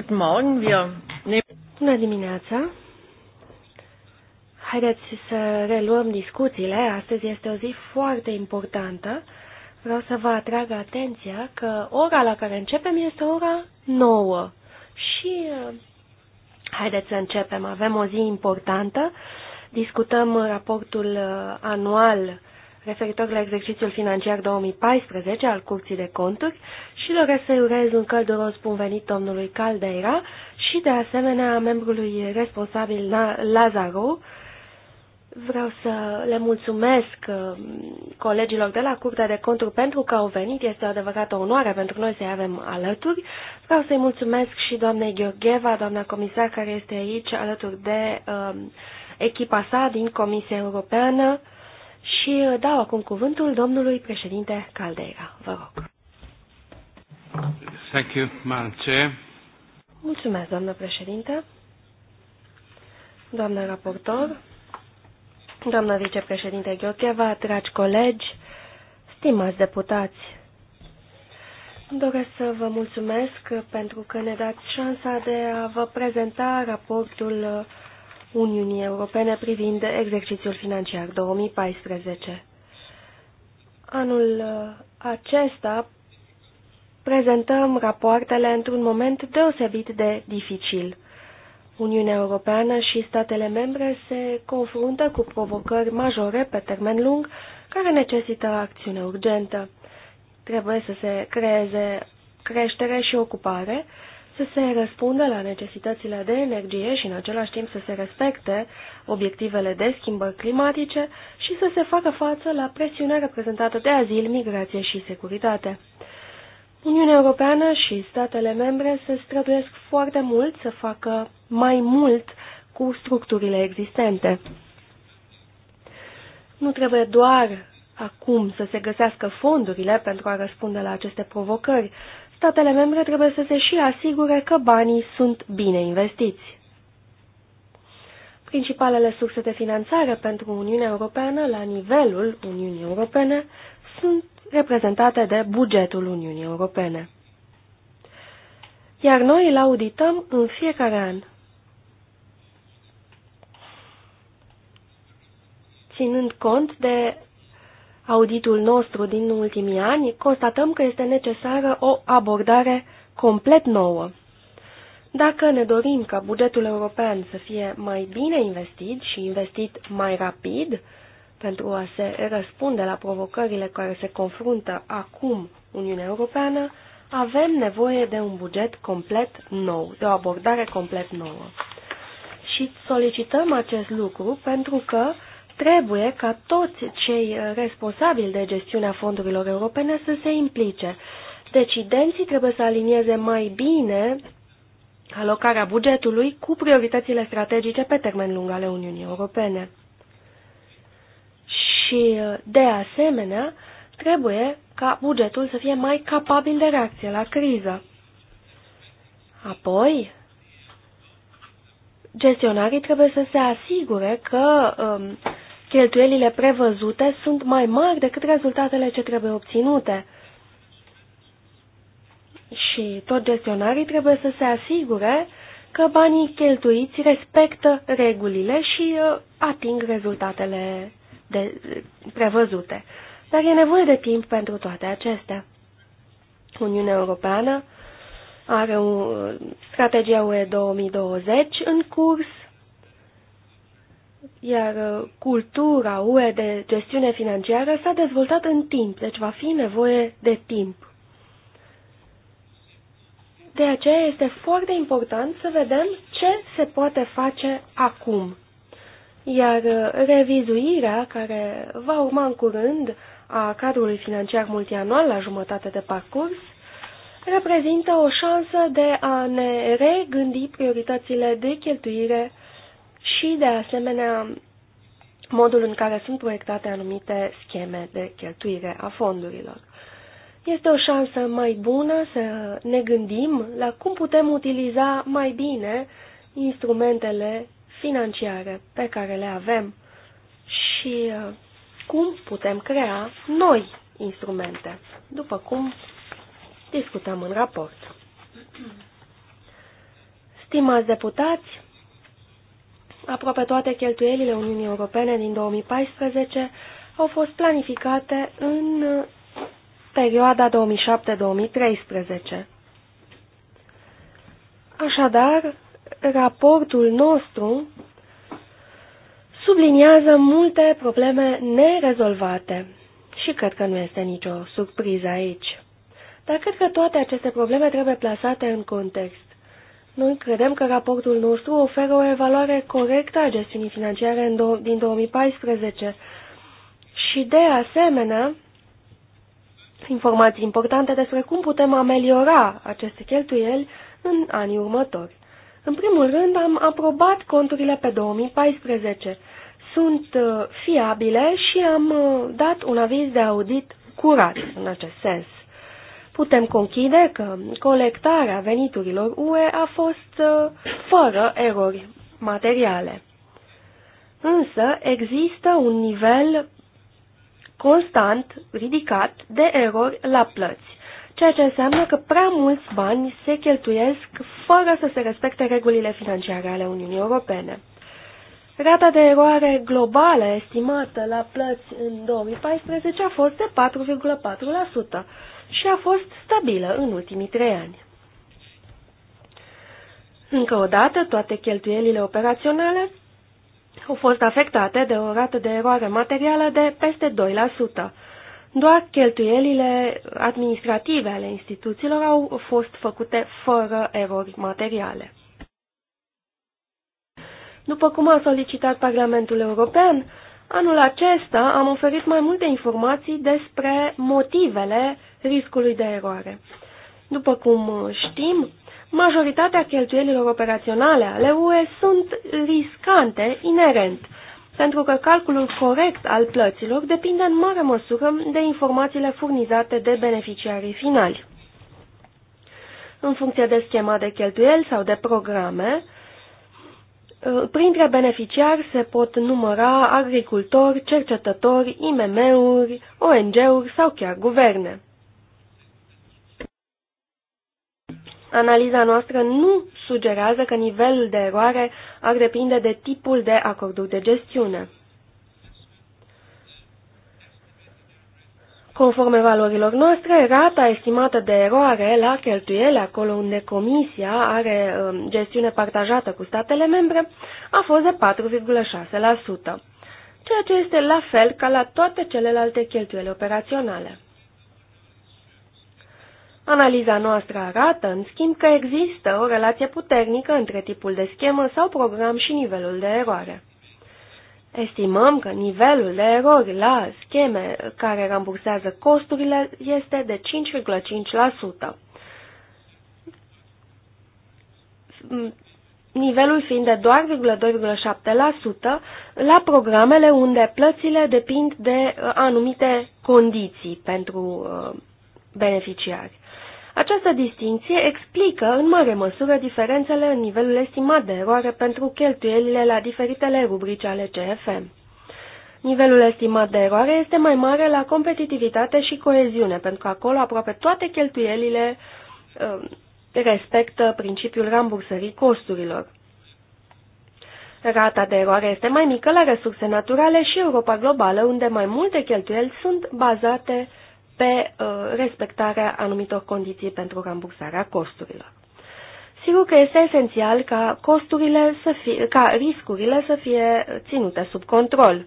Guten Morgen, wir nehmen... Bună dimineața! Haideți să reluăm discuțiile. Astăzi este o zi foarte importantă. Vreau să vă atrag atenția că ora la care începem este ora 9. Și uh, haideți să începem. Avem o zi importantă. Discutăm raportul uh, anual referitor la exercițiul financiar 2014 al Curții de Conturi și doresc să-i urez un călduros bun venit domnului Caldeira și de asemenea membrului responsabil Lazaro. Vreau să le mulțumesc uh, colegilor de la Curtea de Conturi pentru că au venit. Este o adevărată onoare pentru noi să-i avem alături. Vreau să-i mulțumesc și doamnei Gheorgheva, doamna comisar care este aici alături de uh, echipa sa din Comisia Europeană și uh, dau acum cuvântul domnului președinte Caldeira. Vă rog. Thank you, Madam Mulțumesc, doamnă președinte, doamnă raportor, doamnă vicepreședinte Gheocheva, dragi colegi, stimați deputați, doresc să vă mulțumesc pentru că ne dați șansa de a vă prezenta raportul Uniunii Europene privind exercițiul financiar 2014. Anul uh, acesta prezentăm rapoartele într-un moment deosebit de dificil. Uniunea Europeană și statele membre se confruntă cu provocări majore pe termen lung care necesită acțiune urgentă. Trebuie să se creeze creștere și ocupare să se răspundă la necesitățile de energie și în același timp să se respecte obiectivele de schimbări climatice și să se facă față la presiunea reprezentată de azil, migrație și securitate. Uniunea Europeană și statele membre se străduiesc foarte mult să facă mai mult cu structurile existente. Nu trebuie doar acum să se găsească fondurile pentru a răspunde la aceste provocări, statele membre trebuie să se și asigure că banii sunt bine investiți. Principalele surse de finanțare pentru Uniunea Europeană la nivelul Uniunii Europene sunt reprezentate de bugetul Uniunii Europene. Iar noi îl audităm în fiecare an. Ținând cont de auditul nostru din ultimii ani, constatăm că este necesară o abordare complet nouă. Dacă ne dorim ca bugetul european să fie mai bine investit și investit mai rapid pentru a se răspunde la provocările care se confruntă acum Uniunea Europeană, avem nevoie de un buget complet nou, de o abordare complet nouă. Și solicităm acest lucru pentru că Trebuie ca toți cei responsabili de gestiunea fondurilor europene să se implice. Decidenții trebuie să alinieze mai bine alocarea bugetului cu prioritățile strategice pe termen lung ale Uniunii Europene. Și, de asemenea, trebuie ca bugetul să fie mai capabil de reacție la criză. Apoi, gestionarii trebuie să se asigure că um, Cheltuielile prevăzute sunt mai mari decât rezultatele ce trebuie obținute. Și tot gestionarii trebuie să se asigure că banii cheltuiți respectă regulile și uh, ating rezultatele de, prevăzute. Dar e nevoie de timp pentru toate acestea. Uniunea Europeană are o strategia UE 2020 în curs iar uh, cultura UE de gestiune financiară s-a dezvoltat în timp, deci va fi nevoie de timp. De aceea este foarte important să vedem ce se poate face acum. Iar uh, revizuirea care va urma în curând a cadrului financiar multianual la jumătate de parcurs reprezintă o șansă de a ne regândi prioritățile de cheltuire și, de asemenea, modul în care sunt proiectate anumite scheme de cheltuire a fondurilor. Este o șansă mai bună să ne gândim la cum putem utiliza mai bine instrumentele financiare pe care le avem și uh, cum putem crea noi instrumente, după cum discutăm în raport. Stimați deputați, Aproape toate cheltuielile Uniunii Europene din 2014 au fost planificate în uh, perioada 2007-2013. Așadar, raportul nostru subliniază multe probleme nerezolvate și cred că nu este nicio surpriză aici. Dar cred că toate aceste probleme trebuie plasate în context. Noi credem că raportul nostru oferă o evaluare corectă a gestiunii financiare în din 2014 și, de asemenea, informații importante despre cum putem ameliora aceste cheltuieli în anii următori. În primul rând, am aprobat conturile pe 2014. Sunt uh, fiabile și am uh, dat un aviz de audit curat în acest sens putem conchide că colectarea veniturilor UE a fost uh, fără erori materiale. Însă există un nivel constant ridicat de erori la plăți, ceea ce înseamnă că prea mulți bani se cheltuiesc fără să se respecte regulile financiare ale Uniunii Europene. Rata de eroare globală estimată la plăți în 2014 a fost de 4,4%, și a fost stabilă în ultimii trei ani. Încă o dată, toate cheltuielile operaționale au fost afectate de o rată de eroare materială de peste 2%. Doar cheltuielile administrative ale instituțiilor au fost făcute fără erori materiale. După cum a solicitat Parlamentul European, anul acesta am oferit mai multe informații despre motivele riscului de eroare. După cum știm, majoritatea cheltuielilor operaționale ale UE sunt riscante inerent, pentru că calculul corect al plăților depinde în mare măsură de informațiile furnizate de beneficiarii finali. În funcție de schema de cheltuieli sau de programe, printre beneficiari se pot număra agricultori, cercetători, IMM-uri, ONG-uri sau chiar guverne. Analiza noastră nu sugerează că nivelul de eroare ar depinde de tipul de acorduri de gestiune. Conform valorilor noastre, rata estimată de eroare la cheltuiele, acolo unde Comisia are um, gestiune partajată cu statele membre, a fost de 4,6%, ceea ce este la fel ca la toate celelalte cheltuieli operaționale. Analiza noastră arată, în schimb, că există o relație puternică între tipul de schemă sau program și nivelul de eroare. Estimăm că nivelul de erori la scheme care rambursează costurile este de 5,5%, nivelul fiind de doar 2,7% la programele unde plățile depind de uh, anumite condiții pentru uh, beneficiari. Această distinție explică în mare măsură diferențele în nivelul estimat de eroare pentru cheltuielile la diferitele rubrici ale CFM. Nivelul estimat de eroare este mai mare la competitivitate și coeziune, pentru că acolo aproape toate cheltuielile um, respectă principiul rambursării costurilor. Rata de eroare este mai mică la resurse naturale și Europa globală, unde mai multe cheltuieli sunt bazate pe uh, respectarea anumitor condiții pentru rambursarea costurilor. Sigur că este esențial ca, costurile să fie, ca riscurile să fie ținute sub control.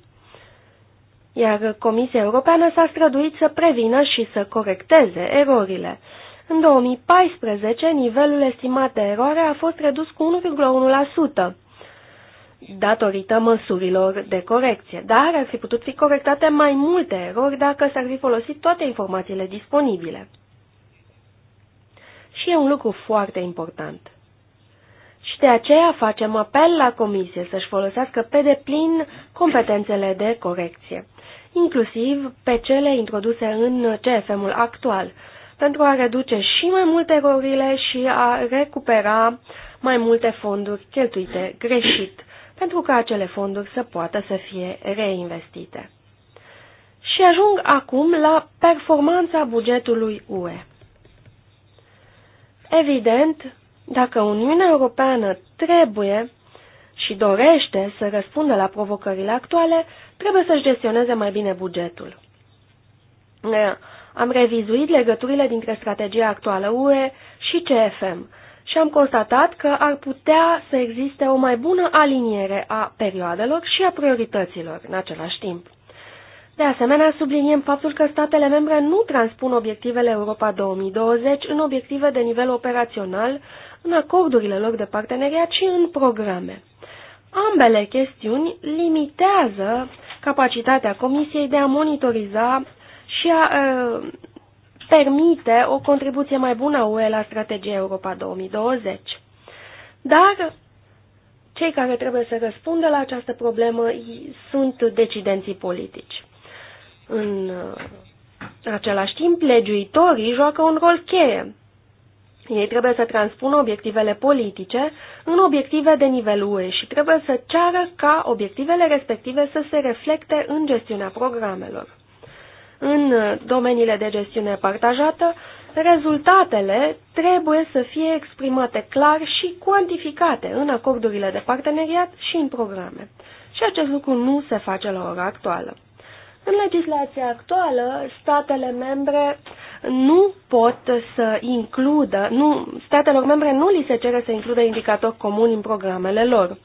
Iar Comisia Europeană s-a străduit să prevină și să corecteze erorile. În 2014, nivelul estimat de eroare a fost redus cu datorită măsurilor de corecție, dar ar fi putut fi corectate mai multe erori dacă s-ar fi folosit toate informațiile disponibile. Și e un lucru foarte important. Și de aceea facem apel la comisie să-și folosească pe deplin competențele de corecție, inclusiv pe cele introduse în CFM-ul actual, pentru a reduce și mai multe erorile și a recupera mai multe fonduri cheltuite greșit pentru ca acele fonduri să poată să fie reinvestite. Și ajung acum la performanța bugetului UE. Evident, dacă Uniunea Europeană trebuie și dorește să răspundă la provocările actuale, trebuie să-și gestioneze mai bine bugetul. Am revizuit legăturile dintre strategia actuală UE și CFM și am constatat că ar putea să existe o mai bună aliniere a perioadelor și a priorităților în același timp. De asemenea, subliniem faptul că statele membre nu transpun obiectivele Europa 2020 în obiective de nivel operațional, în acordurile lor de parteneriat și în programe. Ambele chestiuni limitează capacitatea Comisiei de a monitoriza și a uh, permite o contribuție mai bună a UE la strategia Europa 2020. Dar cei care trebuie să răspundă la această problemă sunt decidenții politici. În uh, același timp, legiuitorii joacă un rol cheie. Ei trebuie să transpună obiectivele politice în obiective de nivel UE și trebuie să ceară ca obiectivele respective să se reflecte în gestiunea programelor în domeniile de gestiune partajată, rezultatele trebuie să fie exprimate clar și cuantificate în acordurile de parteneriat și în programe. Și acest lucru nu se face la ora actuală. În legislația actuală, statele membre nu pot să includă, nu, statelor membre nu li se cere să includă indicatori comuni în programele lor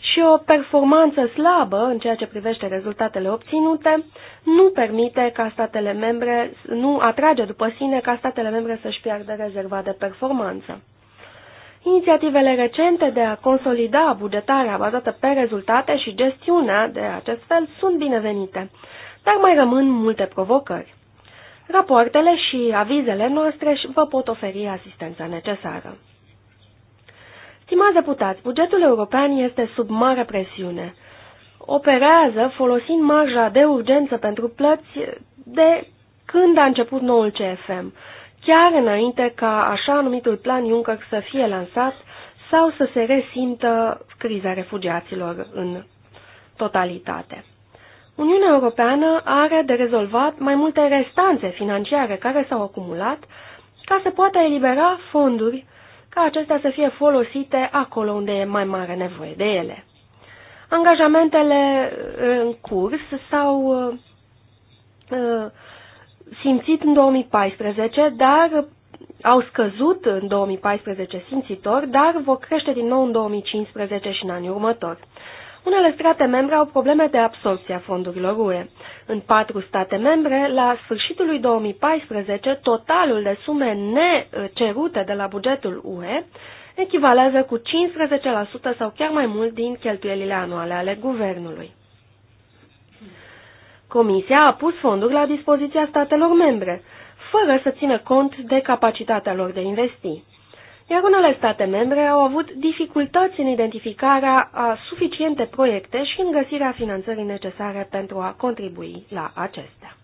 și o performanță slabă în ceea ce privește rezultatele obținute nu permite ca statele membre, nu atrage după sine ca statele membre să-și piardă rezerva de performanță. Inițiativele recente de a consolida bugetarea bazată pe rezultate și gestiunea de acest fel sunt binevenite, dar mai rămân multe provocări. Rapoartele și avizele noastre vă pot oferi asistența necesară. Stimați deputați, bugetul european este sub mare presiune. Operează folosind marja de urgență pentru plăți de când a început noul CFM, chiar înainte ca așa numitul plan Juncker să fie lansat sau să se resimtă criza refugiaților în totalitate. Uniunea Europeană are de rezolvat mai multe restanțe financiare care s-au acumulat ca să poată elibera fonduri ca acestea să fie folosite acolo unde e mai mare nevoie de ele. Angajamentele uh, în curs s-au uh, uh, simțit în 2014, dar au scăzut în 2014 simțitor, dar vor crește din nou în 2015 și în anii următori. Unele state membre au probleme de absorpție a fondurilor UE. În patru state membre, la sfârșitul lui 2014, totalul de sume necerute de la bugetul UE echivalează cu 15% sau chiar mai mult din cheltuielile anuale ale guvernului. Comisia a pus fonduri la dispoziția statelor membre, fără să țină cont de capacitatea lor de investi iar unele state membre au avut dificultăți în identificarea a suficiente proiecte și în găsirea finanțării necesare pentru a contribui la acestea.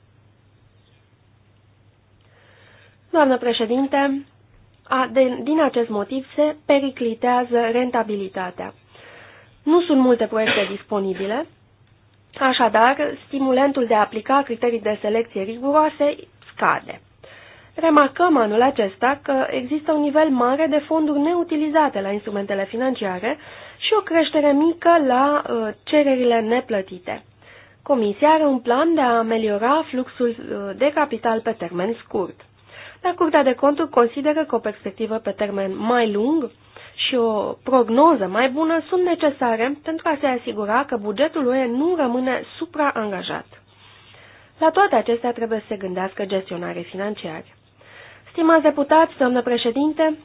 Doamnă președinte, a, de, din acest motiv se periclitează rentabilitatea. Nu sunt multe proiecte disponibile, așadar stimulentul de a aplica criterii de selecție riguroase scade. Remarcăm anul acesta că există un nivel mare de fonduri neutilizate la instrumentele financiare și o creștere mică la uh, cererile neplătite. Comisia are un plan de a ameliora fluxul uh, de capital pe termen scurt. Dar Curtea de Conturi consideră că o perspectivă pe termen mai lung și o prognoză mai bună sunt necesare pentru a se asigura că bugetul UE nu rămâne supraangajat. La toate acestea trebuie să se gândească gestionare financiară. Stimați deputați, doamnă președinte,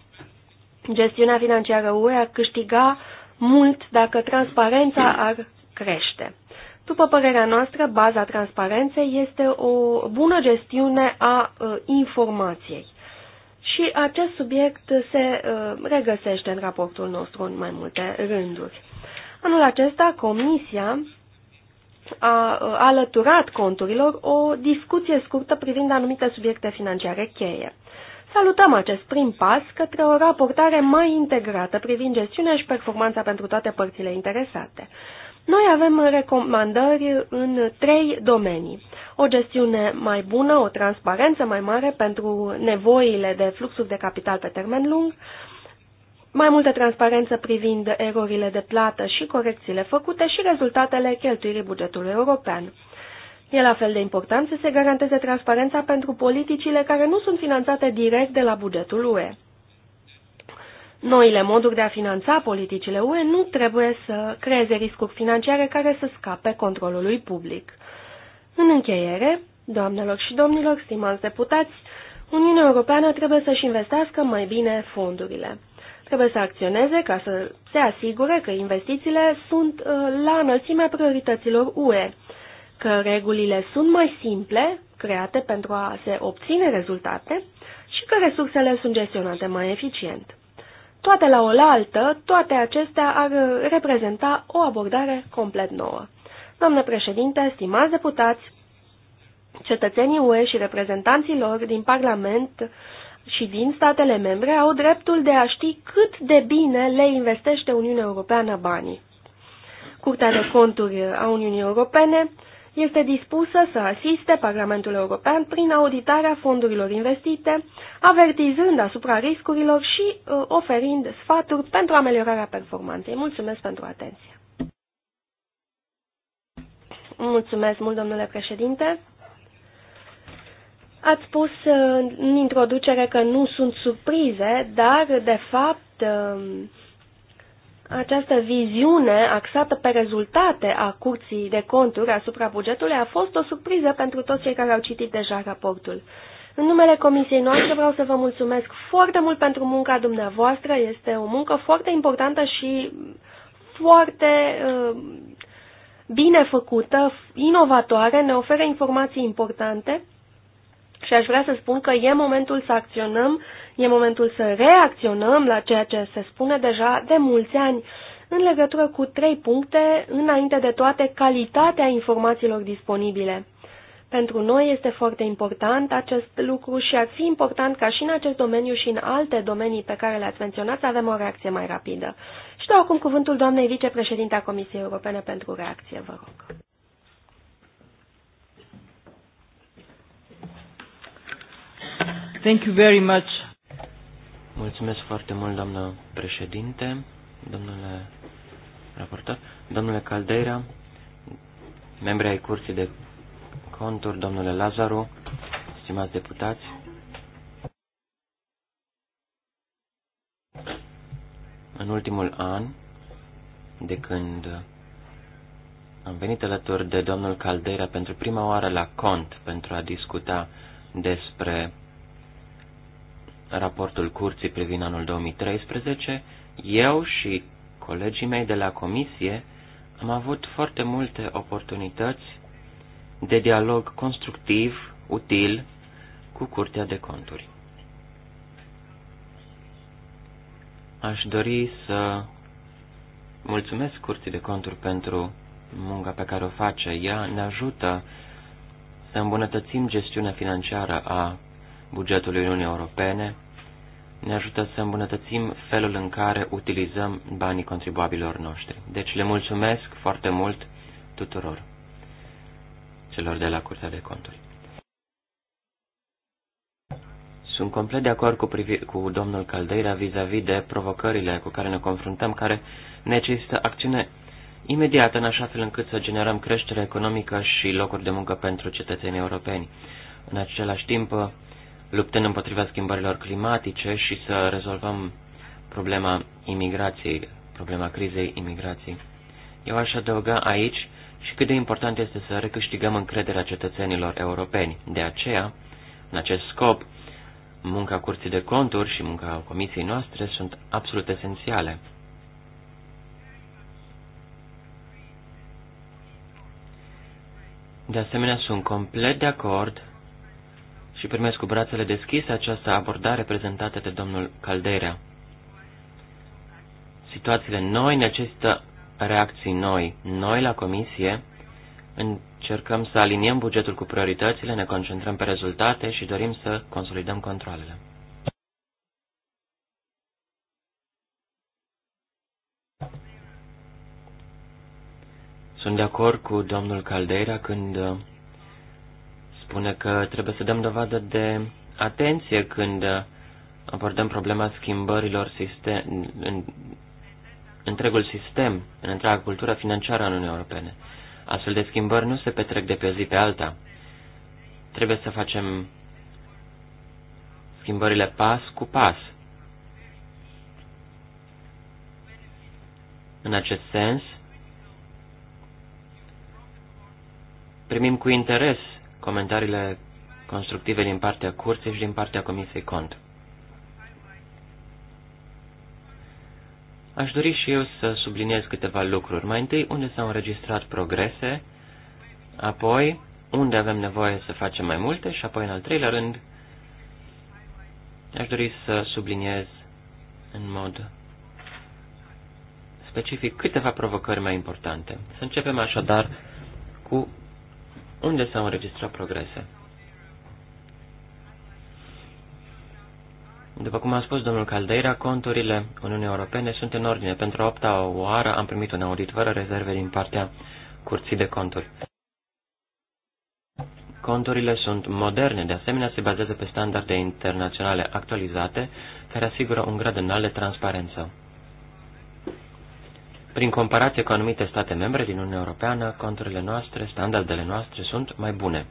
gestiunea financiară UE ar câștiga mult dacă transparența ar crește. După părerea noastră, baza transparenței este o bună gestiune a uh, informației. Și acest subiect se uh, regăsește în raportul nostru în mai multe rânduri. Anul acesta, Comisia a ă, alăturat conturilor o discuție scurtă privind anumite subiecte financiare cheie. Salutăm acest prim pas către o raportare mai integrată privind gestiunea și performanța pentru toate părțile interesate. Noi avem recomandări în trei domenii. O gestiune mai bună, o transparență mai mare pentru nevoile de fluxuri de capital pe termen lung, mai multă transparență privind erorile de plată și corecțiile făcute și rezultatele cheltuirii bugetului european. E la fel de important să se garanteze transparența pentru politicile care nu sunt finanțate direct de la bugetul UE. Noile moduri de a finanța politicile UE nu trebuie să creeze riscuri financiare care să scape controlului public. În încheiere, doamnelor și domnilor, stimați deputați, Uniunea Europeană trebuie să-și investească mai bine fondurile. Trebuie să acționeze ca să se asigure că investițiile sunt uh, la înălțimea priorităților UE că regulile sunt mai simple, create pentru a se obține rezultate și că resursele sunt gestionate mai eficient. Toate la oaltă, toate acestea ar reprezenta o abordare complet nouă. Doamnă președinte, stimați deputați, cetățenii UE și reprezentanții lor din Parlament și din statele membre au dreptul de a ști cât de bine le investește Uniunea Europeană banii. Curtea de Conturi a Uniunii Europene este dispusă să asiste Parlamentul European prin auditarea fondurilor investite, avertizând asupra riscurilor și uh, oferind sfaturi pentru ameliorarea performanței. Mulțumesc pentru atenție! Mulțumesc mult, domnule președinte! Ați spus uh, în introducere că nu sunt surprize, dar, de fapt, uh, această viziune axată pe rezultate a curții de conturi asupra bugetului a fost o surpriză pentru toți cei care au citit deja raportul. În numele comisiei noastre vreau să vă mulțumesc foarte mult pentru munca dumneavoastră. Este o muncă foarte importantă și foarte uh, bine făcută, inovatoare, ne oferă informații importante și aș vrea să spun că e momentul să acționăm, e momentul să reacționăm la ceea ce se spune deja de mulți ani în legătură cu trei puncte, înainte de toate calitatea informațiilor disponibile. Pentru noi este foarte important acest lucru și ar fi important ca și în acest domeniu și în alte domenii pe care le-ați menționat să avem o reacție mai rapidă. Și dau acum cuvântul doamnei vicepreședinte a Comisiei Europene pentru reacție, vă rog. Thank you very much. Mulțumesc foarte mult, doamnă președinte, domnule raportor, domnule Caldeira, membri ai Curții de Conturi, domnule Lazaru, stimați deputați. În ultimul an, de când am venit alături de domnul Caldera pentru prima oară la cont pentru a discuta despre raportul curții privind anul 2013, eu și colegii mei de la comisie am avut foarte multe oportunități de dialog constructiv, util, cu Curtea de Conturi. Aș dori să mulțumesc Curții de Conturi pentru munca pe care o face. Ea ne ajută să îmbunătățim gestiunea financiară a bugetului Uniunii Europene, ne ajută să îmbunătățim felul în care utilizăm banii contribuabilor noștri. Deci le mulțumesc foarte mult tuturor celor de la Curtea de Conturi. Sunt complet de acord cu, privi- cu domnul Caldeira vis-a-vis -vis de provocările cu care ne confruntăm, care necesită acțiune imediată, în așa fel încât să generăm creștere economică și locuri de muncă pentru cetățenii europeni. În același timp, luptând împotriva schimbărilor climatice și să rezolvăm problema imigrației, problema crizei imigrației. Eu aș adăuga aici și cât de important este să recâștigăm încrederea cetățenilor europeni. De aceea, în acest scop, munca Curții de Conturi și munca Comisiei noastre sunt absolut esențiale. De asemenea, sunt complet de acord și primesc cu brațele deschise această abordare prezentată de domnul Calderea. Situațiile noi necesită reacții noi. Noi, la comisie, încercăm să aliniem bugetul cu prioritățile, ne concentrăm pe rezultate și dorim să consolidăm controlele. Sunt de acord cu domnul Caldeira când spune că trebuie să dăm dovadă de atenție când abordăm problema schimbărilor sistem, în întregul sistem, în întreaga cultură financiară a Uniunii Europene. Astfel de schimbări nu se petrec de pe o zi pe alta. Trebuie să facem schimbările pas cu pas. În acest sens, primim cu interes comentariile constructive din partea curții și din partea Comisiei Cont. Aș dori și eu să subliniez câteva lucruri. Mai întâi, unde s-au înregistrat progrese, apoi, unde avem nevoie să facem mai multe și apoi, în al treilea rând, aș dori să subliniez în mod specific câteva provocări mai importante. Să începem așadar cu unde s-au înregistrat progrese. După cum a spus domnul Caldeira, conturile Uniunii Europene sunt în ordine. Pentru a opta oară am primit un audit fără rezerve din partea curții de conturi. Conturile sunt moderne, de asemenea se bazează pe standarde internaționale actualizate, care asigură un grad înalt de transparență. Prin comparație cu anumite state membre din Uniunea Europeană, conturile noastre, standardele noastre sunt mai bune.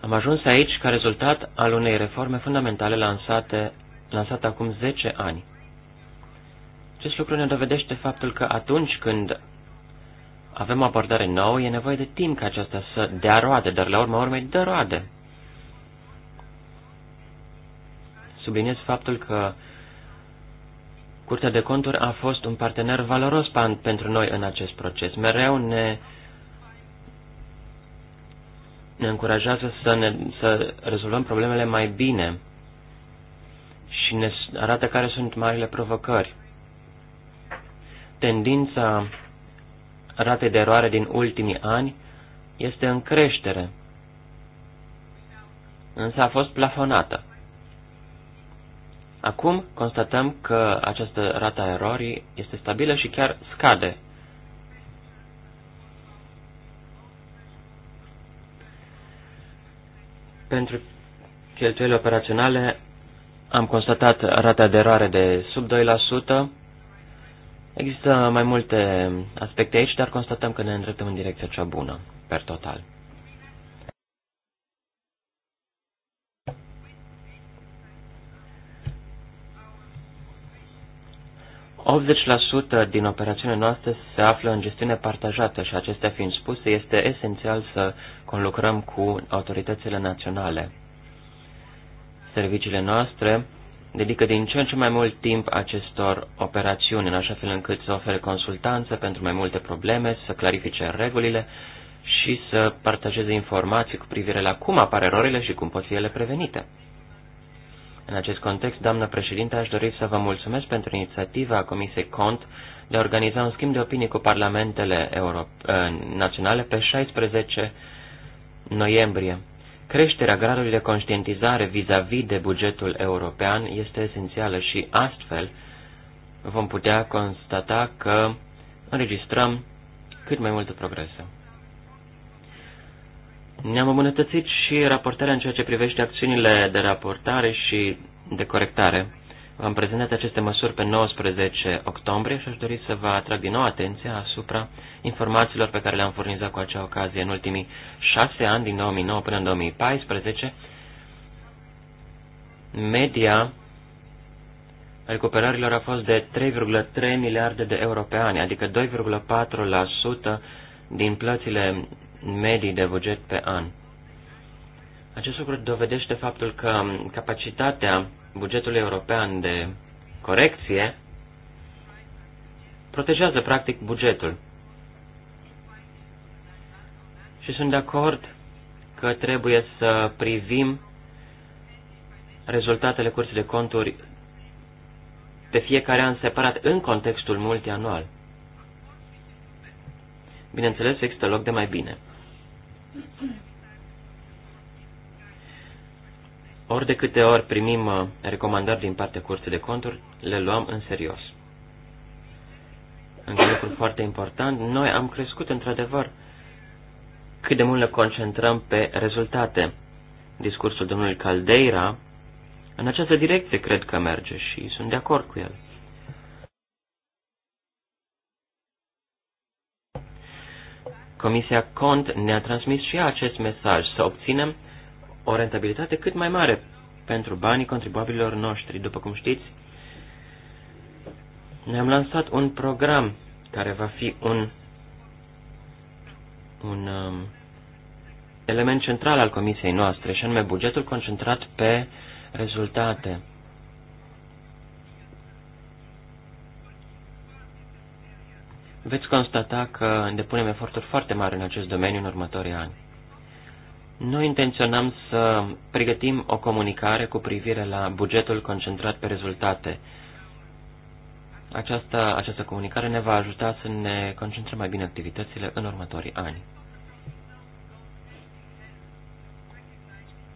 Am ajuns aici ca rezultat al unei reforme fundamentale lansate, lansate acum 10 ani. Acest lucru ne dovedește faptul că atunci când avem o abordare nouă, e nevoie de timp ca aceasta să dea roade, dar la urma urmei dă roade. Subliniez faptul că Curtea de conturi a fost un partener valoros pentru noi în acest proces. Mereu ne, ne încurajează să, ne, să rezolvăm problemele mai bine și ne arată care sunt marile provocări. Tendința ratei de eroare din ultimii ani este în creștere, însă a fost plafonată. Acum constatăm că această rata a erorii este stabilă și chiar scade. Pentru cheltuieli operaționale am constatat rata de eroare de sub 2%. Există mai multe aspecte aici, dar constatăm că ne îndreptăm în direcția cea bună, per total. 80% din operațiunile noastre se află în gestiune partajată și acestea fiind spuse, este esențial să conlucrăm cu autoritățile naționale. Serviciile noastre dedică din ce în ce mai mult timp acestor operațiuni, în așa fel încât să ofere consultanță pentru mai multe probleme, să clarifice regulile și să partajeze informații cu privire la cum apar erorile și cum pot fi ele prevenite. În acest context, doamnă președinte, aș dori să vă mulțumesc pentru inițiativa Comisiei Cont de a organiza un schimb de opinii cu parlamentele Europe, eh, naționale pe 16 noiembrie. Creșterea gradului de conștientizare vis-a-vis -vis de bugetul european este esențială și astfel vom putea constata că înregistrăm cât mai multe progrese. Ne-am îmbunătățit și raportarea în ceea ce privește acțiunile de raportare și de corectare. V-am prezentat aceste măsuri pe 19 octombrie și aș dori să vă atrag din nou atenția asupra informațiilor pe care le-am furnizat cu acea ocazie în ultimii șase ani, din 2009 până în 2014. Media recuperărilor a fost de 3,3 miliarde de euro pe an, adică 2,4% din plățile medii de buget pe an. Acest lucru dovedește faptul că capacitatea bugetului european de corecție protejează practic bugetul. Și sunt de acord că trebuie să privim rezultatele curții de conturi pe fiecare an separat în contextul multianual. Bineînțeles, există loc de mai bine. Ori de câte ori primim uh, recomandări din partea curții de conturi, le luăm în serios. Încă lucru foarte important, noi am crescut într-adevăr cât de mult ne concentrăm pe rezultate. Discursul domnului Caldeira în această direcție cred că merge și sunt de acord cu el. Comisia Cont ne-a transmis și acest mesaj, să obținem o rentabilitate cât mai mare pentru banii contribuabililor noștri. După cum știți, ne-am lansat un program care va fi un, un um, element central al comisiei noastre, și anume bugetul concentrat pe rezultate. veți constata că depunem eforturi foarte mari în acest domeniu în următorii ani. Noi intenționăm să pregătim o comunicare cu privire la bugetul concentrat pe rezultate. Această, această comunicare ne va ajuta să ne concentrăm mai bine activitățile în următorii ani.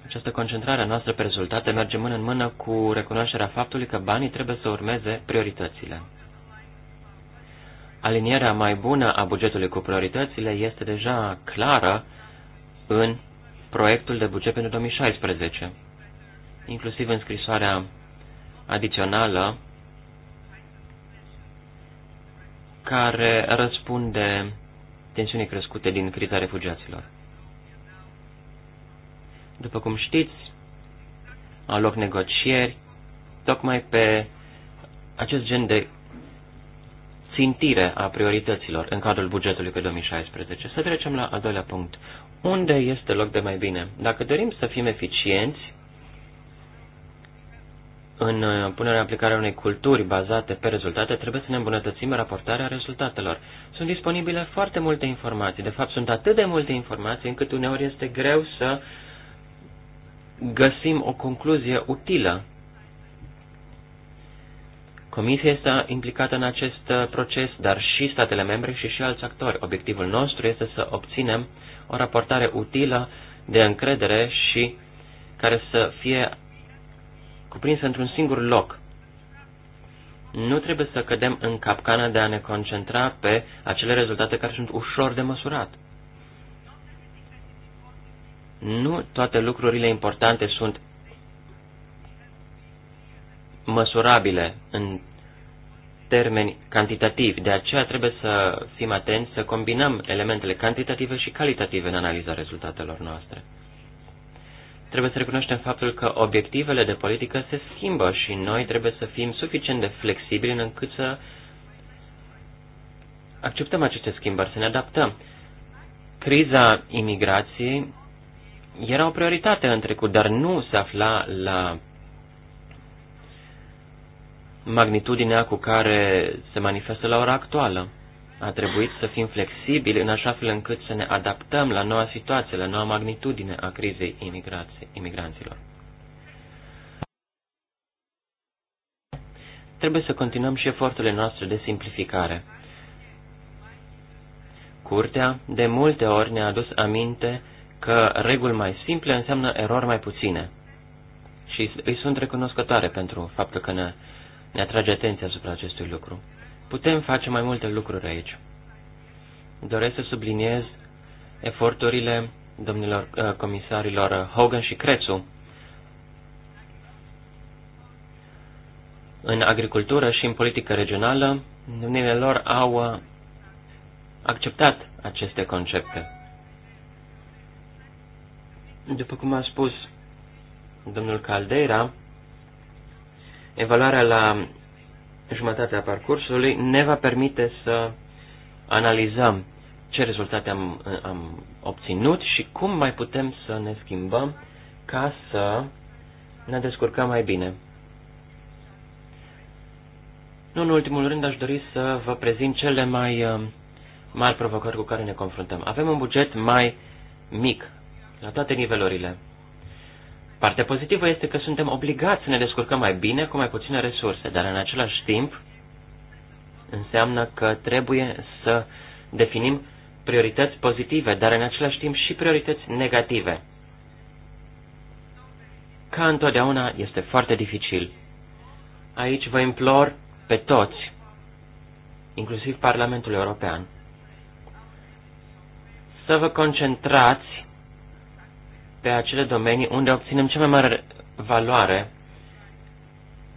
Această concentrare a noastră pe rezultate merge mână în mână cu recunoașterea faptului că banii trebuie să urmeze prioritățile alinierea mai bună a bugetului cu prioritățile este deja clară în proiectul de buget pentru 2016, inclusiv în scrisoarea adițională care răspunde tensiunii crescute din criza refugiaților. După cum știți, au loc negocieri tocmai pe acest gen de țintire a priorităților în cadrul bugetului pe 2016. Să trecem la al doilea punct. Unde este loc de mai bine? Dacă dorim să fim eficienți în uh, punerea în aplicare unei culturi bazate pe rezultate, trebuie să ne îmbunătățim raportarea rezultatelor. Sunt disponibile foarte multe informații. De fapt, sunt atât de multe informații încât uneori este greu să găsim o concluzie utilă Comisia este implicată în acest uh, proces, dar și statele membre și și alți actori. Obiectivul nostru este să obținem o raportare utilă de încredere și care să fie cuprinsă într-un singur loc. Nu trebuie să cădem în capcana de a ne concentra pe acele rezultate care sunt ușor de măsurat. Nu toate lucrurile importante sunt măsurabile în termeni cantitativi. De aceea trebuie să fim atenți să combinăm elementele cantitative și calitative în analiza rezultatelor noastre. Trebuie să recunoaștem faptul că obiectivele de politică se schimbă și noi trebuie să fim suficient de flexibili încât să acceptăm aceste schimbări, să ne adaptăm. Criza imigrației era o prioritate în trecut, dar nu se afla la magnitudinea cu care se manifestă la ora actuală. A trebuit să fim flexibili în așa fel încât să ne adaptăm la noua situație, la noua magnitudine a crizei imigranților. Trebuie să continuăm și eforturile noastre de simplificare. Curtea de multe ori ne-a adus aminte că reguli mai simple înseamnă erori mai puține. Și îi sunt recunoscătoare pentru faptul că ne ne atrage atenția asupra acestui lucru. Putem face mai multe lucruri aici. Doresc să subliniez eforturile domnilor uh, comisarilor Hogan și Crețu în agricultură și în politică regională, domnile lor au uh, acceptat aceste concepte. După cum a spus domnul Caldeira, Evaluarea la jumătatea parcursului ne va permite să analizăm ce rezultate am, am obținut și cum mai putem să ne schimbăm ca să ne descurcăm mai bine. Nu în ultimul rând aș dori să vă prezint cele mai uh, mari provocări cu care ne confruntăm. Avem un buget mai mic la toate nivelurile. Partea pozitivă este că suntem obligați să ne descurcăm mai bine cu mai puține resurse, dar în același timp înseamnă că trebuie să definim priorități pozitive, dar în același timp și priorități negative. Ca întotdeauna este foarte dificil. Aici vă implor pe toți, inclusiv Parlamentul European, să vă concentrați pe acele domenii unde obținem cea mai mare valoare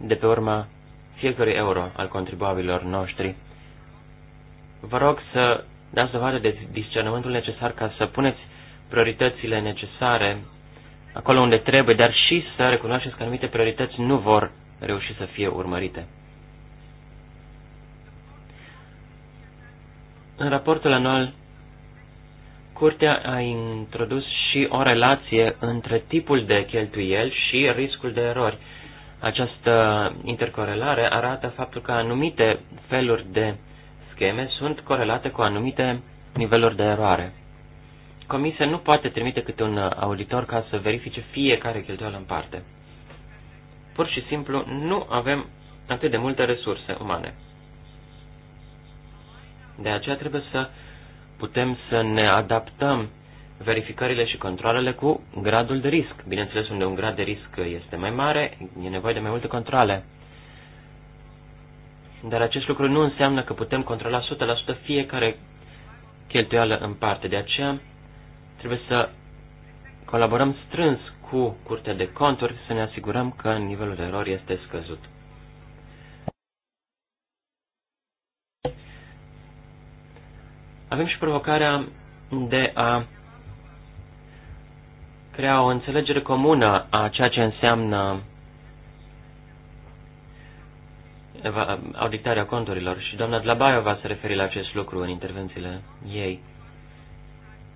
de pe urma fiecărui euro al contribuabililor noștri. Vă rog să dați dovadă de discernământul necesar ca să puneți prioritățile necesare acolo unde trebuie, dar și să recunoașteți că anumite priorități nu vor reuși să fie urmărite. În raportul anual Curtea a introdus și o relație între tipul de cheltuieli și riscul de erori. Această intercorelare arată faptul că anumite feluri de scheme sunt corelate cu anumite niveluri de eroare. Comisia nu poate trimite câte un auditor ca să verifice fiecare cheltuială în parte. Pur și simplu nu avem atât de multe resurse umane. De aceea trebuie să putem să ne adaptăm verificările și controlele cu gradul de risc. Bineînțeles, unde un grad de risc este mai mare, e nevoie de mai multe controle. Dar acest lucru nu înseamnă că putem controla 100% fiecare cheltuială în parte. De aceea, trebuie să colaborăm strâns cu Curtea de Conturi să ne asigurăm că nivelul de erori este scăzut. Avem și provocarea de a crea o înțelegere comună a ceea ce înseamnă auditarea conturilor și doamna va se referi la acest lucru în intervențiile ei.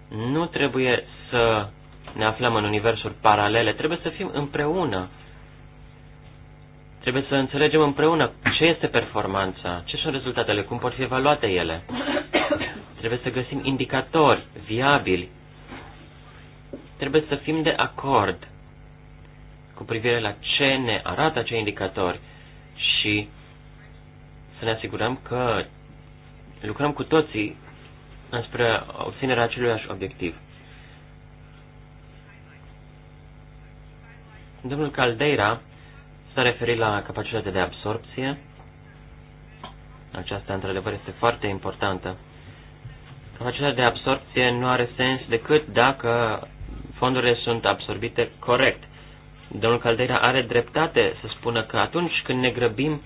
Nu trebuie să ne aflăm în universuri paralele, trebuie să fim împreună. Trebuie să înțelegem împreună ce este performanța, ce sunt rezultatele, cum pot fi evaluate ele. Trebuie să găsim indicatori viabili. Trebuie să fim de acord cu privire la ce ne arată acei indicatori și să ne asigurăm că lucrăm cu toții înspre obținerea aceluiași obiectiv. Domnul Caldeira s-a referit la capacitatea de absorpție. Aceasta, într-adevăr, este foarte importantă. Capacitatea de absorpție nu are sens decât dacă fondurile sunt absorbite corect. Domnul Caldera are dreptate să spună că atunci când ne grăbim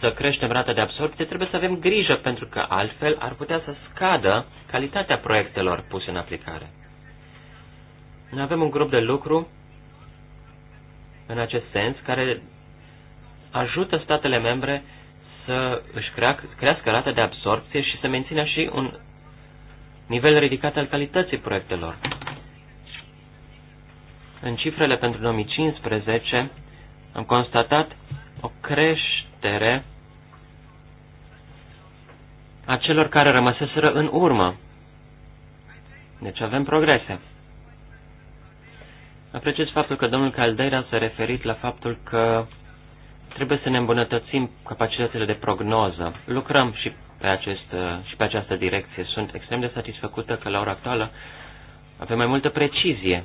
să creștem rata de absorpție, trebuie să avem grijă, pentru că altfel ar putea să scadă calitatea proiectelor puse în aplicare. Noi avem un grup de lucru în acest sens care ajută statele membre să își crească rata de absorpție și să mențină și un nivel ridicat al calității proiectelor. În cifrele pentru 2015 am constatat o creștere a celor care rămăseseră în urmă. Deci avem progrese. Apreciez faptul că domnul Caldeira s-a referit la faptul că trebuie să ne îmbunătățim capacitățile de prognoză. Lucrăm și pe acest, uh, și pe această direcție. Sunt extrem de satisfăcută că la ora actuală avem mai multă precizie.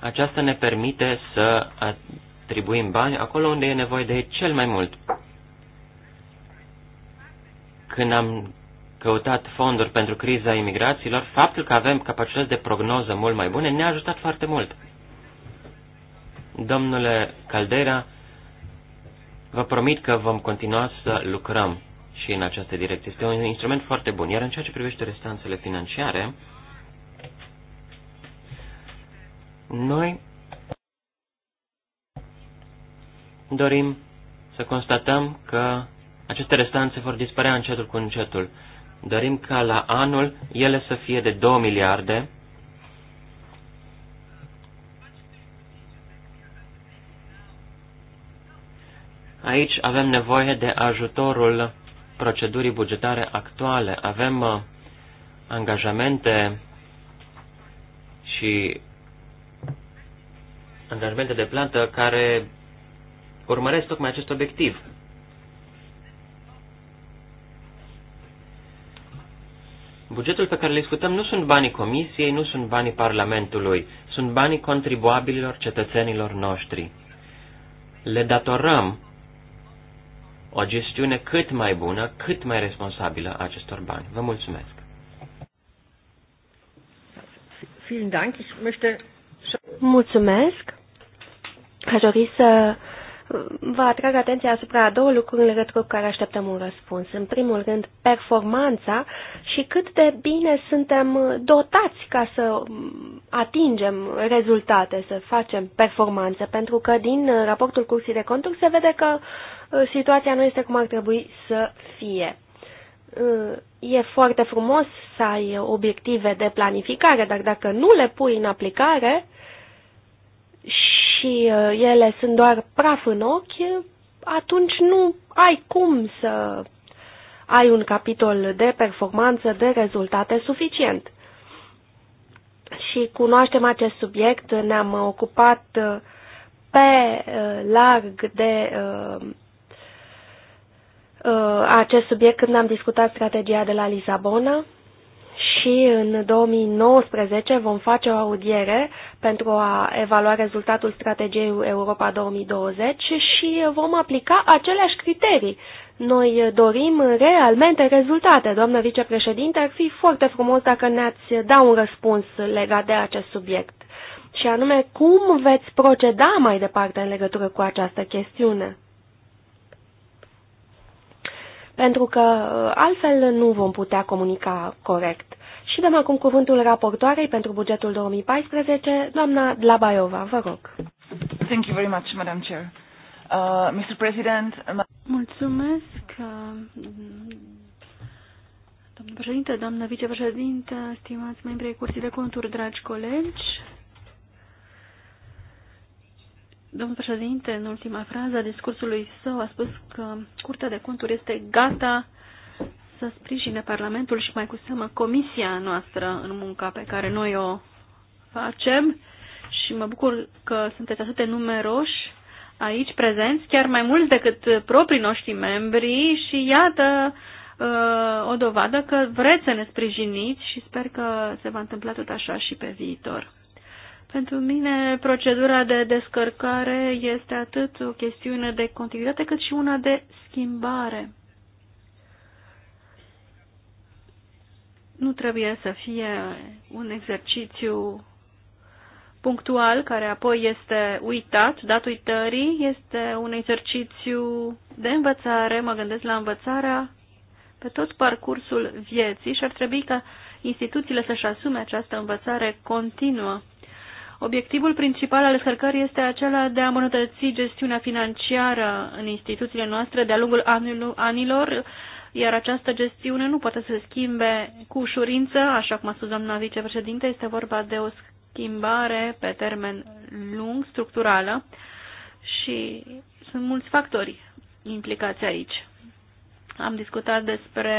Aceasta ne permite să atribuim bani acolo unde e nevoie de cel mai mult. Când am căutat fonduri pentru criza imigrațiilor, faptul că avem capacități de prognoză mult mai bune ne-a ajutat foarte mult. Domnule Caldera, vă promit că vom continua să lucrăm și în această direcție. Este un instrument foarte bun. Iar în ceea ce privește restanțele financiare, noi dorim să constatăm că aceste restanțe vor dispărea încetul cu încetul. Dorim ca la anul ele să fie de 2 miliarde, Aici avem nevoie de ajutorul procedurii bugetare actuale. Avem uh, angajamente și angajamente de plată care urmăresc tocmai acest obiectiv. Bugetul pe care le discutăm nu sunt banii comisiei, nu sunt banii Parlamentului, sunt banii contribuabililor cetățenilor noștri. Le datorăm o gestiune cât mai bună, cât mai responsabilă a acestor bani. Vă mulțumesc! Mulțumesc! Aș dori să vă atrag atenția asupra a două lucruri în legătură cu care așteptăm un răspuns. În primul rând, performanța și cât de bine suntem dotați ca să atingem rezultate, să facem performanță, pentru că din raportul Cursii de Conturi se vede că uh, situația nu este cum ar trebui să fie. Uh, e foarte frumos să ai obiective de planificare, dar dacă nu le pui în aplicare, și uh, ele sunt doar praf în ochi, atunci nu ai cum să ai un capitol de performanță, de rezultate suficient. Și cunoaștem acest subiect, ne-am ocupat uh, pe uh, larg de acest subiect când am discutat strategia de la Lisabona și în 2019 vom face o audiere pentru a evalua rezultatul strategiei Europa 2020 și vom aplica aceleași criterii. Noi dorim realmente rezultate. Doamnă vicepreședinte, ar fi foarte frumos dacă ne-ați da un răspuns legat de acest subiect. Și anume, cum veți proceda mai departe în legătură cu această chestiune? Pentru că uh, altfel nu vom putea comunica corect. Și dăm acum cuvântul raportoarei pentru bugetul 2014, doamna Dlabaiova, vă rog. Thank you very much, Madam Chair. Uh, Mr. President, uh, Mulțumesc, uh, domnul președinte, doamnă vicepreședinte, stimați membri ai Curții de Conturi, dragi colegi. Domnul președinte, în ultima frază a discursului său, a spus că Curtea de Conturi este gata uh, să sprijine Parlamentul și mai cu seamă Comisia noastră în munca pe care noi o facem și mă bucur că sunteți atât de numeroși aici prezenți, chiar mai mult decât proprii noștri membri și iată uh, o dovadă că vreți să ne sprijiniți și sper că se va întâmpla tot așa și pe viitor. Pentru mine, procedura de descărcare este atât o chestiune de continuitate cât și una de schimbare. nu trebuie să fie un exercițiu punctual care apoi este uitat, dat uitării, este un exercițiu de învățare, mă gândesc la învățarea pe tot parcursul vieții și ar trebui ca instituțiile să-și asume această învățare continuă. Obiectivul principal al descărcării este acela de a mănătăți gestiunea financiară în instituțiile noastre de-a lungul anilor, iar această gestiune nu poate să se schimbe cu ușurință, așa cum a spus doamna vicepreședinte, este vorba de o schimbare pe termen lung, structurală și sunt mulți factori implicați aici. Am discutat despre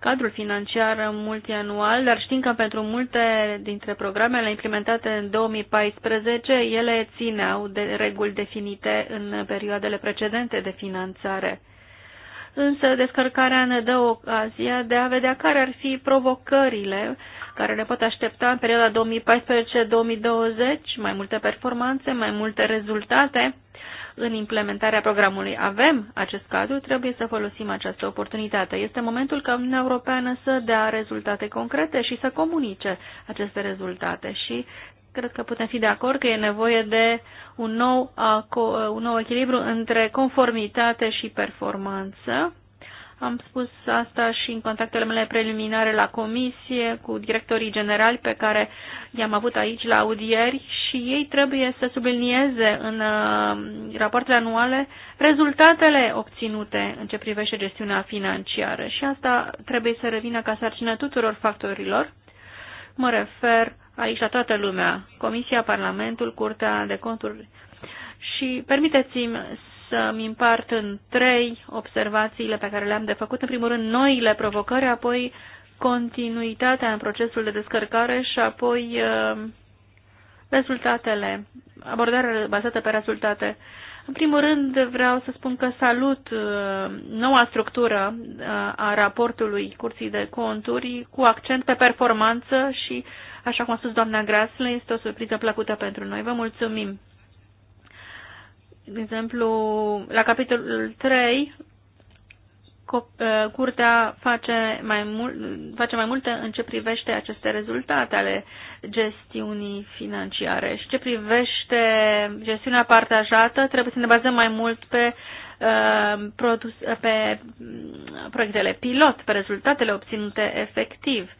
cadrul financiar multianual, dar știm că pentru multe dintre programele implementate în 2014, ele țineau de reguli definite în perioadele precedente de finanțare însă descărcarea ne dă ocazia de a vedea care ar fi provocările care ne pot aștepta în perioada 2014-2020, mai multe performanțe, mai multe rezultate în implementarea programului. Avem acest cadru, trebuie să folosim această oportunitate. Este momentul ca Uniunea Europeană să dea rezultate concrete și să comunice aceste rezultate și cred că putem fi de acord că e nevoie de un nou, un nou echilibru între conformitate și performanță. Am spus asta și în contactele mele preliminare la comisie cu directorii generali pe care i-am avut aici la audieri și ei trebuie să sublinieze în uh, rapoartele anuale rezultatele obținute în ce privește gestiunea financiară și asta trebuie să revină ca sarcină tuturor factorilor. Mă refer aici la toată lumea, Comisia, Parlamentul, Curtea de Conturi. Și permiteți-mi să-mi împart în trei observațiile pe care le-am de făcut. În primul rând, noile provocări, apoi continuitatea în procesul de descărcare și apoi uh, rezultatele, abordarea bazată pe rezultate. În primul rând, vreau să spun că salut uh, noua structură uh, a raportului Curții de Conturi cu accent pe performanță și Așa cum a spus doamna Grasle, este o surpriză plăcută pentru noi. Vă mulțumim! De exemplu, la capitolul 3, ă, curtea face mai, mult, face mai multe în ce privește aceste rezultate ale gestiunii financiare și ce privește gestiunea partajată, trebuie să ne bazăm mai mult pe, uh, produs, pe ă, proiectele pilot, pe rezultatele obținute efectiv.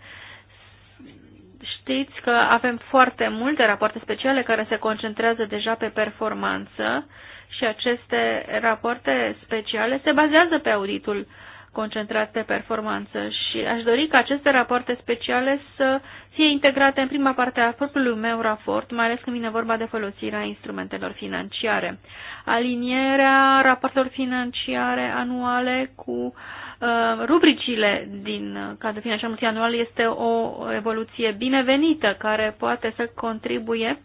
Știți că avem foarte multe rapoarte speciale care se concentrează deja pe performanță și aceste rapoarte speciale se bazează pe auditul concentrat pe performanță și aș dori ca aceste rapoarte speciale să fie integrate în prima parte a propriului meu raport, mai ales când vine vorba de folosirea instrumentelor financiare. Alinierea rapoartelor financiare anuale cu uh, Uh, rubricile din uh, cadrul financiar multianual este o evoluție binevenită care poate să contribuie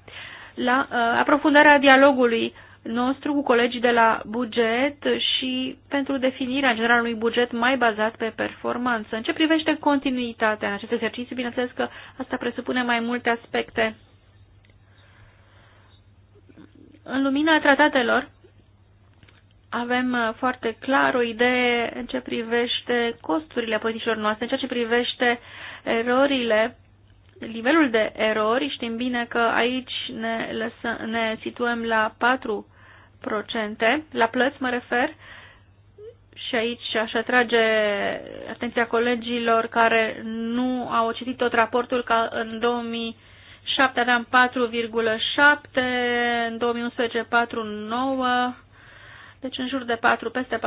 la uh, aprofundarea dialogului nostru cu colegii de la buget și pentru definirea generalului buget mai bazat pe performanță. În ce privește continuitatea în acest exercițiu, bineînțeles că asta presupune mai multe aspecte. În lumina tratatelor, avem uh, foarte clar o idee în ce privește costurile politicilor noastre, în ceea ce privește erorile, nivelul de erori. Știm bine că aici ne, lăsă, ne situăm la 4%, la plăți mă refer, și aici aș atrage atenția colegilor care nu au citit tot raportul ca în 2000 7 aveam 4,7, în 2011 4,9 deci în jur de 4, peste 4%,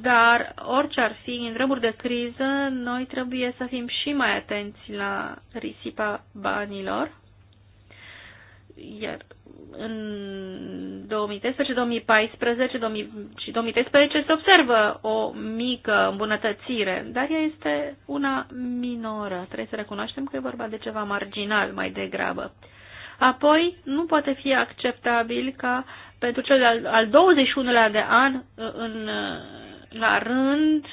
dar orice ar fi, în vremuri de criză, noi trebuie să fim și mai atenți la risipa banilor. Iar în 2013, 2014 și 2013 se observă o mică îmbunătățire, dar ea este una minoră. Trebuie să recunoaștem că e vorba de ceva marginal mai degrabă. Apoi, nu poate fi acceptabil ca uh, pentru cel al, al 21-lea de an uh, în, uh, la rând,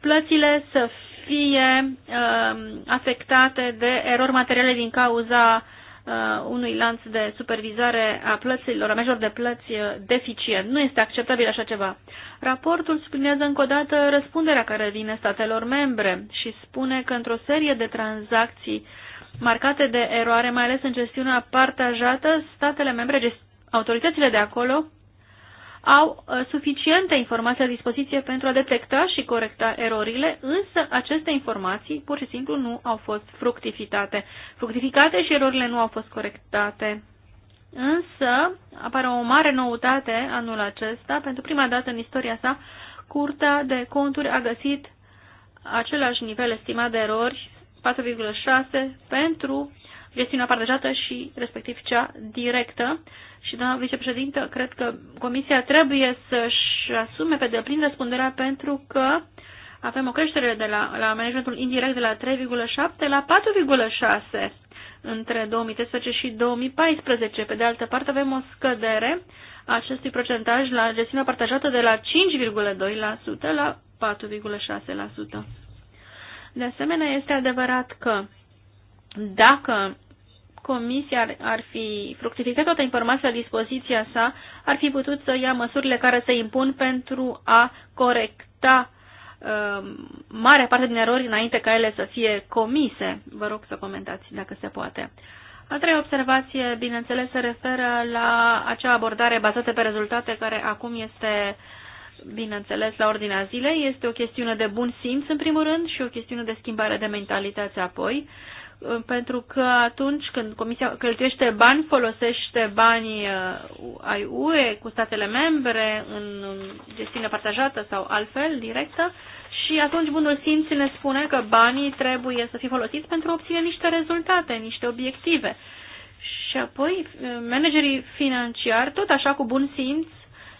plățile să fie uh, afectate de erori materiale din cauza uh, unui lanț de supervizare a plăților, a major de plăți uh, deficient. Nu este acceptabil așa ceva. Raportul sublinează încă o dată răspunderea care vine statelor membre și spune că într-o serie de tranzacții marcate de eroare, mai ales în gestiunea partajată, statele membre, gest autoritățile de acolo au uh, suficiente informații la dispoziție pentru a detecta și corecta erorile, însă aceste informații pur și simplu nu au fost fructificate. Fructificate și erorile nu au fost corectate. Însă apare o mare noutate anul acesta. Pentru prima dată în istoria sa, Curtea de Conturi a găsit același nivel estimat de erori, 4,6, pentru gestiunea partajată și respectiv cea directă. Și, doamna vicepreședintă, cred că Comisia trebuie să-și asume pe deplin răspunderea pentru că avem o creștere de la, la managementul indirect de la 3,7 la 4,6 între 2013 și 2014. Pe de altă parte, avem o scădere a acestui procentaj la gestiunea partajată de la 5,2% la 4,6%. De asemenea, este adevărat că dacă Comisia ar, ar fi fructificat toată informația la dispoziția sa, ar fi putut să ia măsurile care se impun pentru a corecta uh, marea parte din erori înainte ca ele să fie comise. Vă rog să comentați dacă se poate. A treia observație, bineînțeles, se referă la acea abordare bazată pe rezultate care acum este, bineînțeles, la ordinea zilei. Este o chestiune de bun simț, în primul rând, și o chestiune de schimbare de mentalitate apoi. Uh, pentru că atunci când Comisia cheltuiește bani, folosește banii uh, ai UE cu statele membre în gestiune partajată sau altfel, directă, și atunci bunul simț ne spune că banii trebuie să fie folosiți pentru a obține niște rezultate, niște obiective. Și apoi, uh, managerii financiari, tot așa cu bun simț,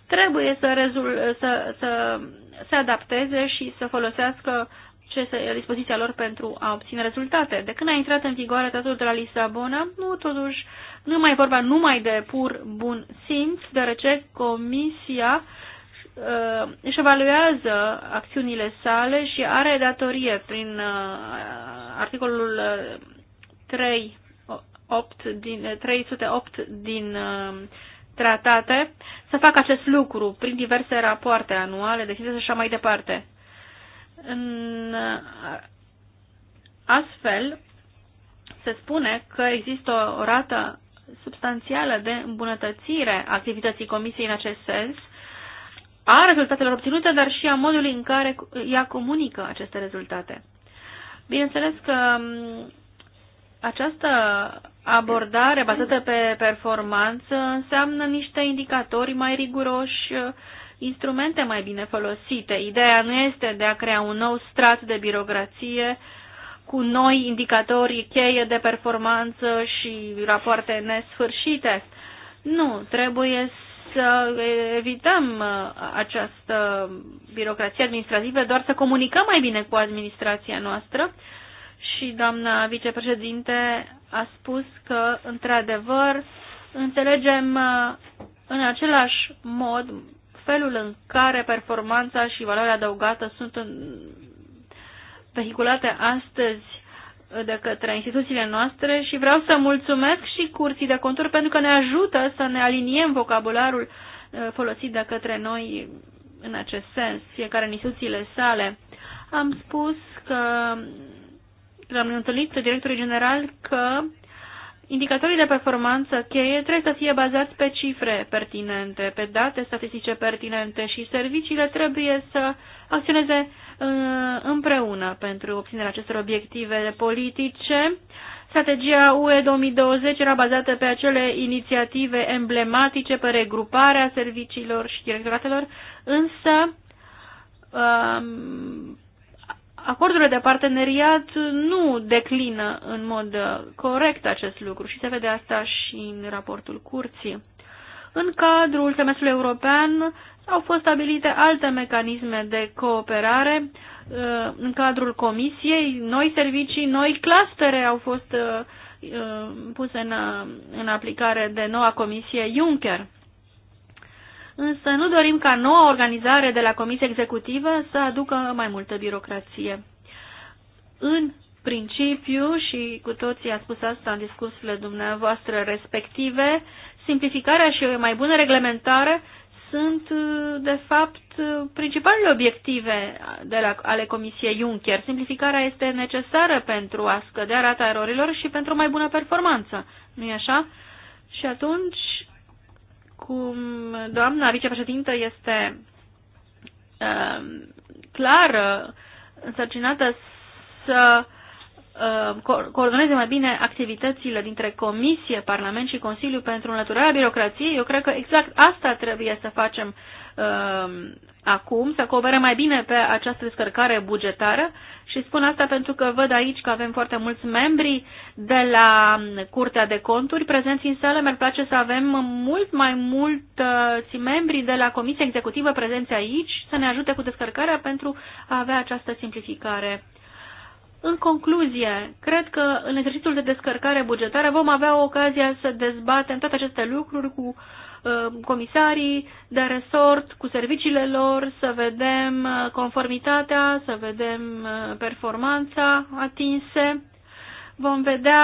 trebuie să, rezul- să, să se adapteze și să folosească ce este dispoziția lor pentru a obține rezultate. De când a intrat în vigoare tratatul de la Lisabona, nu totuși nu mai vorba numai de pur bun simț, deoarece Comisia uh, își evaluează acțiunile sale și are datorie prin uh, articolul 3, uh, 8 din, 308 uh, din uh, tratate să facă acest lucru prin diverse rapoarte anuale, de și așa mai departe. În uh, astfel, se spune că există o rată substanțială de îmbunătățire a activității comisiei în acest sens, a rezultatelor obținute, dar și a modului în care ea comunică aceste rezultate. Bineînțeles că um, această abordare bazată pe performanță înseamnă niște indicatori mai riguroși uh, instrumente mai bine folosite. Ideea nu este de a crea un nou strat de birocrație cu noi indicatori cheie de performanță și rapoarte nesfârșite. Nu, trebuie să evităm uh, această birocrație administrativă, doar să comunicăm mai bine cu administrația noastră și doamna vicepreședinte a spus că, într-adevăr, înțelegem uh, în același mod felul în care performanța și valoarea adăugată sunt vehiculate astăzi de către instituțiile noastre și vreau să mulțumesc și curții de conturi pentru că ne ajută să ne aliniem vocabularul uh, folosit de către noi în acest sens, fiecare în instituțiile sale. Am spus că l-am întâlnit directorul general că Indicatorii de performanță cheie trebuie să fie bazați pe cifre pertinente, pe date statistice pertinente și serviciile trebuie să acționeze uh, împreună pentru obținerea acestor obiective politice. Strategia UE 2020 era bazată pe acele inițiative emblematice, pe regruparea serviciilor și directoratelor, însă um, acordurile de parteneriat nu declină în mod uh, corect acest lucru și se vede asta și în raportul curții. În cadrul semestrului european au fost stabilite alte mecanisme de cooperare uh, în cadrul comisiei, noi servicii, noi clastere au fost uh, puse în, în aplicare de noua comisie Juncker însă nu dorim ca noua organizare de la Comisie Executivă să aducă mai multă birocrație. În principiu, și cu toții a spus asta în discursurile dumneavoastră respective, simplificarea și o mai bună reglementare sunt, de fapt, principalele obiective de la, ale Comisiei Juncker. Simplificarea este necesară pentru a scădea rata erorilor și pentru o mai bună performanță, nu-i așa? Și atunci cum doamna vicepreședintă este um, uh, clar însărcinată să uh, coordoneze mai bine activitățile dintre Comisie, Parlament și Consiliu pentru înlăturarea birocrației, eu cred că exact asta trebuie să facem Um, acum, să coopere mai bine pe această descărcare bugetară și spun asta pentru că văd aici că avem foarte mulți membri de la Curtea de Conturi prezenți în sală. Mi-ar place să avem mult mai mulți uh, membri de la Comisia Executivă prezenți aici să ne ajute cu descărcarea pentru a avea această simplificare. În concluzie, cred că în exercițiul de descărcare bugetară vom avea ocazia să dezbatem toate aceste lucruri cu uh, Uh, comisarii de resort cu serviciile lor, să vedem uh, conformitatea, să vedem uh, performanța atinse. Vom vedea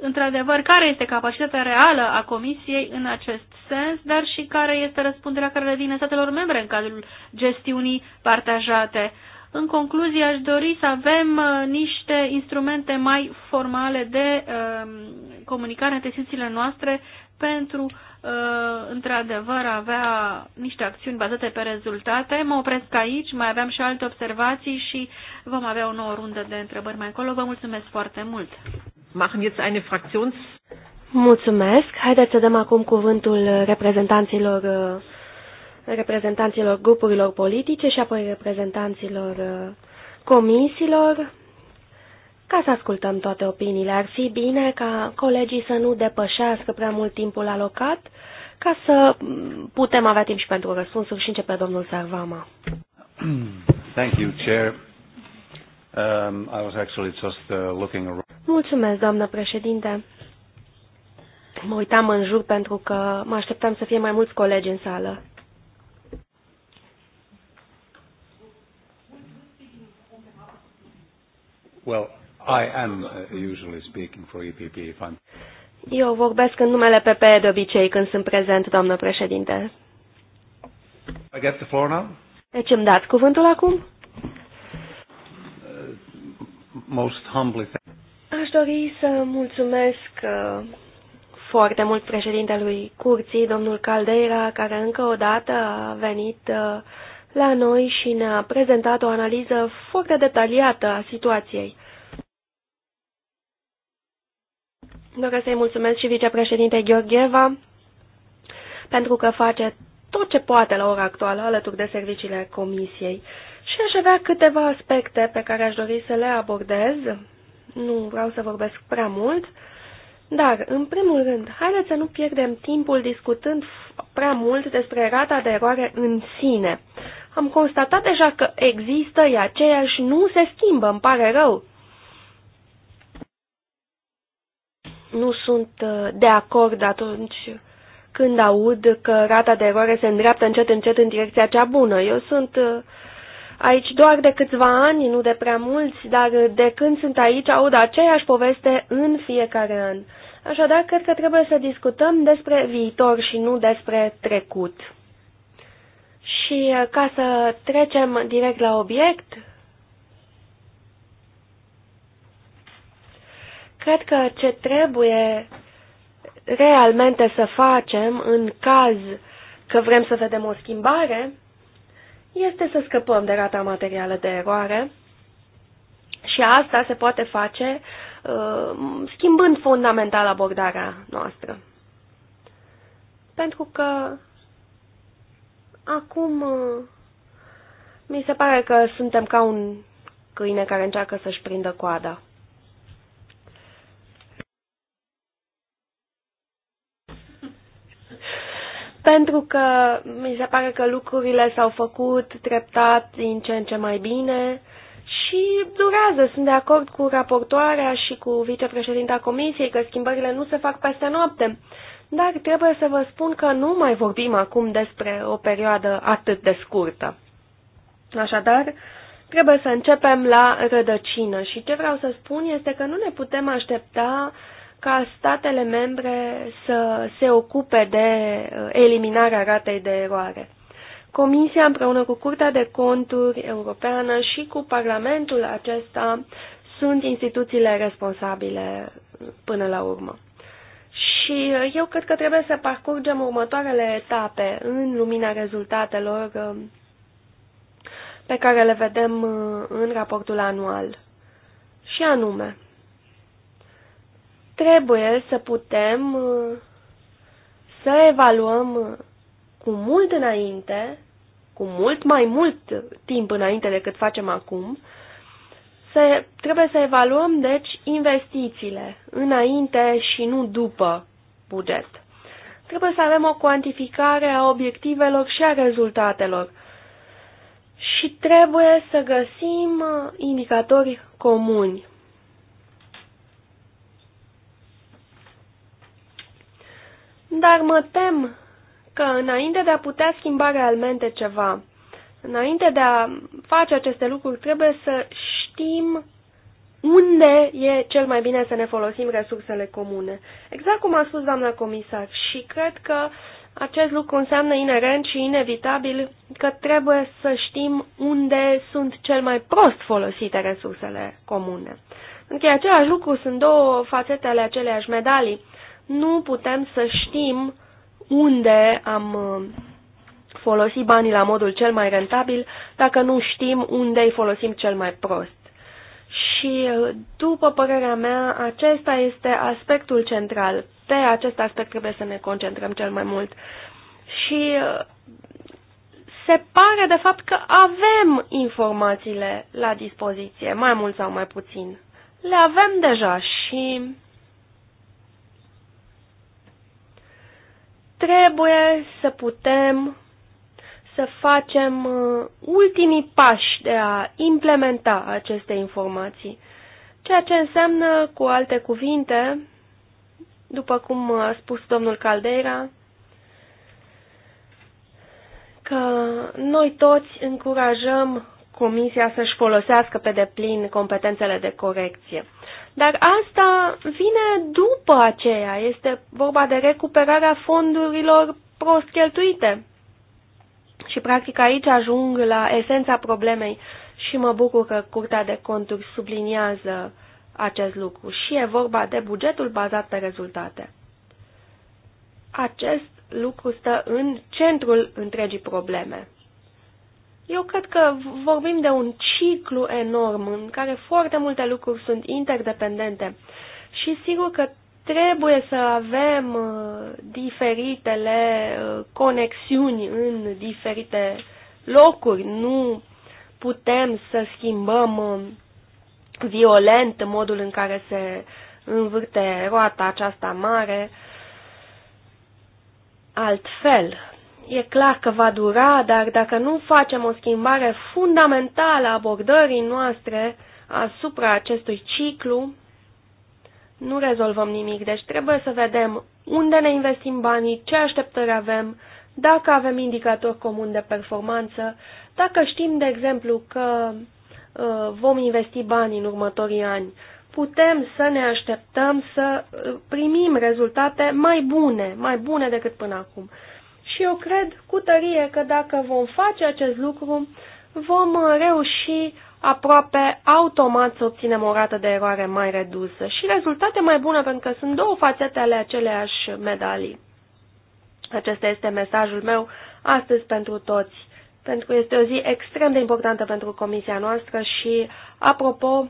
într-adevăr care este capacitatea reală a Comisiei în acest sens, dar și care este răspunderea care revine statelor membre în cadrul gestiunii partajate. În concluzie, aș dori să avem niște instrumente mai formale de comunicare între instituțiile noastre pentru, uh, într-adevăr, a avea niște acțiuni bazate pe rezultate. Mă opresc aici, mai aveam și alte observații și vom avea o nouă rundă de întrebări mai încolo. Vă mulțumesc foarte mult! Mulțumesc! Haideți să dăm acum cuvântul reprezentanților uh, reprezentanților grupurilor politice și apoi reprezentanților uh, comisiilor. Ca să ascultăm toate opiniile, ar fi bine ca colegii să nu depășească prea mult timpul alocat, ca să putem avea timp și pentru răspunsuri și începe domnul Sarvama. Thank you, Chair. Um, I was actually just uh, looking around. Mulțumesc, doamnă președinte. Mă uitam în jur pentru că mă așteptam să fie mai mulți colegi în sală. Well, I am uh, usually speaking for EPP if I'm... Eu vorbesc în numele PP de obicei când sunt prezent, doamnă președinte. I get the floor now? Deci îmi dați cuvântul acum? Uh, most humbly Aș dori să mulțumesc uh, foarte mult președintelui Curții, domnul Caldeira, care încă o dată a venit uh, la noi și ne-a prezentat o analiză foarte detaliată a situației. Doresc să-i mulțumesc și vicepreședinte Gheorgheva pentru că face tot ce poate la ora actuală alături de serviciile comisiei. Și aș avea câteva aspecte pe care aș dori să le abordez. Nu vreau să vorbesc prea mult, dar, în primul rând, haideți să nu pierdem timpul discutând prea mult despre rata de eroare în sine. Am constatat deja că există, ea aceeași nu se schimbă, îmi pare rău. nu sunt uh, de acord atunci când aud că rata de eroare se îndreaptă încet încet în direcția cea bună. Eu sunt uh, aici doar de câțiva ani, nu de prea mulți, dar de când sunt aici aud aceeași poveste în fiecare an. Așadar, cred că trebuie să discutăm despre viitor și nu despre trecut. Și uh, ca să trecem direct la obiect, Cred că ce trebuie realmente să facem în caz că vrem să vedem o schimbare este să scăpăm de rata materială de eroare și asta se poate face uh, schimbând fundamental abordarea noastră. Pentru că acum uh, mi se pare că suntem ca un câine care încearcă să-și prindă coada. pentru că mi se pare că lucrurile s-au făcut treptat din ce în ce mai bine și durează. Sunt de acord cu raportoarea și cu vicepreședinta comisiei că schimbările nu se fac peste noapte. Dar trebuie să vă spun că nu mai vorbim acum despre o perioadă atât de scurtă. Așadar, trebuie să începem la rădăcină și ce vreau să spun este că nu ne putem aștepta uh, ca statele membre să se ocupe de uh, eliminarea ratei de eroare. Comisia împreună cu Curtea de Conturi Europeană și cu Parlamentul acesta sunt instituțiile responsabile uh, până la urmă. Și uh, eu cred că trebuie să parcurgem următoarele etape în lumina rezultatelor pe care le vedem în raportul anual. Și anume, Trebuie să putem uh, să evaluăm uh, cu mult înainte, cu mult mai mult timp înainte decât facem acum, să, trebuie să evaluăm, deci, investițiile înainte și nu după buget. Trebuie să avem o cuantificare a obiectivelor și a rezultatelor și trebuie să găsim uh, indicatori comuni. Dar mă tem că înainte de a putea schimba realmente ceva, înainte de a face aceste lucruri, trebuie să știm unde e cel mai bine să ne folosim resursele comune. Exact cum a spus doamna comisar și cred că acest lucru înseamnă inerent și inevitabil că trebuie să știm unde sunt cel mai prost folosite resursele comune. Pentru că același lucru, sunt două fațete ale aceleași medalii nu putem să știm unde am uh, folosit banii la modul cel mai rentabil dacă nu știm unde îi folosim cel mai prost. Și, uh, după părerea mea, acesta este aspectul central. Pe acest aspect trebuie să ne concentrăm cel mai mult. Și uh, se pare, de fapt, că avem informațiile la dispoziție, mai mult sau mai puțin. Le avem deja și Trebuie să putem să facem uh, ultimii pași de a implementa aceste informații, ceea ce înseamnă, cu alte cuvinte, după cum a spus domnul Caldera, că noi toți încurajăm Comisia să-și folosească pe deplin competențele de corecție. Dar asta vine după aceea. Este vorba de recuperarea fondurilor prost cheltuite. Și practic aici ajung la esența problemei și mă bucur că Curtea de Conturi subliniază acest lucru și e vorba de bugetul bazat pe rezultate. Acest lucru stă în centrul întregii probleme. Eu cred că vorbim de un ciclu enorm în care foarte multe lucruri sunt interdependente și sigur că trebuie să avem uh, diferitele uh, conexiuni în diferite locuri. Nu putem să schimbăm uh, violent modul în care se învârte roata aceasta mare altfel. E clar că va dura, dar dacă nu facem o schimbare fundamentală a abordării noastre asupra acestui ciclu, nu rezolvăm nimic. Deci trebuie să vedem unde ne investim banii, ce așteptări avem, dacă avem indicatori comun de performanță, dacă știm, de exemplu, că uh, vom investi bani în următorii ani, putem să ne așteptăm să uh, primim rezultate mai bune, mai bune decât până acum. Și eu cred cu tărie că dacă vom face acest lucru, vom uh, reuși aproape automat să obținem o rată de eroare mai redusă și rezultate mai bune pentru că sunt două fațete ale aceleași medalii. Acesta este mesajul meu astăzi pentru toți, pentru că este o zi extrem de importantă pentru comisia noastră și, apropo,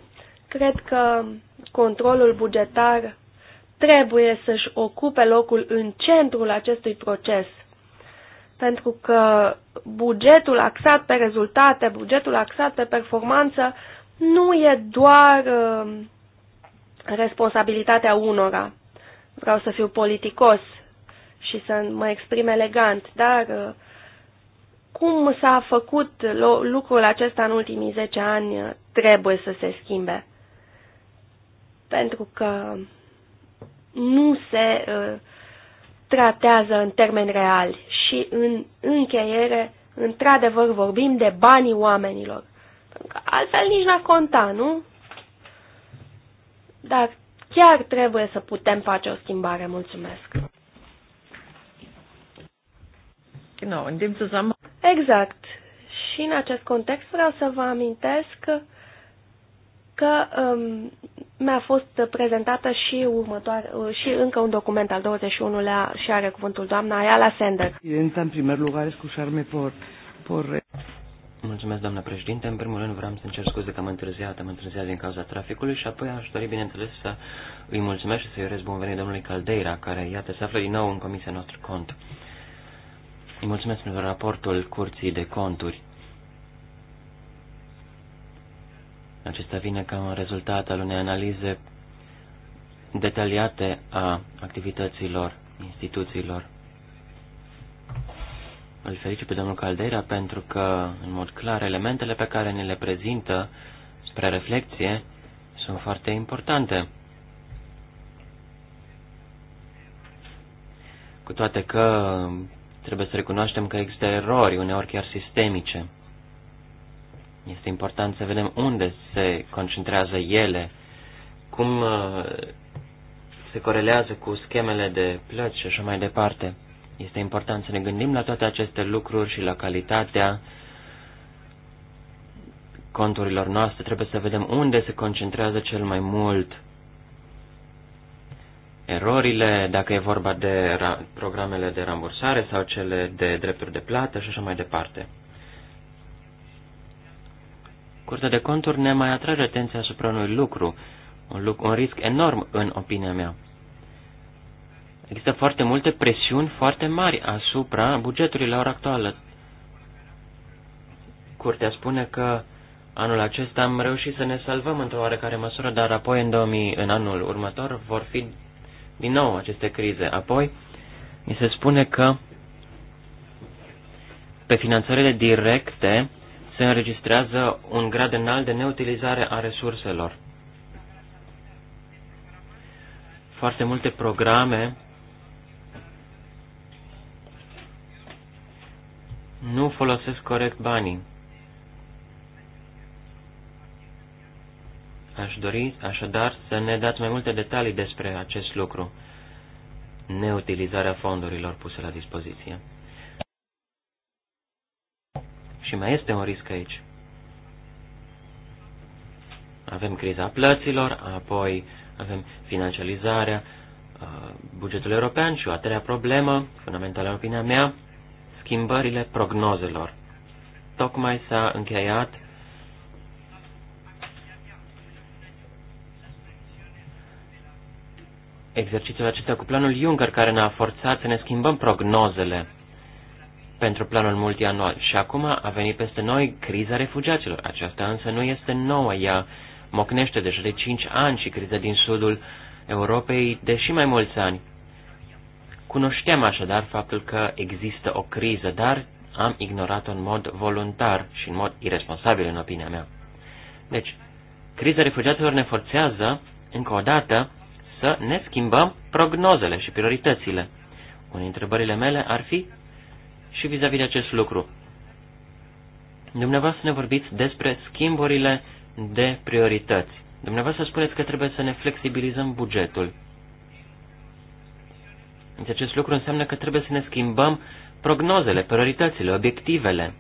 cred că controlul bugetar trebuie să-și ocupe locul în centrul acestui proces pentru că bugetul axat pe rezultate, bugetul axat pe performanță, nu e doar um, responsabilitatea unora. Vreau să fiu politicos și să mă exprim elegant, dar uh, cum s-a făcut lucrul acesta în ultimii 10 ani uh, trebuie să se schimbe. Pentru că nu se uh, tratează în termeni reali și în încheiere, într-adevăr, vorbim de banii oamenilor. altfel nici n-ar conta, nu? Dar chiar trebuie să putem face o schimbare. Mulțumesc! Exact. Și în acest context vreau să vă amintesc că um, mi-a fost prezentată și, următoare, uh, și încă un document al 21-lea și are cuvântul doamna Ayala Sender. Presidenta, în primul lugar, scușarme por, por... Mulțumesc, doamna președinte. În primul rând vreau să încerc scuze că am întârziat, am întârziat din cauza traficului și apoi aș dori, bineînțeles, să îi mulțumesc și să-i urez bun venit domnului Caldeira, care, iată, se află din nou în comisia noastră cont. Îi mulțumesc pentru raportul Curții de Conturi. Acesta vine ca un rezultat al unei analize detaliate a activităților instituțiilor. Îl felicit pe domnul Caldera pentru că, în mod clar, elementele pe care ne le prezintă spre reflexie sunt foarte importante. Cu toate că trebuie să recunoaștem că există erori, uneori chiar sistemice. Este important să vedem unde se concentrează ele, cum uh, se corelează cu schemele de plăți și așa mai departe. Este important să ne gândim la toate aceste lucruri și la calitatea conturilor noastre. Trebuie să vedem unde se concentrează cel mai mult erorile, dacă e vorba de programele de rambursare sau cele de drepturi de plată și așa mai departe. Curtea de conturi ne mai atrage atenția asupra unui lucru, un, lucru, un risc enorm în opinia mea. Există foarte multe presiuni foarte mari asupra bugetului la ora actuală. Curtea spune că anul acesta am reușit să ne salvăm într-o oarecare măsură, dar apoi în, 2000, în anul următor vor fi din nou aceste crize. Apoi mi se spune că pe finanțările directe se înregistrează un grad înalt de neutilizare a resurselor. Foarte multe programe nu folosesc corect banii. Aș dori așadar să ne dați mai multe detalii despre acest lucru, neutilizarea fondurilor puse la dispoziție. Și mai este un risc aici. Avem criza plăților, apoi avem financializarea uh, bugetul european și o a treia problemă, fundamentală în opinia mea, schimbările prognozelor. Tocmai s-a încheiat exercițiul acesta cu planul Juncker, care ne-a forțat să ne schimbăm prognozele pentru planul multianual și acum a venit peste noi criza refugiaților. Aceasta însă nu este nouă, ea mocnește deja de 5 ani și criza din sudul Europei de și mai mulți ani. Cunoșteam așadar faptul că există o criză, dar am ignorat-o în mod voluntar și în mod irresponsabil, în opinia mea. Deci, criza refugiaților ne forțează, încă o dată, să ne schimbăm prognozele și prioritățile. Unele întrebările mele ar fi și vis-a-vis -vis de acest lucru. Dumneavoastră ne vorbiți despre schimburile de priorități. Dumneavoastră spuneți că trebuie să ne flexibilizăm bugetul. Deci acest lucru înseamnă că trebuie să ne schimbăm prognozele, prioritățile, obiectivele.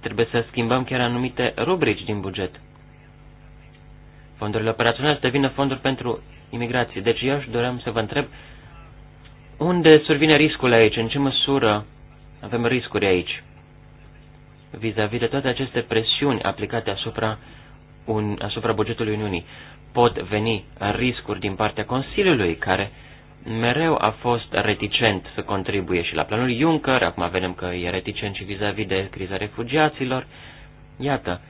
Trebuie să schimbăm chiar anumite rubrici din buget. Fondurile operaționale să devină fonduri pentru imigrație. Deci eu aș doream să vă întreb unde survine riscul aici? În ce măsură avem riscuri aici? Vis-a-vis -vis de toate aceste presiuni aplicate asupra, un, asupra bugetului Uniunii, pot veni riscuri din partea Consiliului, care mereu a fost reticent să contribuie și la planul Juncker, acum vedem că e reticent și vis-a-vis -vis de criza refugiaților. Iată,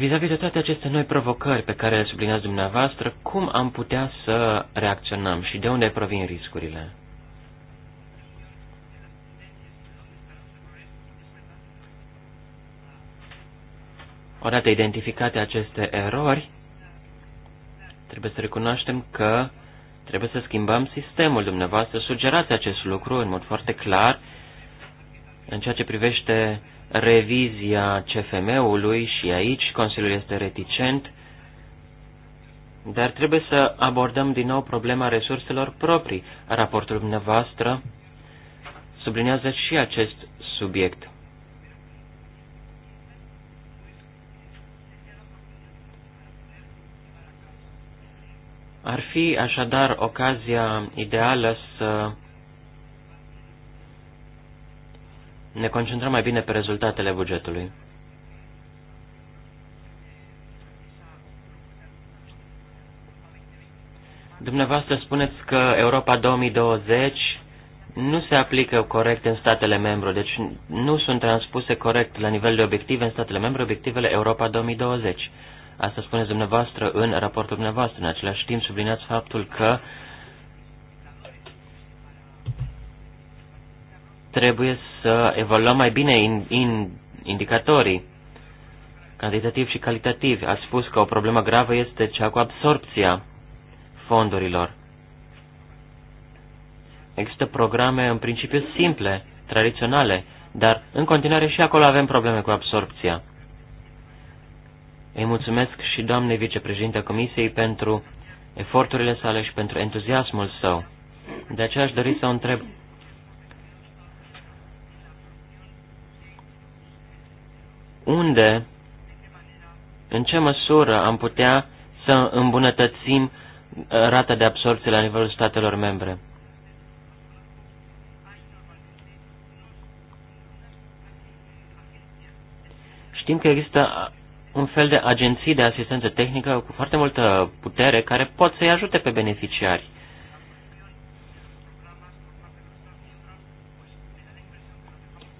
Vis-a-vis -vis de toate aceste noi provocări pe care le sublinați dumneavoastră, cum am putea să reacționăm și de unde provin riscurile? Odată identificate aceste erori, trebuie să recunoaștem că trebuie să schimbăm sistemul dumneavoastră. Sugerați acest lucru în mod foarte clar în ceea ce privește revizia CFM-ului și aici Consiliul este reticent, dar trebuie să abordăm din nou problema resurselor proprii. Raportul dumneavoastră sublinează și acest subiect. Ar fi așadar ocazia ideală să ne concentrăm mai bine pe rezultatele bugetului. Dumneavoastră spuneți că Europa 2020 nu se aplică corect în statele membre, deci nu sunt transpuse corect la nivel de obiective în statele membre obiectivele Europa 2020. Asta spuneți dumneavoastră în raportul dumneavoastră. În același timp subliniați faptul că uh, trebuie să evaluăm mai bine in, in, indicatorii cantitativ și calitativ. A spus că o problemă gravă este cea cu absorpția fondurilor. Există programe în principiu simple, tradiționale, dar în continuare și acolo avem probleme cu absorpția. Îi mulțumesc și doamnei vicepreședinte Comisiei pentru eforturile sale și pentru entuziasmul său. De aceea aș dori să o întreb unde, în ce măsură am putea să îmbunătățim uh, rata de absorție la nivelul statelor membre. Știm că există uh, un fel de agenții de asistență tehnică cu foarte multă putere care pot să-i ajute pe beneficiari.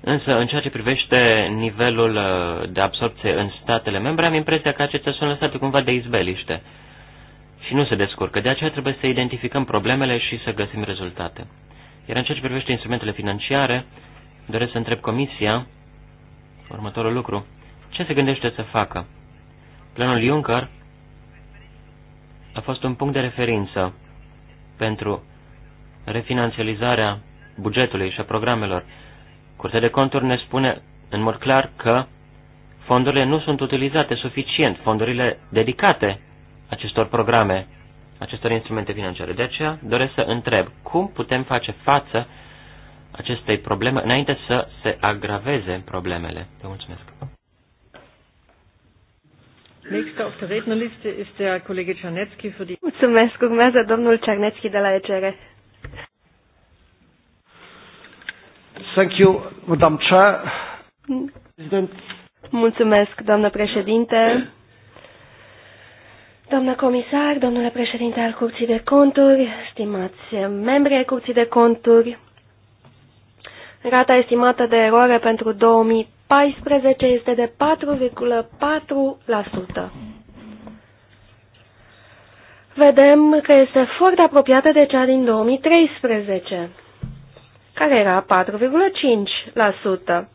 Însă, în ceea ce privește nivelul uh, de absorpție în statele membre, am impresia că acestea sunt lăsate cumva de izbeliște și nu se descurcă. De aceea trebuie să identificăm problemele și să găsim rezultate. Iar în ceea ce privește instrumentele financiare, doresc să întreb Comisia următorul lucru. Ce se gândește să facă? Planul Juncker a fost un punct de referință pentru refinanțializarea bugetului și a programelor. Curtea de conturi ne spune în mod clar că fondurile nu sunt utilizate suficient, fondurile dedicate acestor programe, acestor instrumente financiare. De aceea doresc să întreb cum putem face față acestei probleme înainte să se agraveze problemele. Vă mulțumesc. Mulțumesc. Urmează domnul Cernetski de la ECR. Thank you, Madam Chair. Mulțumesc, doamnă președinte. Doamnă comisar, domnule președinte al Curții de Conturi, stimați membri ai Curții de Conturi, rata estimată de eroare pentru 2014 este de 4,4%. Vedem că este foarte apropiată de cea din 2013 care era 4,5%.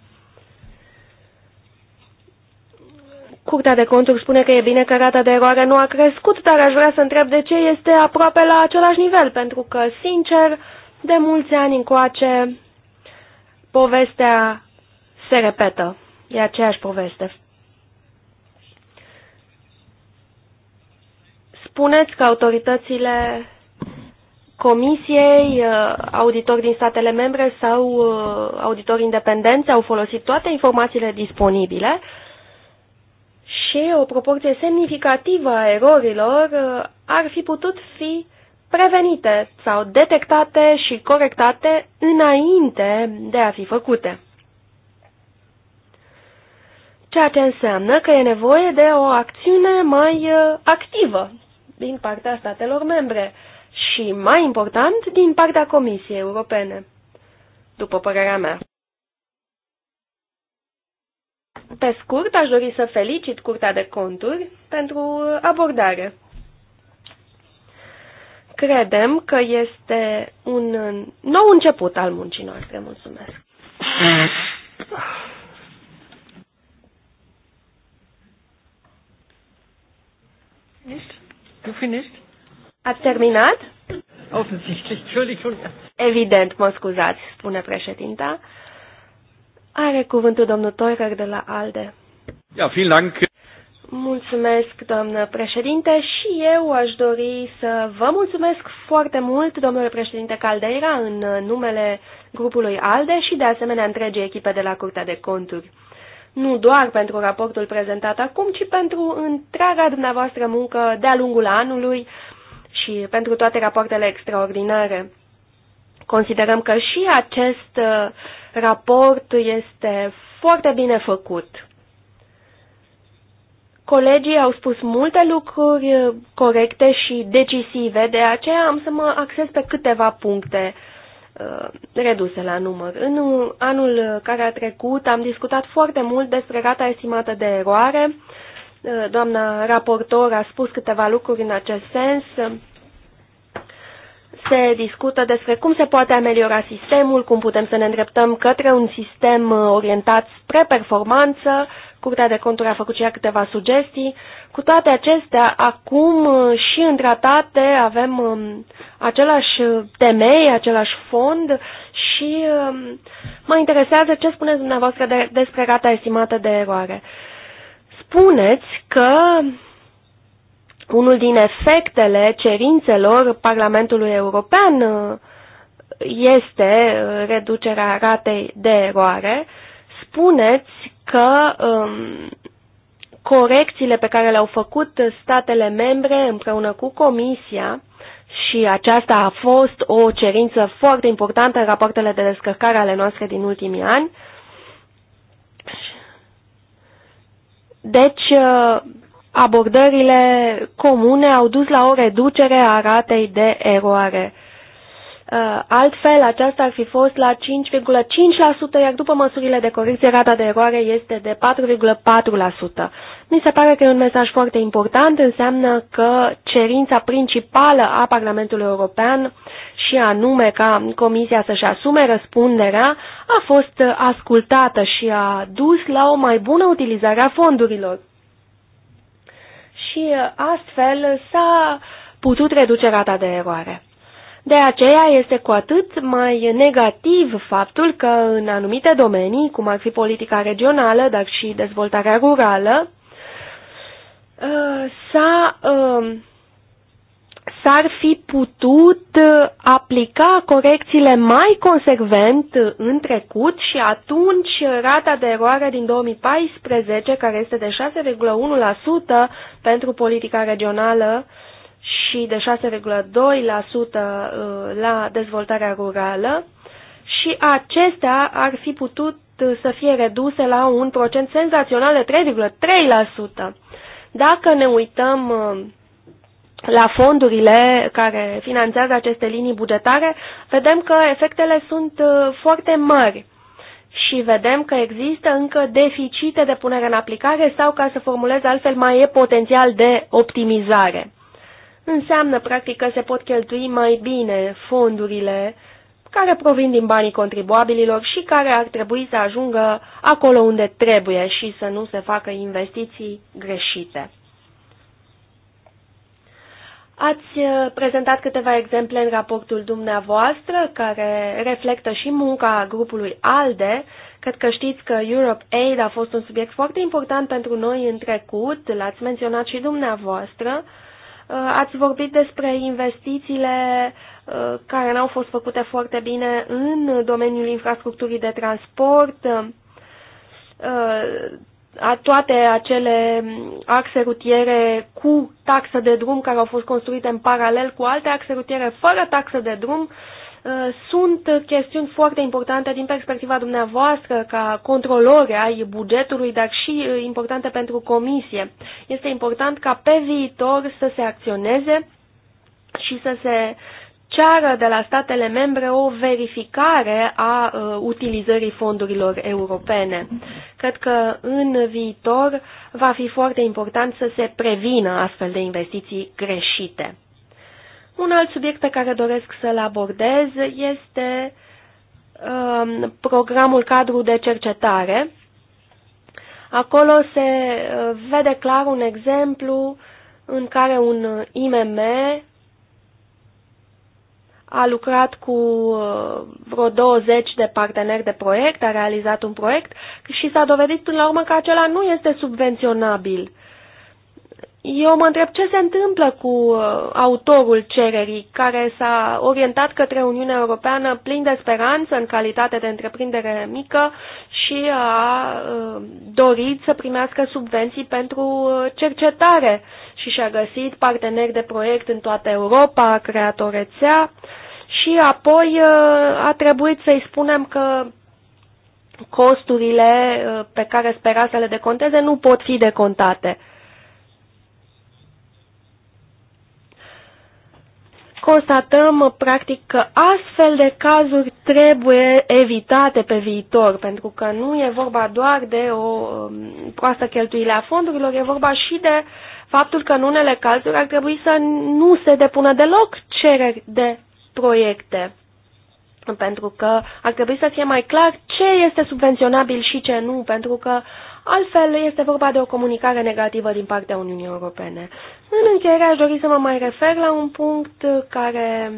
Curtea de conturi spune că e bine că rata de eroare nu a crescut, dar aș vrea să întreb de ce este aproape la același nivel, pentru că, sincer, de mulți ani încoace, povestea se repetă. E aceeași poveste. Spuneți că autoritățile comisiei, uh, auditori din statele membre sau uh, auditori independenți au folosit toate informațiile disponibile și o proporție semnificativă a erorilor uh, ar fi putut fi prevenite sau detectate și corectate înainte de a fi făcute. Ceea ce înseamnă că e nevoie de o acțiune mai activă din partea statelor membre și, mai important, din partea Comisiei Europene, după părerea mea. Pe scurt, aș dori să felicit Curtea de Conturi pentru abordare. Credem că este un nou început al muncii noastre. Mulțumesc! Finished? You finished? Ați terminat? Evident, mă scuzați, spune președinta. Are cuvântul domnul Toirer de la ALDE. Ja, vielen Dank. Mulțumesc, doamnă președinte, și eu aș dori să vă mulțumesc foarte mult, domnule președinte Caldeira, în numele grupului ALDE și de asemenea întregii echipe de la Curtea de Conturi. Nu doar pentru raportul prezentat acum, ci pentru întreaga dumneavoastră muncă de-a lungul anului, și pentru toate rapoartele extraordinare. Considerăm că și acest uh, raport este foarte bine făcut. Colegii au spus multe lucruri uh, corecte și decisive, de aceea am să mă acces pe câteva puncte uh, reduse la număr. În anul care a trecut am discutat foarte mult despre rata estimată de eroare, Doamna raportor a spus câteva lucruri în acest sens. Se discută despre cum se poate ameliora sistemul, cum putem să ne îndreptăm către un sistem orientat spre performanță. Curtea de conturi a făcut și ea câteva sugestii. Cu toate acestea, acum și în tratate avem um, același temei, același fond și um, mă interesează ce spuneți dumneavoastră despre rata estimată de eroare spuneți că unul din efectele cerințelor Parlamentului European uh, este uh, reducerea ratei de eroare. Spuneți că um, corecțiile pe care le-au făcut statele membre împreună cu Comisia și aceasta a fost o cerință foarte importantă în rapoartele de descărcare ale noastre din ultimii ani, Deci, uh, abordările comune au dus la o reducere a ratei de eroare. Uh, altfel, aceasta ar fi fost la 5,5%, iar după măsurile de corecție, rata de eroare este de 4,4%. Mi se pare că e un mesaj foarte important, înseamnă că cerința principală a Parlamentului European și anume ca Comisia să-și asume răspunderea, a fost ascultată și a dus la o mai bună utilizare a fondurilor. Și uh, astfel s-a putut reduce rata de eroare. De aceea este cu atât mai negativ faptul că în anumite domenii, cum ar fi politica regională, dar și dezvoltarea rurală, uh, s-a um, s-ar fi putut uh, aplica corecțiile mai consecvent uh, în trecut și atunci uh, rata de eroare din 2014, care este de 6,1% pentru politica regională și de 6,2% la dezvoltarea rurală, și acestea ar fi putut să fie reduse la un procent senzațional de 3,3%. Dacă ne uităm la fondurile care finanțează aceste linii bugetare, vedem că efectele sunt uh, foarte mari și vedem că există încă deficite de punere în aplicare sau, ca să formulez altfel, mai e potențial de optimizare. Înseamnă, practic, că se pot cheltui mai bine fondurile care provin din banii contribuabililor și care ar trebui să ajungă acolo unde trebuie și să nu se facă investiții greșite. Ați uh, prezentat câteva exemple în raportul dumneavoastră care reflectă și munca grupului ALDE. Cred că știți că Europe Aid a fost un subiect foarte important pentru noi în trecut, l-ați menționat și dumneavoastră. Uh, ați vorbit despre investițiile uh, care n-au fost făcute foarte bine în domeniul infrastructurii de transport, a toate acele axe rutiere cu taxă de drum care au fost construite în paralel cu alte axe rutiere fără taxă de drum uh, sunt chestiuni foarte importante din perspectiva dumneavoastră ca controlore ai bugetului, dar și uh, importante pentru comisie. Este important ca pe viitor să se acționeze și să se ceară de la statele membre o verificare a uh, utilizării fondurilor europene. Cred că în viitor va fi foarte important să se prevină astfel de investiții greșite. Un alt subiect pe care doresc să-l abordez este uh, programul cadru de cercetare. Acolo se uh, vede clar un exemplu în care un IMM a lucrat cu uh, vreo 20 de parteneri de proiect, a realizat un proiect și s-a dovedit până la urmă că acela nu este subvenționabil eu mă întreb ce se întâmplă cu uh, autorul cererii, care s-a orientat către Uniunea Europeană plin de speranță în calitate de întreprindere mică și a uh, dorit să primească subvenții pentru uh, cercetare și și-a găsit parteneri de proiect în toată Europa, a creat o rețea și apoi a trebuit să-i spunem că costurile pe care spera să le deconteze nu pot fi decontate. constatăm practic că astfel de cazuri trebuie evitate pe viitor, pentru că nu e vorba doar de o um, proastă cheltuire a fondurilor, e vorba și de faptul că în unele cazuri ar trebui să nu se depună deloc cereri de proiecte, pentru că ar trebui să fie mai clar ce este subvenționabil și ce nu, pentru că Altfel, este vorba de o comunicare negativă din partea Uniunii Europene. În încheiere, aș dori să mă mai refer la un punct care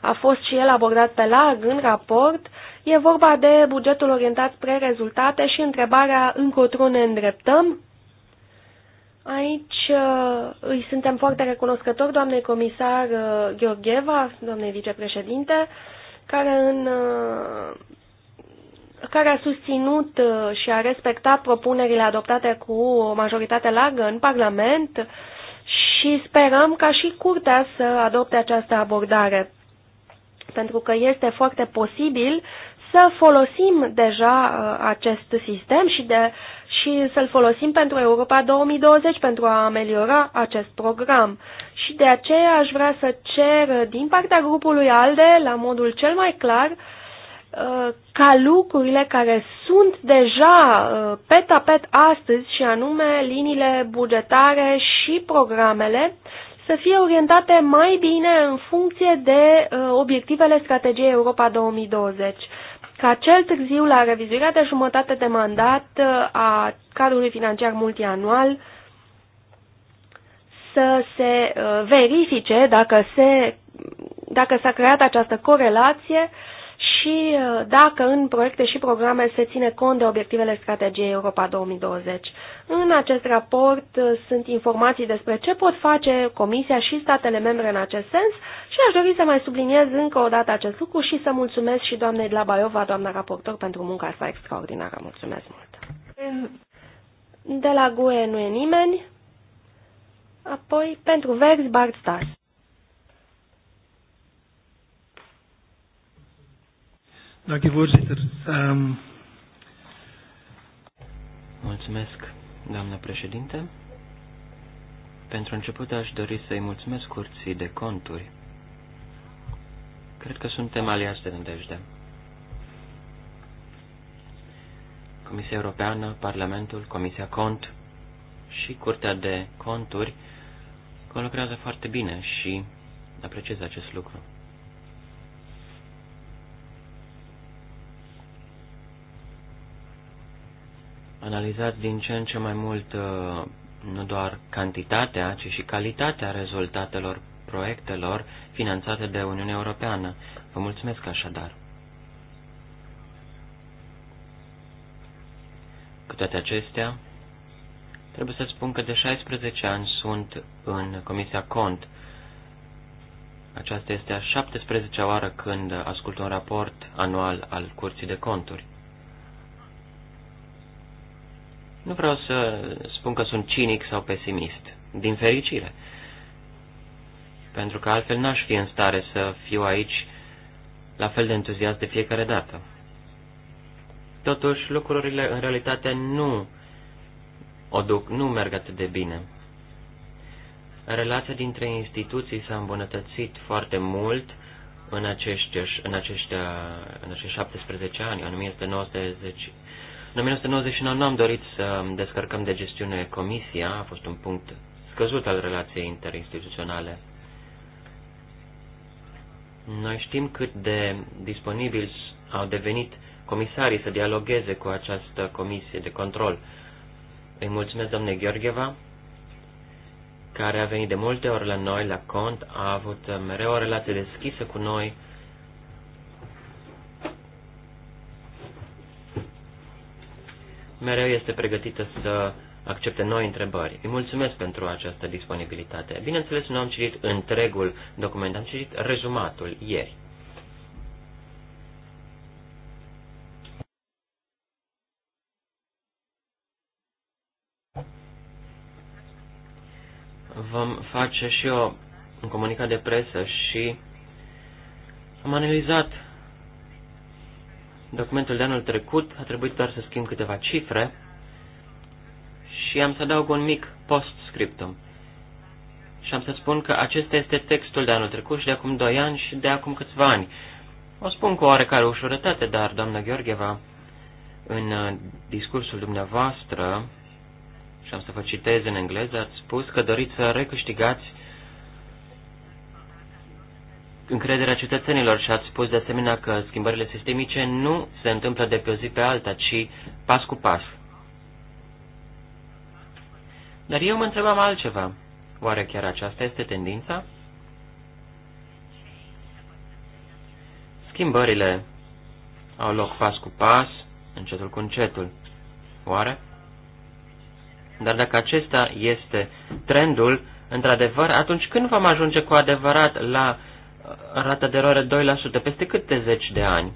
a fost și el abordat pe larg în raport. E vorba de bugetul orientat spre rezultate și întrebarea încotro ne îndreptăm. Aici uh, îi suntem foarte recunoscători doamnei comisar uh, Gheorgheva, doamnei vicepreședinte, care în uh, care a susținut uh, și a respectat propunerile adoptate cu o majoritate largă în Parlament și sperăm ca și Curtea să adopte această abordare, pentru că este foarte posibil să folosim deja uh, acest sistem și, de, și să-l folosim pentru Europa 2020, pentru a ameliora acest program. Și de aceea aș vrea să cer din partea grupului ALDE, la modul cel mai clar, uh, Uh, ca lucrurile care sunt deja pe uh, tapet astăzi, și anume liniile bugetare și programele, să fie orientate mai bine în funcție de uh, obiectivele strategiei Europa 2020 ca cel târziu la revizuirea de jumătate de mandat a cadrului financiar multianual să se verifice dacă, se, dacă s-a creat această corelație și uh, dacă în proiecte și programe se ține cont de obiectivele strategiei Europa 2020. În acest raport uh, sunt informații despre ce pot face Comisia și statele membre în acest sens și aș dori să mai subliniez încă o dată acest lucru și să mulțumesc și doamnei Baiova, doamna raportor, pentru munca sa extraordinară. Mulțumesc mult! De la GUE nu e nimeni. Apoi, pentru Vex, Bart Stas. Dank u, voorzitter. Um... Mulțumesc, doamnă președinte. Pentru început aș dori să-i mulțumesc curții de conturi. Cred că suntem aliați de nădejde. Comisia Europeană, Parlamentul, Comisia Cont și Curtea de Conturi colaborează foarte bine și apreciez acest lucru. analizat din ce în ce mai mult uh, nu doar cantitatea, ci și calitatea rezultatelor proiectelor finanțate de Uniunea Europeană. Vă mulțumesc așadar. Cu toate acestea, trebuie să spun că de 16 ani sunt în Comisia Cont. Aceasta este a 17-a oară când ascult un raport anual al Curții de Conturi. Nu vreau să spun că sunt cinic sau pesimist, din fericire. Pentru că altfel n-aș fi în stare să fiu aici la fel de entuziast de fiecare dată. Totuși, lucrurile în realitate nu o duc, nu merg atât de bine. Relația dintre instituții s-a îmbunătățit foarte mult în acești, în acești, în acești 17 ani, în 1990, în 1999 nu am dorit să descărcăm de gestiune comisia, a fost un punct scăzut al relației interinstituționale. Noi știm cât de disponibili au devenit comisarii să dialogueze cu această comisie de control. Îi mulțumesc, domnule Gheorgheva, care a venit de multe ori la noi, la cont, a avut mereu o relație deschisă cu noi, mereu este pregătită să accepte noi întrebări. Îi mulțumesc pentru această disponibilitate. Bineînțeles, nu am citit întregul document, am citit rezumatul ieri. Vom face și o comunicat de presă și am analizat documentul de anul trecut, a trebuit doar să schimb câteva cifre și am să adaug un mic postscriptum. Și am să spun că acesta este textul de anul trecut și de acum doi ani și de acum câțiva ani. O spun cu oarecare ușurătate, dar, doamna Gheorgheva, în uh, discursul dumneavoastră, și am să vă citez în engleză, ați spus că doriți să recâștigați încrederea cetățenilor și ați spus de asemenea că schimbările sistemice nu se întâmplă de pe o zi pe alta, ci pas cu pas. Dar eu mă întrebam altceva. Oare chiar aceasta este tendința? Schimbările au loc pas cu pas, încetul cu încetul. Oare? Dar dacă acesta este trendul, într-adevăr, atunci când vom ajunge cu adevărat la uh, rata de eroare 2%, peste câte zeci de ani?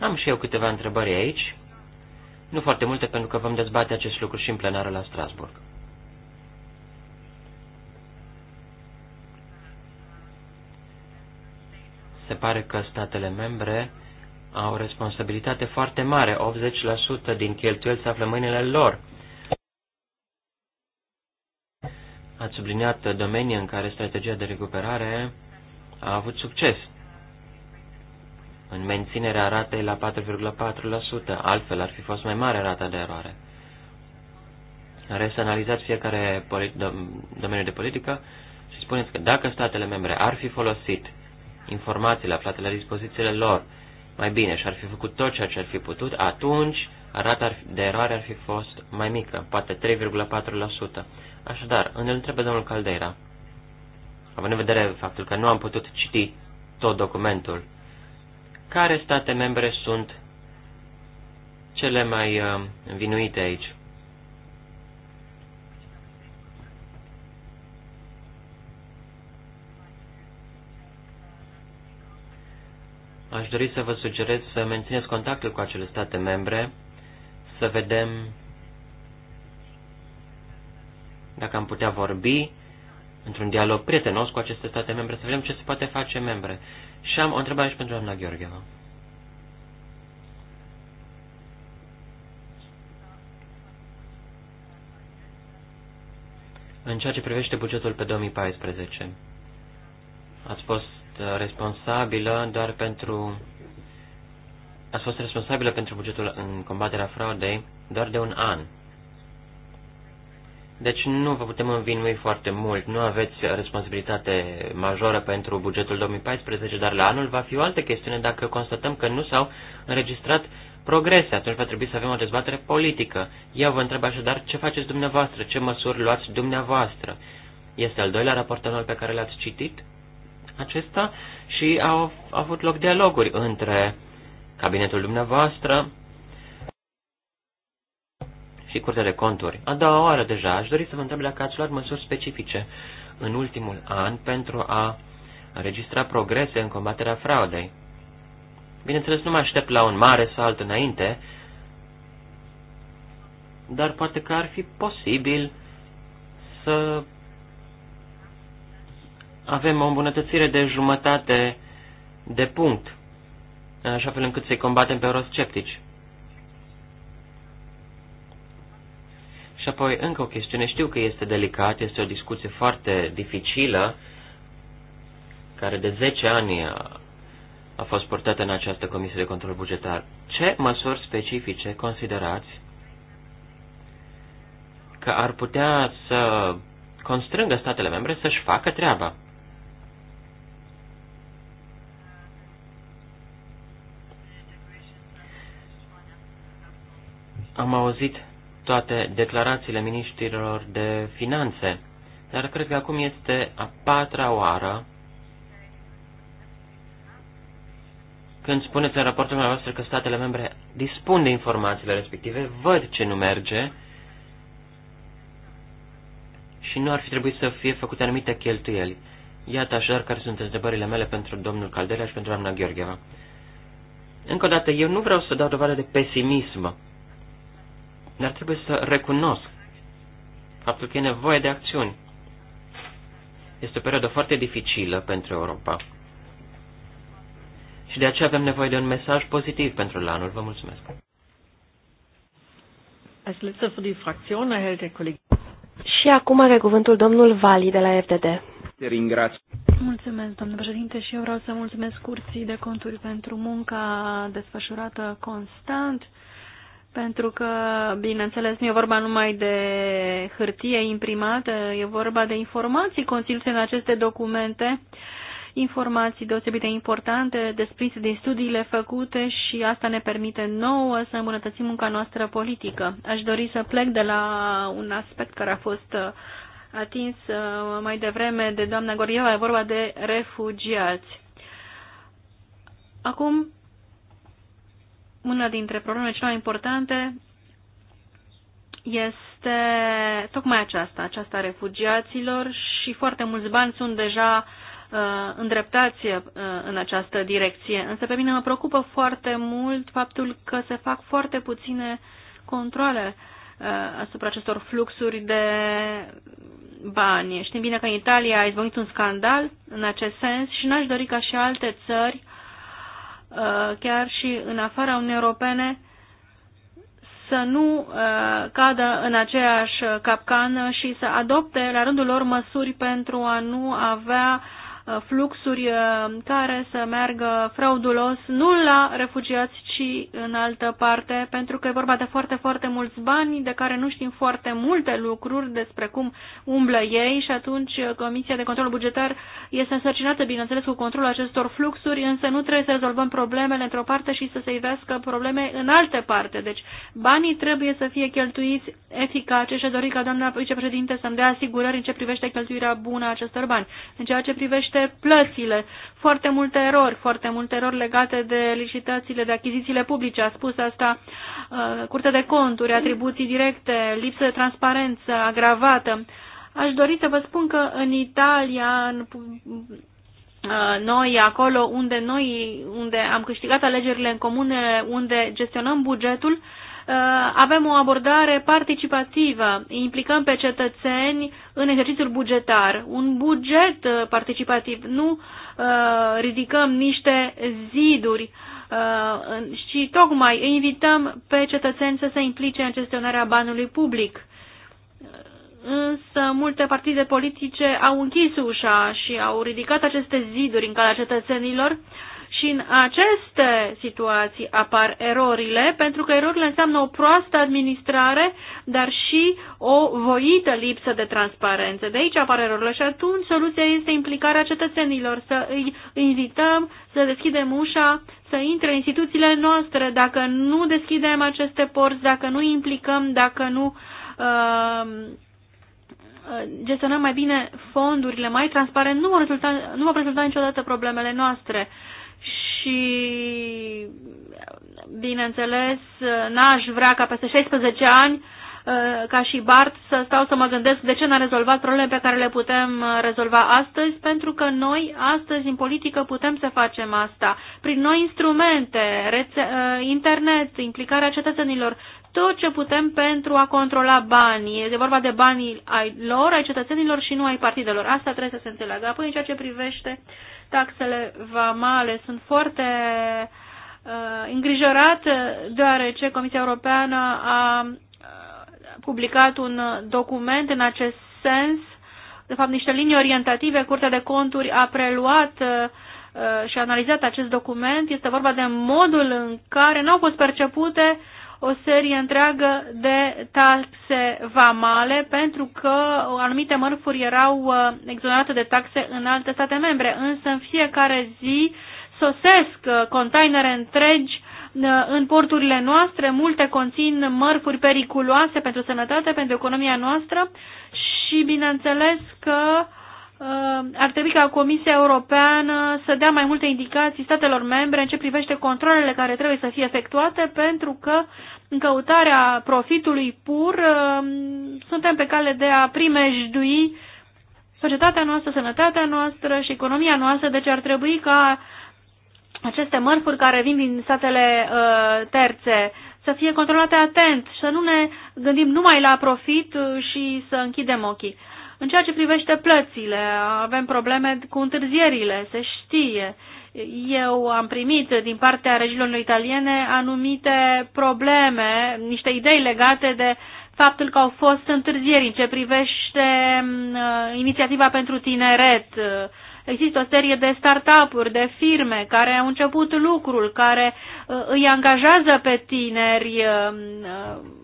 Am și eu câteva întrebări aici, nu foarte multe pentru că vom dezbate acest lucru și în plenară la Strasburg. Se pare că statele membre au o responsabilitate foarte mare, 80% din cheltuieli se află în mâinile lor. Ați subliniat domenii în care strategia de recuperare a avut succes în menținerea ratei la 4,4%, altfel ar fi fost mai mare rata de eroare. În rest, analizați fiecare domeniu de politică și spuneți că dacă statele membre ar fi folosit informațiile aflate la dispozițiile lor mai bine și ar fi făcut tot ceea ce ar fi putut, atunci rata de eroare ar fi fost mai mică, poate 3,4%. Așadar, îl întrebe domnul Caldeira, având în vedere faptul că nu am putut citi tot documentul, care state membre sunt cele mai uh, învinuite aici? Aș dori să vă sugerez să mențineți contactul cu acele state membre, să vedem dacă am putea vorbi într-un dialog prietenos cu aceste state membre, să vedem ce se poate face membre. Și am o întrebare și pentru doamna Gheorgheva. În ceea ce privește bugetul pe 2014, ați fost uh, responsabilă doar pentru ați fost responsabilă pentru bugetul în combaterea fraudei doar de un an. Deci nu vă putem învinui foarte mult. Nu aveți responsabilitate majoră pentru bugetul 2014, dar la anul va fi o altă chestiune dacă constatăm că nu s-au înregistrat progrese. Atunci va trebui să avem o dezbatere politică. Eu vă întreb așadar ce faceți dumneavoastră, ce măsuri luați dumneavoastră. Este al doilea raport anual pe care l-ați citit acesta și au, au avut loc dialoguri între cabinetul dumneavoastră, și Curtea de Conturi. A doua oară deja aș dori să vă întreb dacă ați luat măsuri specifice în ultimul an pentru a înregistra progrese în combaterea fraudei. Bineînțeles, nu mă aștept la un mare salt înainte, dar poate că ar fi posibil să avem o îmbunătățire de jumătate de punct, în așa fel încât să-i combatem pe eurosceptici. Și apoi încă o chestiune, știu că este delicat, este o discuție foarte dificilă, care de 10 ani a fost purtată în această Comisie de Control Bugetar. Ce măsuri specifice considerați că ar putea să constrângă statele membre să-și facă treaba? Am auzit toate declarațiile ministrilor de finanțe, dar cred că acum este a patra oară când spuneți în raportul dumneavoastră că statele membre dispun de informațiile respective, văd ce nu merge și nu ar fi trebuit să fie făcute anumite cheltuieli. Iată așadar care sunt întrebările mele pentru domnul Caldera și pentru doamna Gheorgheva. Încă o dată, eu nu vreau să dau dovadă de pesimism dar trebuie să recunosc faptul că e nevoie de acțiuni. Este o perioadă foarte dificilă pentru Europa. Și de aceea avem nevoie de un mesaj pozitiv pentru la anul. Vă mulțumesc. Și acum are cuvântul domnul Vali de la FDD. Mulțumesc, domnule președinte, și eu vreau să mulțumesc curții de conturi pentru munca desfășurată constant pentru că, bineînțeles, nu e vorba numai de hârtie imprimată, e vorba de informații conținute în aceste documente, informații deosebit de importante, desprinse din studiile făcute și asta ne permite nouă să îmbunătățim munca noastră politică. Aș dori să plec de la un aspect care a fost uh, atins uh, mai devreme de doamna Gorieva, e vorba de refugiați. Acum una dintre problemele cele mai importante este tocmai aceasta, aceasta a refugiaților și foarte mulți bani sunt deja uh, îndreptați uh, în această direcție. Însă pe mine mă preocupă foarte mult faptul că se fac foarte puține controle uh, asupra acestor fluxuri de bani. Știm bine că în Italia a izbunit un scandal în acest sens și n-aș dori ca și alte țări Uh, chiar și în afara Uniunii Europene, să nu uh, cadă în aceeași capcană și să adopte la rândul lor măsuri pentru a nu avea Uh, fluxuri uh, care să meargă fraudulos nu la refugiați, ci în altă parte, pentru că e vorba de foarte, foarte mulți bani de care nu știm foarte multe lucruri despre cum umblă ei și atunci uh, Comisia de Control Bugetar este însărcinată, bineînțeles, cu controlul acestor fluxuri, însă nu trebuie să rezolvăm problemele într-o parte și să se ivească probleme în alte parte. Deci banii trebuie să fie cheltuiți eficace și a dorit ca doamna vicepreședinte să-mi dea asigurări în ce privește cheltuirea bună a acestor bani. În ceea ce privește privește plățile. Foarte multe erori, foarte multe erori legate de licitațiile, de achizițiile publice. A spus asta uh, Curtea de Conturi, atribuții directe, lipsă de transparență agravată. Aș dori să vă spun că în Italia, în uh, noi acolo unde noi unde am câștigat alegerile în comune, unde gestionăm bugetul, Uh, avem o abordare participativă, implicăm pe cetățeni în exercițiul bugetar, un buget uh, participativ, nu uh, ridicăm niște ziduri și tocmai îi invităm pe cetățeni să se implice în gestionarea banului public. Însă multe partide politice au închis ușa și au ridicat aceste ziduri în calea cetățenilor uh, și în aceste situații apar erorile, pentru că erorile înseamnă o proastă administrare, dar și o voită lipsă de transparență. De aici apar erorile și atunci soluția este implicarea cetățenilor, să îi invităm să deschidem ușa, să intre în instituțiile noastre. Dacă nu deschidem aceste porți, dacă nu implicăm, dacă nu uh, gestionăm mai bine fondurile, mai transparent, nu vom, rezulta, nu vom rezolva niciodată problemele noastre. Uh, și bineînțeles, n-aș vrea ca peste 16 ani, uh, ca și Bart, să stau să mă gândesc de ce n-a rezolvat probleme pe care le putem uh, rezolva astăzi, pentru că noi astăzi în politică putem să facem asta. Prin noi instrumente, rețe- uh, internet, implicarea cetățenilor, tot ce putem pentru a controla banii. E vorba de banii ai lor, ai cetățenilor și nu ai partidelor. Asta trebuie să se înțeleagă. Apoi, în ceea ce privește taxele vamale. Sunt foarte uh, îngrijorat deoarece Comisia Europeană a uh, publicat un document în acest sens, de fapt niște linii orientative, Curtea de Conturi a preluat uh, uh și a analizat acest document. Este vorba de modul în care nu au fost percepute uh, o serie întreagă de taxe vamale pentru că anumite mărfuri erau uh, exonerate de taxe în alte state membre, însă în fiecare zi sosesc uh, containere întregi uh, în porturile noastre, multe conțin mărfuri periculoase pentru sănătate, pentru economia noastră și bineînțeles că uh, Uh, ar trebui ca Comisia Europeană să dea mai multe indicații statelor membre în ce privește controlele care trebuie să fie efectuate, pentru că în căutarea profitului pur uh, suntem pe cale de a primejdui societatea noastră, sănătatea noastră și economia noastră, deci ar trebui ca aceste mărfuri care vin din statele uh, terțe să fie controlate atent, să nu ne gândim numai la profit și să închidem ochii. În ceea ce privește plățile, avem probleme cu întârzierile, se știe. Eu am primit din partea regiunilor italiene anumite probleme, niște idei legate de faptul că au fost întârzieri în ce privește mm, uh, inițiativa pentru tineret. Există o serie de start-up-uri, de firme care au început lucrul, care uh, îi angajează pe tineri mm, uh,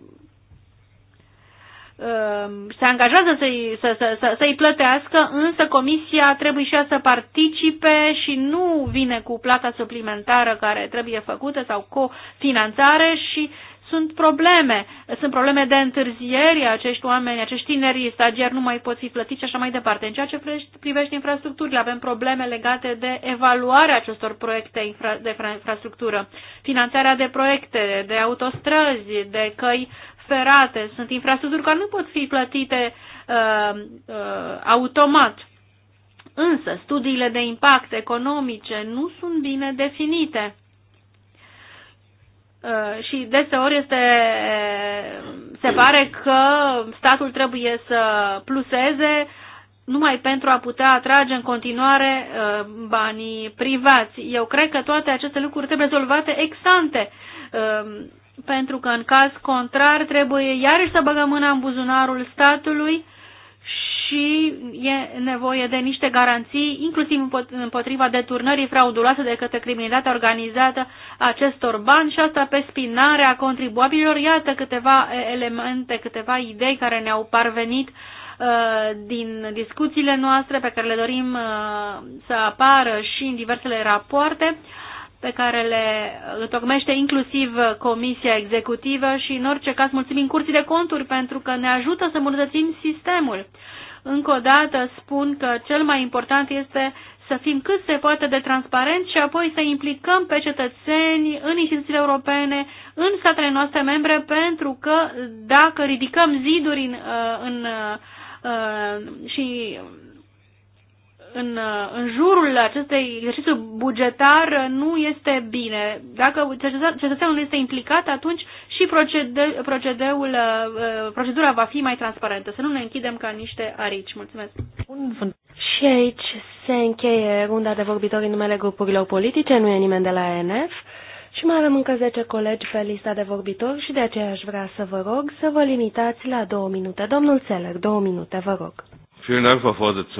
Um, se angajează să-i, să, să, să, să-i plătească, însă comisia trebuie și ea să participe și nu vine cu plata suplimentară care trebuie făcută sau cofinanțare și sunt probleme. Sunt probleme de întârzieri, acești oameni, acești tineri stagiari nu mai pot fi plătiți și așa mai departe. În ceea ce privește infrastructurile, avem probleme legate de evaluarea acestor proiecte de infrastructură, finanțarea de proiecte, de autostrăzi, de căi ferate, sunt infrastructuri care nu pot fi plătite uh, uh, automat. Însă, studiile de impact economice nu sunt bine definite. Uh, și deseori este, se pare că statul trebuie să pluseze numai pentru a putea atrage în continuare uh, banii privați. Eu cred că toate aceste lucruri trebuie rezolvate ex ante. Uh, pentru că în caz contrar trebuie iarăși să băgăm mâna în buzunarul statului și e nevoie de niște garanții, inclusiv împotriva deturnării frauduloase de către criminalitatea organizată acestor bani și asta pe spinarea contribuabililor. Iată câteva elemente, câteva idei care ne-au parvenit uh, din discuțiile noastre pe care le dorim uh, să apară și în diversele rapoarte pe care le întocmește inclusiv Comisia Executivă și, în orice caz, mulțumim Curții de Conturi pentru că ne ajută să îmbunătățim sistemul. Încă o dată spun că cel mai important este să fim cât se poate de transparent și apoi să implicăm pe cetățeni în instituțiile europene, în statele noastre membre, pentru că dacă ridicăm ziduri în, uh, în, în, uh, uh, și în, în jurul acestui exercițiu bugetar nu este bine. Dacă cetățeanul este implicat, atunci și procede, procedeul, uh, uh, procedura va fi mai transparentă. Să nu ne închidem ca niște arici. Mulțumesc! Bun. Și aici se încheie runda de vorbitori în numele grupurilor politice, nu e nimeni de la ANF. Și mai avem încă 10 colegi pe lista de vorbitori și de aceea aș vrea să vă rog să vă limitați la două minute. Domnul Seller, două minute, vă rog.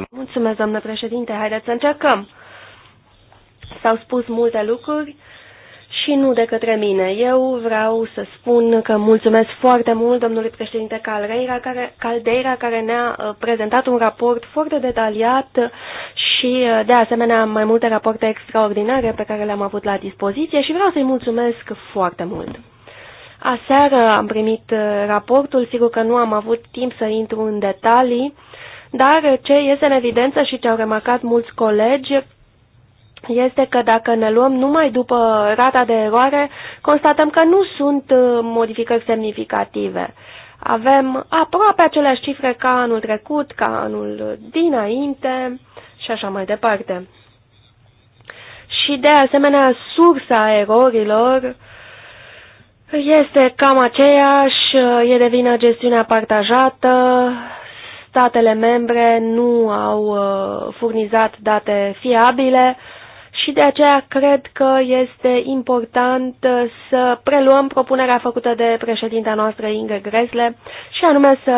Mulțumesc, doamnă președinte. Haideți să încercăm. S-au spus multe lucruri și nu de către mine. Eu vreau să spun că mulțumesc foarte mult domnului președinte Caldeira care, Caldeira, care ne-a uh, prezentat un raport foarte detaliat și, uh, de asemenea, mai multe rapoarte extraordinare pe care le-am avut la dispoziție și vreau să-i mulțumesc foarte mult. Aseară am primit uh, raportul, sigur că nu am avut timp să intru în detalii, dar ce este în evidență și ce au remarcat mulți colegi este că dacă ne luăm numai după rata de eroare, constatăm că nu sunt uh, modificări semnificative. Avem aproape aceleași cifre ca anul trecut, ca anul dinainte și așa mai departe. Și de asemenea, sursa erorilor este cam aceeași, e de vină gestiunea partajată, statele membre nu au uh, furnizat date fiabile și de aceea cred că este important uh, să preluăm propunerea făcută de președinta noastră Inge Gresle și anume să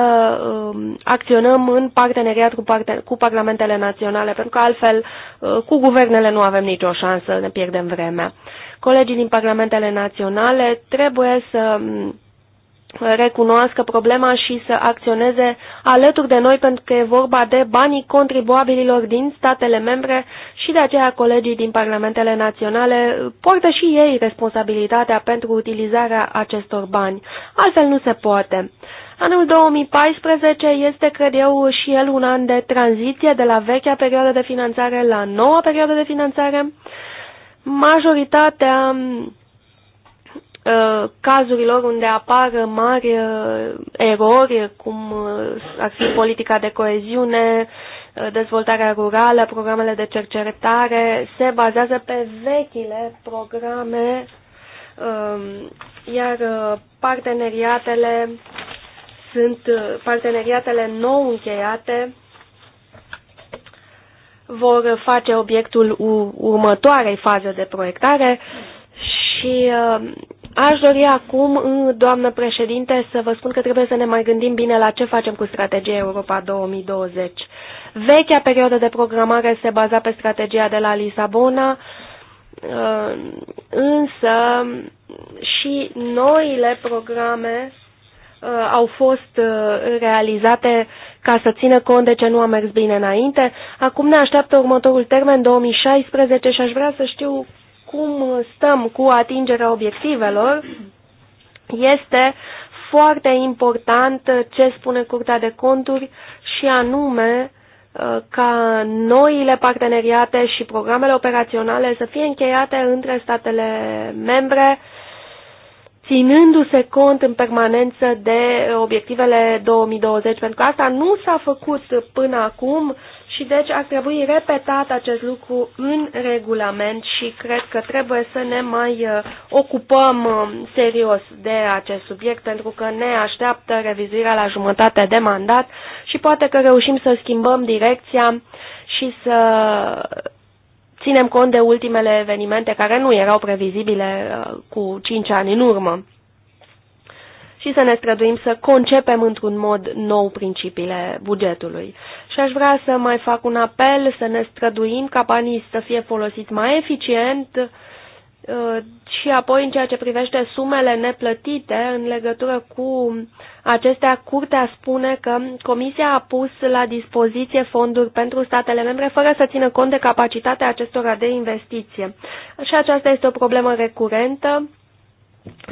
um, acționăm în parteneriat cu, parte, cu parlamentele naționale, pentru că altfel uh, cu guvernele nu avem nicio șansă, ne pierdem vremea. Colegii din parlamentele naționale trebuie să recunoască problema și să acționeze alături de noi pentru că e vorba de banii contribuabililor din statele membre și de aceea colegii din parlamentele naționale poartă și ei responsabilitatea pentru utilizarea acestor bani. Altfel nu se poate. Anul 2014 este, cred eu, și el un an de tranziție de la vechea perioadă de finanțare la noua perioadă de finanțare. Majoritatea Uh, cazurilor unde apar mari uh, erori, cum uh, ar fi politica de coeziune, dezvoltarea rurală, programele de cercetare, se bazează pe vechile programe, um, iar parteneriatele sunt parteneriatele nou încheiate vor face obiectul următoarei faze de proiectare și Aș dori acum, doamnă președinte, să vă spun că trebuie să ne mai gândim bine la ce facem cu strategia Europa 2020. Vechea perioadă de programare se baza pe strategia de la Lisabona, uh, însă și noile programe uh, au fost uh, realizate ca să țină cont de ce nu a mers bine înainte. Acum ne așteaptă următorul termen, 2016, și aș vrea să știu cum stăm cu atingerea obiectivelor, este foarte important ce spune Curtea de Conturi și anume uh, ca noile parteneriate și programele operaționale să fie încheiate între statele membre, ținându-se cont în permanență de obiectivele 2020, pentru că asta nu s-a făcut până acum și deci ar trebui repetat acest lucru în regulament și cred că trebuie să ne mai uh, ocupăm uh, serios de acest subiect pentru că ne așteaptă revizuirea la jumătate de mandat și poate că reușim să schimbăm direcția și să ținem cont de ultimele evenimente care nu erau previzibile uh, cu 5 ani în urmă și să ne străduim să concepem într-un mod nou principiile bugetului. Și aș vrea să mai fac un apel să ne străduim ca banii să fie folosiți mai eficient uh, și apoi în ceea ce privește sumele neplătite în legătură cu acestea, curtea spune că Comisia a pus la dispoziție fonduri pentru statele membre fără să țină cont de capacitatea acestora de investiție. Și aceasta este o problemă recurentă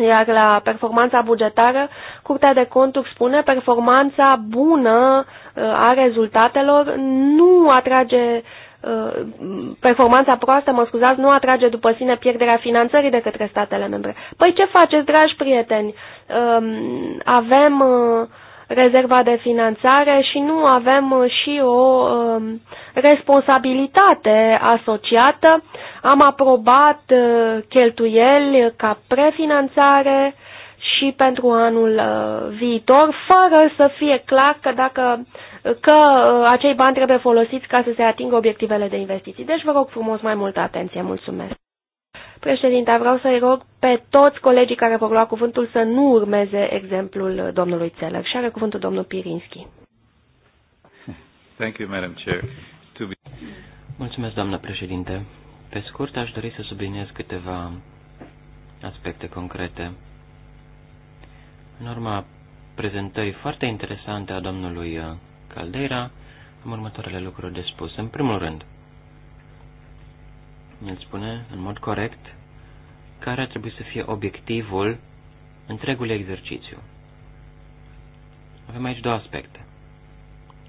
iar la performanța bugetară, Curtea de Conturi spune performanța bună uh, a rezultatelor nu atrage uh, performanța proastă, mă scuzați, nu atrage după sine pierderea finanțării de către statele membre. Păi ce faceți, dragi prieteni? Uh, avem rezerva de finanțare și nu avem uh, și o um, responsabilitate asociată. Am aprobat uh, cheltuieli ca prefinanțare și pentru anul uh, viitor, fără să fie clar că dacă că acei bani trebuie folosiți ca să se atingă obiectivele de investiții. Deci vă rog frumos mai multă atenție. Mulțumesc! Președinte, vreau să-i rog pe toți colegii care vor lua cuvântul să nu urmeze exemplul domnului Țeler. Și are cuvântul domnul Pirinski. Thank you, Madam Chair. To be... Mulțumesc, doamnă președinte. Pe scurt, aș dori să subliniez câteva aspecte concrete. În urma prezentării foarte interesante a domnului Caldeira, am următoarele lucruri de spus. În primul rând, ne spune în mod corect care ar trebui să fie obiectivul întregului exercițiu. Avem aici două aspecte.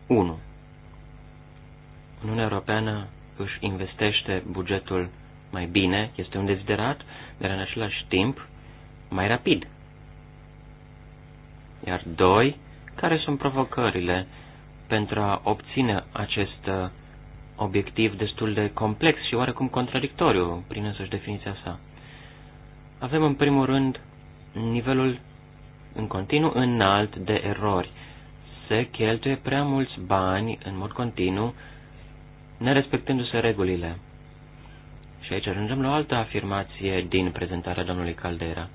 1. Uniunea Europeană își investește bugetul mai bine, este un deziderat, dar în același timp mai rapid. Iar doi, care sunt provocările pentru a obține acest obiectiv destul de complex și oarecum contradictoriu prin însăși definiția sa. Avem în primul rând nivelul în continuu înalt de erori. Se cheltuie prea mulți bani în mod continuu, nerespectându-se regulile. Și aici ajungem la o altă afirmație din prezentarea domnului Caldera.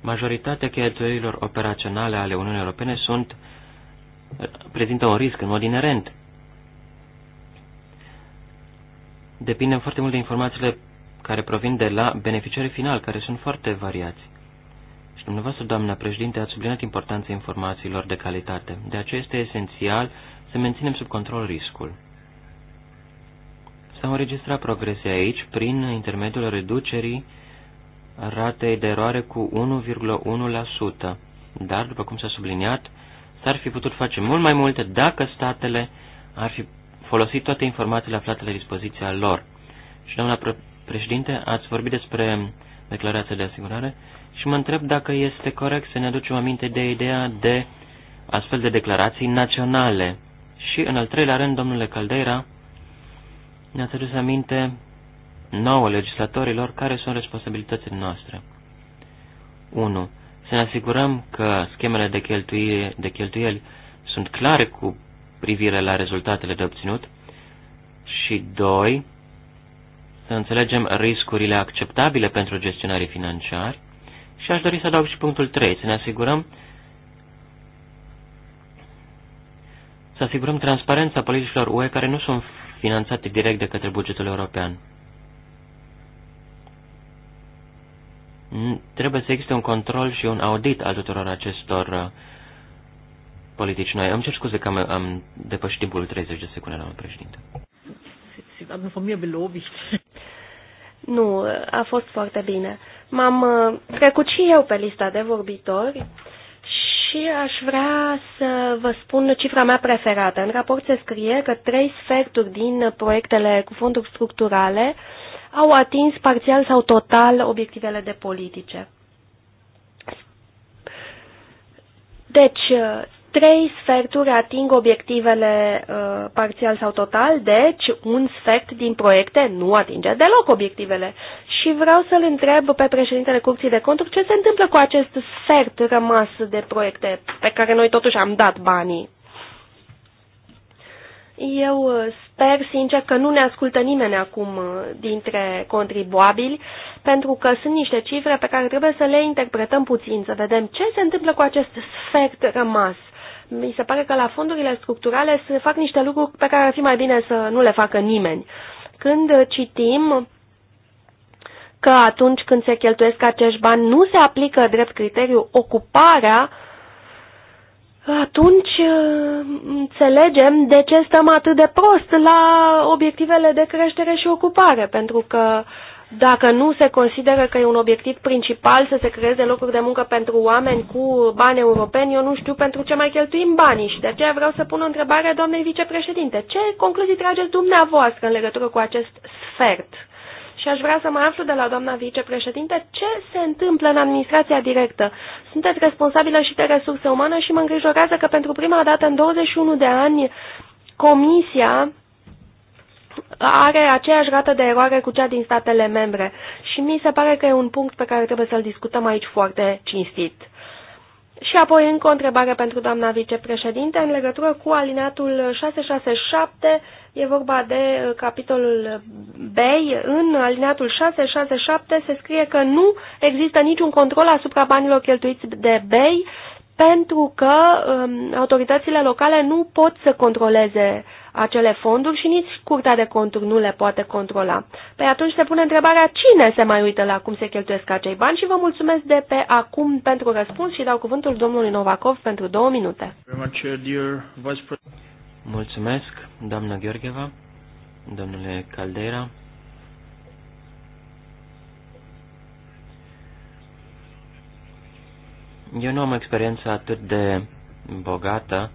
Majoritatea cheltuielilor operaționale ale Uniunii Europene sunt prezintă un risc în mod inerent depindem foarte mult de informațiile care provin de la beneficiarii final, care sunt foarte variați. Și dumneavoastră, doamna președinte, ați subliniat importanța informațiilor de calitate. De aceea este esențial să menținem sub control riscul. S-au înregistrat progrese aici prin intermediul reducerii ratei de eroare cu 1,1%, dar, după cum s-a subliniat, s-ar fi putut face mult mai multe dacă statele ar fi folosit toate informațiile aflate la dispoziția lor. Și, doamna președinte, ați vorbit despre declarația de asigurare și mă întreb dacă este corect să ne aducem aminte de ideea de astfel de declarații naționale. Și, în al treilea rând, domnule Caldeira, ne-ați adus aminte nouă legislatorilor care sunt responsabilitățile noastre. 1. Să ne asigurăm că schemele de, cheltuie, de cheltuieli sunt clare cu privire la rezultatele de obținut și, doi, să înțelegem riscurile acceptabile pentru gestionarii financiari și aș dori să adaug și punctul 3, să ne asigurăm să asigurăm transparența politicilor UE care nu sunt finanțate direct de către bugetul european. Trebuie să existe un control și un audit al tuturor acestor uh, politici noi. Am cer scuze că am, am depășit timpul 30 de secunde, doamnă președinte. Nu, a fost foarte bine. M-am uh, trecut și eu pe lista de vorbitori și aș vrea să vă spun cifra mea preferată. În raport se scrie că trei sferturi din proiectele cu fonduri structurale au atins parțial sau total obiectivele de politice. Deci, trei sferturi ating obiectivele uh, parțial sau total, deci un sfert din proiecte nu atinge deloc obiectivele. Și vreau să-l întreb pe președintele Curții de Conturi ce se întâmplă cu acest sfert rămas de proiecte pe care noi totuși am dat banii. Eu uh, sper sincer că nu ne ascultă nimeni acum uh, dintre contribuabili, pentru că sunt niște cifre pe care trebuie să le interpretăm puțin, să vedem ce se întâmplă cu acest sfert rămas. Mi se pare că la fondurile structurale se fac niște lucruri pe care ar fi mai bine să nu le facă nimeni. Când citim că atunci când se cheltuiesc acești bani nu se aplică drept criteriu ocuparea, atunci uh, înțelegem de ce stăm atât de prost la obiectivele de creștere și ocupare, pentru că dacă nu se consideră că e un obiectiv principal să se creeze locuri de muncă pentru oameni cu bani europeni, eu nu știu pentru ce mai cheltuim banii și de aceea vreau să pun o întrebare doamnei vicepreședinte. Ce concluzii trageți dumneavoastră în legătură cu acest sfert? Și aș vrea să mai aflu de la doamna vicepreședinte ce se întâmplă în administrația directă. Sunteți responsabilă și de resurse umane și mă îngrijorează că pentru prima dată în 21 de ani Comisia are aceeași rată de eroare cu cea din statele membre și mi se pare că e un punct pe care trebuie să-l discutăm aici foarte cinstit. Și apoi încă o întrebare pentru doamna vicepreședinte în legătură cu alineatul 667, e vorba de uh, capitolul B, În alineatul 667 se scrie că nu există niciun control asupra banilor cheltuiți de B pentru că um, autoritățile locale nu pot să controleze acele fonduri și nici Curtea de Conturi nu le poate controla. Păi atunci se pune întrebarea cine se mai uită la cum se cheltuiesc acei bani și vă mulțumesc de pe acum pentru răspuns și dau cuvântul domnului Novakov pentru două minute. Uh, mulțumesc, doamna Gheorgheva, domnule Caldera. Eu nu am experiență atât de bogată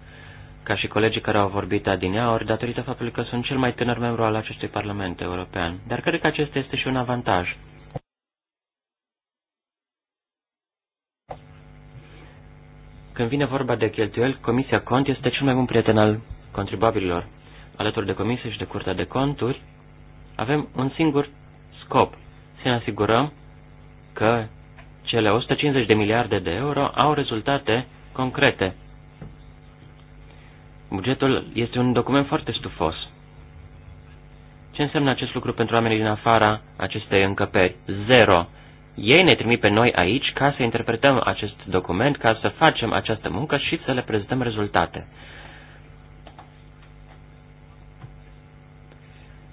ca și colegii care au vorbit ori datorită faptului că sunt cel mai tânăr membru al acestui Parlament European. Dar cred că acesta este și un avantaj. Când vine vorba de cheltuieli, Comisia Cont este cel mai bun prieten al contribuabililor. Alături de Comisie și de Curtea de Conturi, avem un singur scop, să ne asigurăm că cele 150 de miliarde de euro au rezultate concrete Bugetul este un document foarte stufos. Ce înseamnă acest lucru pentru oamenii din afara acestei încăperi? Zero. Ei ne trimit pe noi aici ca să interpretăm acest document, ca să facem această muncă și să le prezentăm rezultate.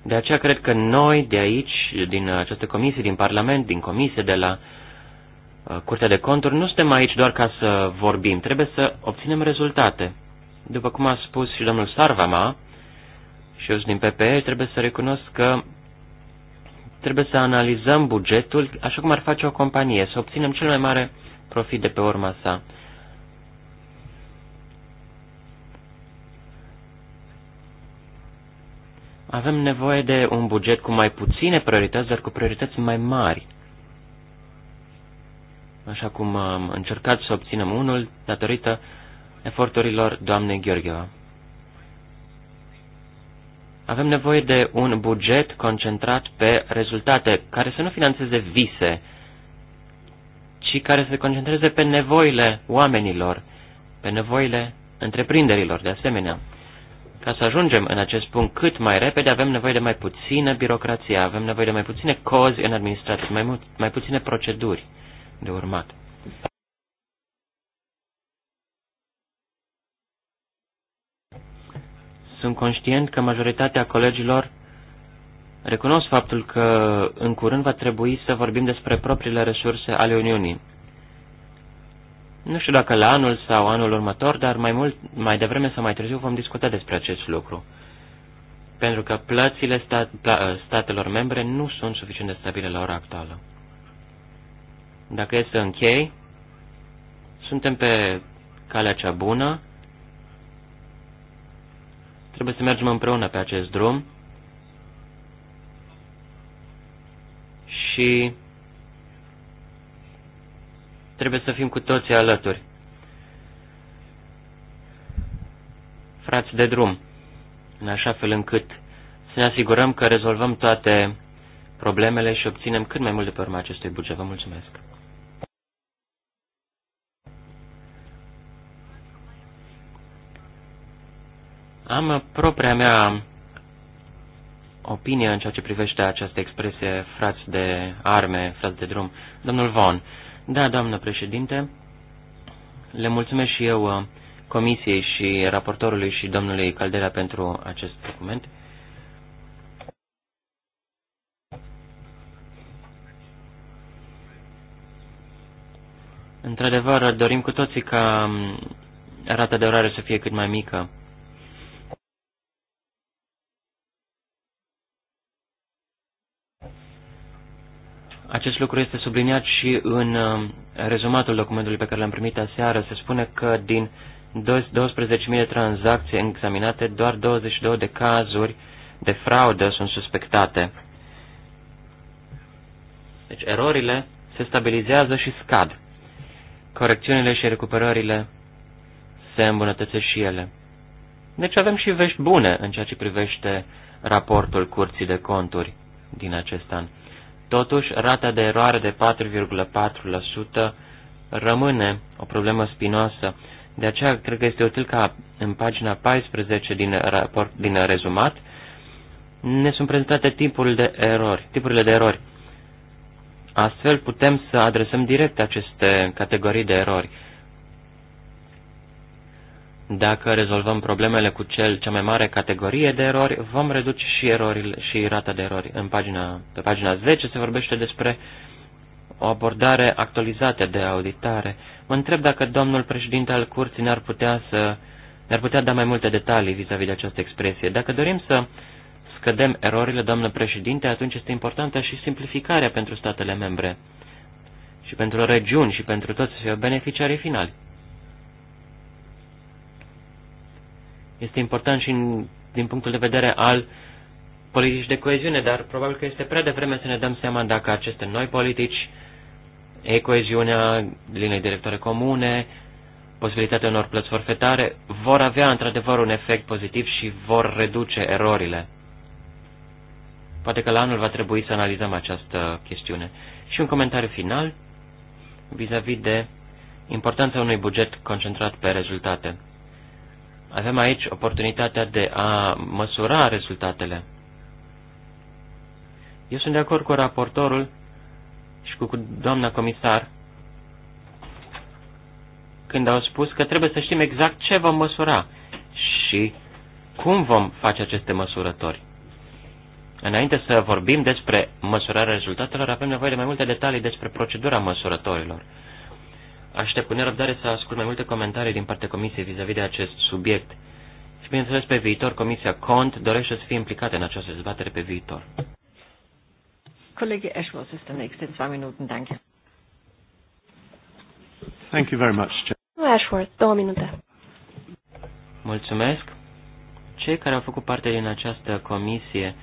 De aceea cred că noi de aici, din această comisie, din Parlament, din comisie, de la uh, Curtea de Conturi, nu suntem aici doar ca să vorbim, trebuie să obținem rezultate. După cum a spus și domnul Sarvama, și eu din PPE, trebuie să recunosc că trebuie să analizăm bugetul așa cum ar face o companie, să obținem cel mai mare profit de pe urma sa. Avem nevoie de un buget cu mai puține priorități, dar cu priorități mai mari. Așa cum am încercat să obținem unul datorită eforturilor doamnei Gheorgheva. Avem nevoie de un buget concentrat pe rezultate, care să nu financeze vise, ci care să se concentreze pe nevoile oamenilor, pe nevoile întreprinderilor, de asemenea. Ca să ajungem în acest punct cât mai repede, avem nevoie de mai puțină birocrație, avem nevoie de mai puține cozi în administrație, mai, mai puține proceduri de urmat. Sunt conștient că majoritatea colegilor recunosc faptul că în curând va trebui să vorbim despre propriile resurse ale Uniunii. Nu știu dacă la anul sau anul următor, dar mai, mult, mai devreme sau mai târziu vom discuta despre acest lucru. Pentru că plățile stat, pl statelor membre nu sunt suficient de stabile la ora actuală. Dacă este să închei, suntem pe calea cea bună, Trebuie să mergem împreună pe acest drum și trebuie să fim cu toții alături. Frați de drum, în așa fel încât să ne asigurăm că rezolvăm toate problemele și obținem cât mai mult de pe urma acestui buget. Vă mulțumesc! Am propria mea opinie în ceea ce privește această expresie frați de arme, frați de drum. Domnul Von, da, doamnă președinte, le mulțumesc și eu uh, comisiei și raportorului și domnului Caldera pentru acest document. Într-adevăr, dorim cu toții ca um, rata de orare să fie cât mai mică. Acest lucru este subliniat și în um, rezumatul documentului pe care l-am primit aseară. Se spune că din 12.000 de tranzacții examinate, doar 22 de cazuri de fraudă sunt suspectate. Deci erorile se stabilizează și scad. Corecțiunile și recuperările se îmbunătățesc și ele. Deci avem și vești bune în ceea ce privește raportul Curții de Conturi din acest an. Totuși, rata de eroare de 4,4% rămâne o problemă spinoasă. De aceea, cred că este util ca în pagina 14 din, raport, din rezumat ne sunt prezentate tipurile de erori. Tipurile de erori. Astfel, putem să adresăm direct aceste categorii de erori. Dacă rezolvăm problemele cu cel cea mai mare categorie de erori, vom reduce și erorile și rata de erori. În pagina, pe pagina 10 se vorbește despre o abordare actualizată de auditare. Mă întreb dacă domnul președinte al curții ne-ar putea să ne-ar putea da mai multe detalii vis-a-vis -vis de această expresie. Dacă dorim să scădem erorile, domnul președinte, atunci este importantă și simplificarea pentru statele membre și pentru regiuni și pentru toți beneficiarii finali. Este important și în, din punctul de vedere al politici de coeziune, dar probabil că este prea devreme să ne dăm seama dacă aceste noi politici, e-coeziunea, linii directoare comune, posibilitatea unor plăți forfetare, vor avea într-adevăr un efect pozitiv și vor reduce erorile. Poate că la anul va trebui să analizăm această chestiune. Și un comentariu final vis-a-vis -vis de importanța unui buget concentrat pe rezultate. Avem aici oportunitatea de a măsura rezultatele. Eu sunt de acord cu raportorul și cu doamna comisar când au spus că trebuie să știm exact ce vom măsura și cum vom face aceste măsurători. Înainte să vorbim despre măsurarea rezultatelor, avem nevoie de mai multe detalii despre procedura măsurătorilor. Aștept cu nerăbdare să ascult mai multe comentarii din partea Comisiei vis-a-vis -vis de acest subiect. Și bineînțeles, pe viitor, Comisia Cont dorește să fie implicată în această dezbatere pe viitor. Colegii, Ashworth este în nächste. Zwei Minuten, danke. Thank you very much. Ashworth, două minute. Mulțumesc. Cei care au făcut parte din această comisie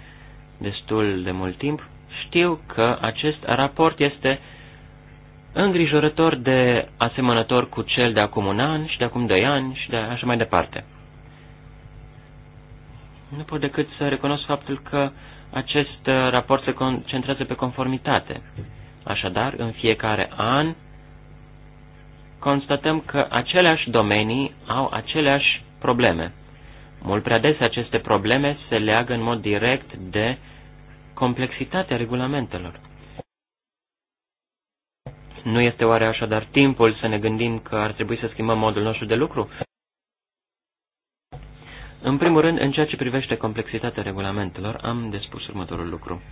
destul de mult timp știu că acest raport este îngrijorător de asemănător cu cel de acum un an și de acum doi ani și de așa mai departe. Nu pot decât să recunosc faptul că acest uh, raport se concentrează pe conformitate. Așadar, în fiecare an constatăm că aceleași domenii au aceleași probleme. Mult prea des aceste probleme se leagă în mod direct de complexitatea regulamentelor. Nu este oare așadar timpul să ne gândim că ar trebui să schimbăm modul nostru de lucru? În primul rând, în ceea ce privește complexitatea regulamentelor, am de spus următorul lucru.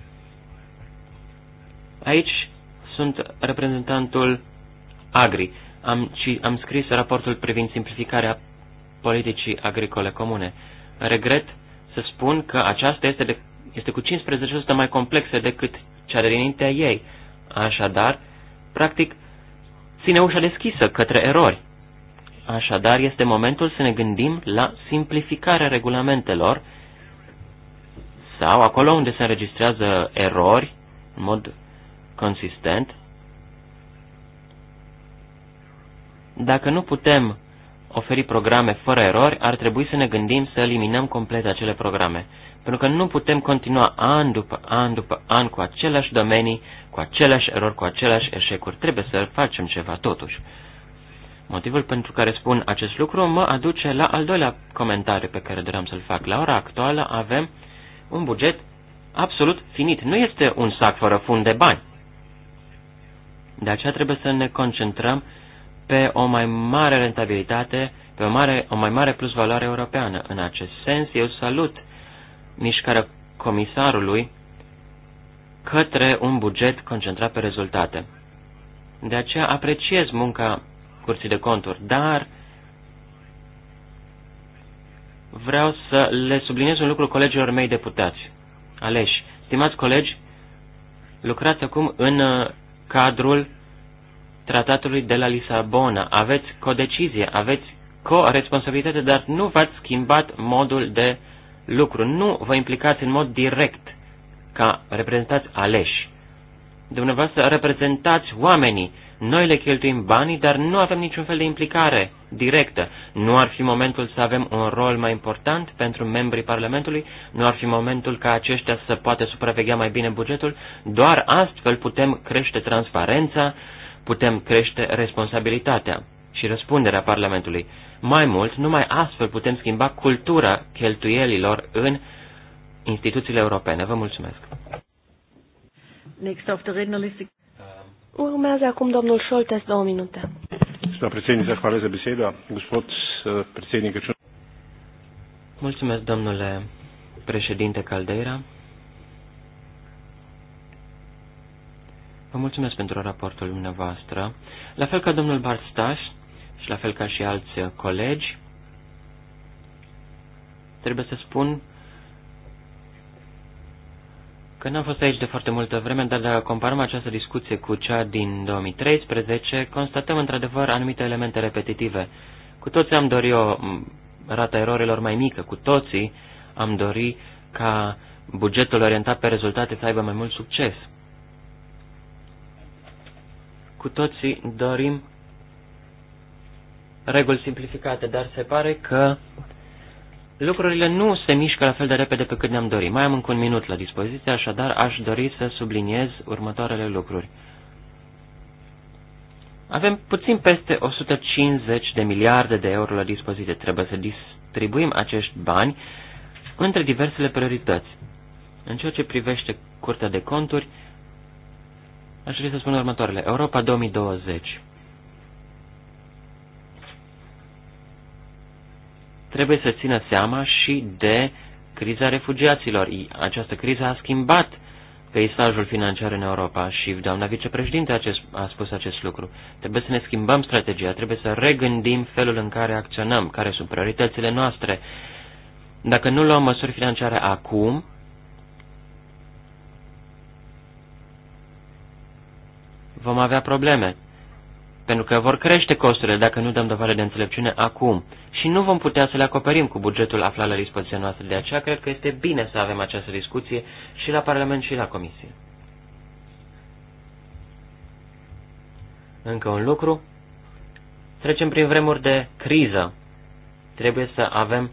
Aici sunt reprezentantul Agri. Am, ci, am scris raportul privind simplificarea politicii agricole comune. Regret să spun că aceasta este, de, este cu 15% mai complexă decât cea de ei. Așadar, practic, ține ușa deschisă către erori. Așadar, este momentul să ne gândim la simplificarea regulamentelor sau acolo unde se înregistrează erori în mod consistent. Dacă nu putem oferi programe fără erori, ar trebui să ne gândim să eliminăm complet acele programe. Pentru că nu putem continua an după an după an cu aceleași domenii, cu aceleași erori, cu aceleași eșecuri. Trebuie să facem ceva totuși. Motivul pentru care spun acest lucru mă aduce la al doilea comentariu pe care doream să-l fac. La ora actuală avem un buget absolut finit. Nu este un sac fără fund de bani. De aceea trebuie să ne concentrăm pe o mai mare rentabilitate, pe o, mare, o mai mare plus valoare europeană. În acest sens, eu salut mișcarea comisarului către un buget concentrat pe rezultate. De aceea apreciez munca curții de conturi, dar vreau să le subliniez un lucru colegilor mei deputați, aleși. Stimați colegi, lucrați acum în uh, cadrul tratatului de la Lisabona. Aveți codecizie, aveți co-responsabilitate, dar nu v-ați schimbat modul de lucru. Nu vă implicați în mod direct ca reprezentați aleși. Dumneavoastră reprezentați oamenii. Noi le cheltuim banii, dar nu avem niciun fel de implicare directă. Nu ar fi momentul să avem un rol mai important pentru membrii Parlamentului? Nu ar fi momentul ca aceștia să poată supraveghea mai bine bugetul? Doar astfel putem crește transparența, putem crește responsabilitatea și răspunderea Parlamentului. Mai mult, numai astfel putem schimba cultura cheltuielilor în instituțiile europene. Vă mulțumesc. Urmează acum domnul Șoltes două minute. Uh, mulțumesc, domnule președinte Caldeira. Vă mulțumesc pentru raportul dumneavoastră. La fel ca domnul Barstaș, și la fel ca și alți colegi, trebuie să spun că n-am fost aici de foarte multă vreme, dar dacă comparăm această discuție cu cea din 2013, constatăm într-adevăr anumite elemente repetitive. Cu toții am dorit o rata erorilor mai mică, cu toții am dorit ca bugetul orientat pe rezultate să aibă mai mult succes. Cu toții dorim reguli simplificate, dar se pare că lucrurile nu se mișcă la fel de repede pe cât ne-am dorit. Mai am încă un minut la dispoziție, așadar aș dori să subliniez următoarele lucruri. Avem puțin peste 150 de miliarde de euro la dispoziție. Trebuie să distribuim acești bani între diversele priorități. În ceea ce privește Curtea de Conturi, aș vrea să spun următoarele. Europa 2020. trebuie să țină seama și de criza refugiaților. Această criză a schimbat peisajul financiar în Europa și doamna vicepreședinte a spus acest lucru. Trebuie să ne schimbăm strategia, trebuie să regândim felul în care acționăm, care sunt prioritățile noastre. Dacă nu luăm măsuri financiare acum, vom avea probleme pentru că vor crește costurile dacă nu dăm dovadă de înțelepciune acum și nu vom putea să le acoperim cu bugetul aflat la dispoziția noastră. De aceea cred că este bine să avem această discuție și la Parlament și la Comisie. Încă un lucru. Trecem prin vremuri de criză. Trebuie să avem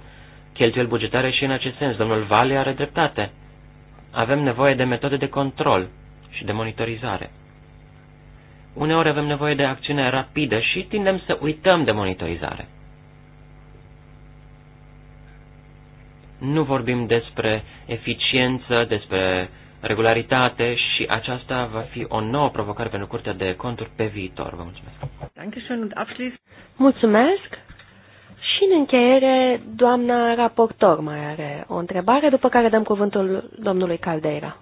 cheltuieli bugetare și în acest sens. Domnul Vale are dreptate. Avem nevoie de metode de control și de monitorizare. Uneori avem nevoie de acțiune rapidă și tindem să uităm de monitorizare. Nu vorbim despre eficiență, despre regularitate și aceasta va fi o nouă provocare pentru Curtea de Conturi pe viitor. Vă mulțumesc! Mulțumesc! Și în încheiere, doamna raportor mai are o întrebare, după care dăm cuvântul domnului Caldeira.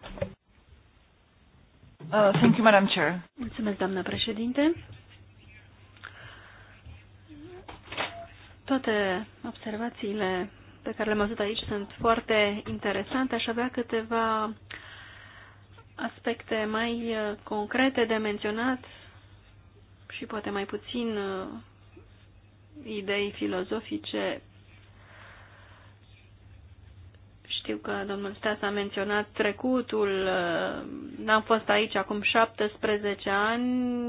Uh, thank you, Madam Chair. Mulțumesc, doamnă președinte. Toate observațiile pe care le-am văzut aici sunt foarte interesante. Aș avea câteva aspecte mai uh, concrete de menționat și poate mai puțin uh, idei filozofice Știu că domnul Steas a menționat trecutul, uh, n-am fost aici acum 17 ani,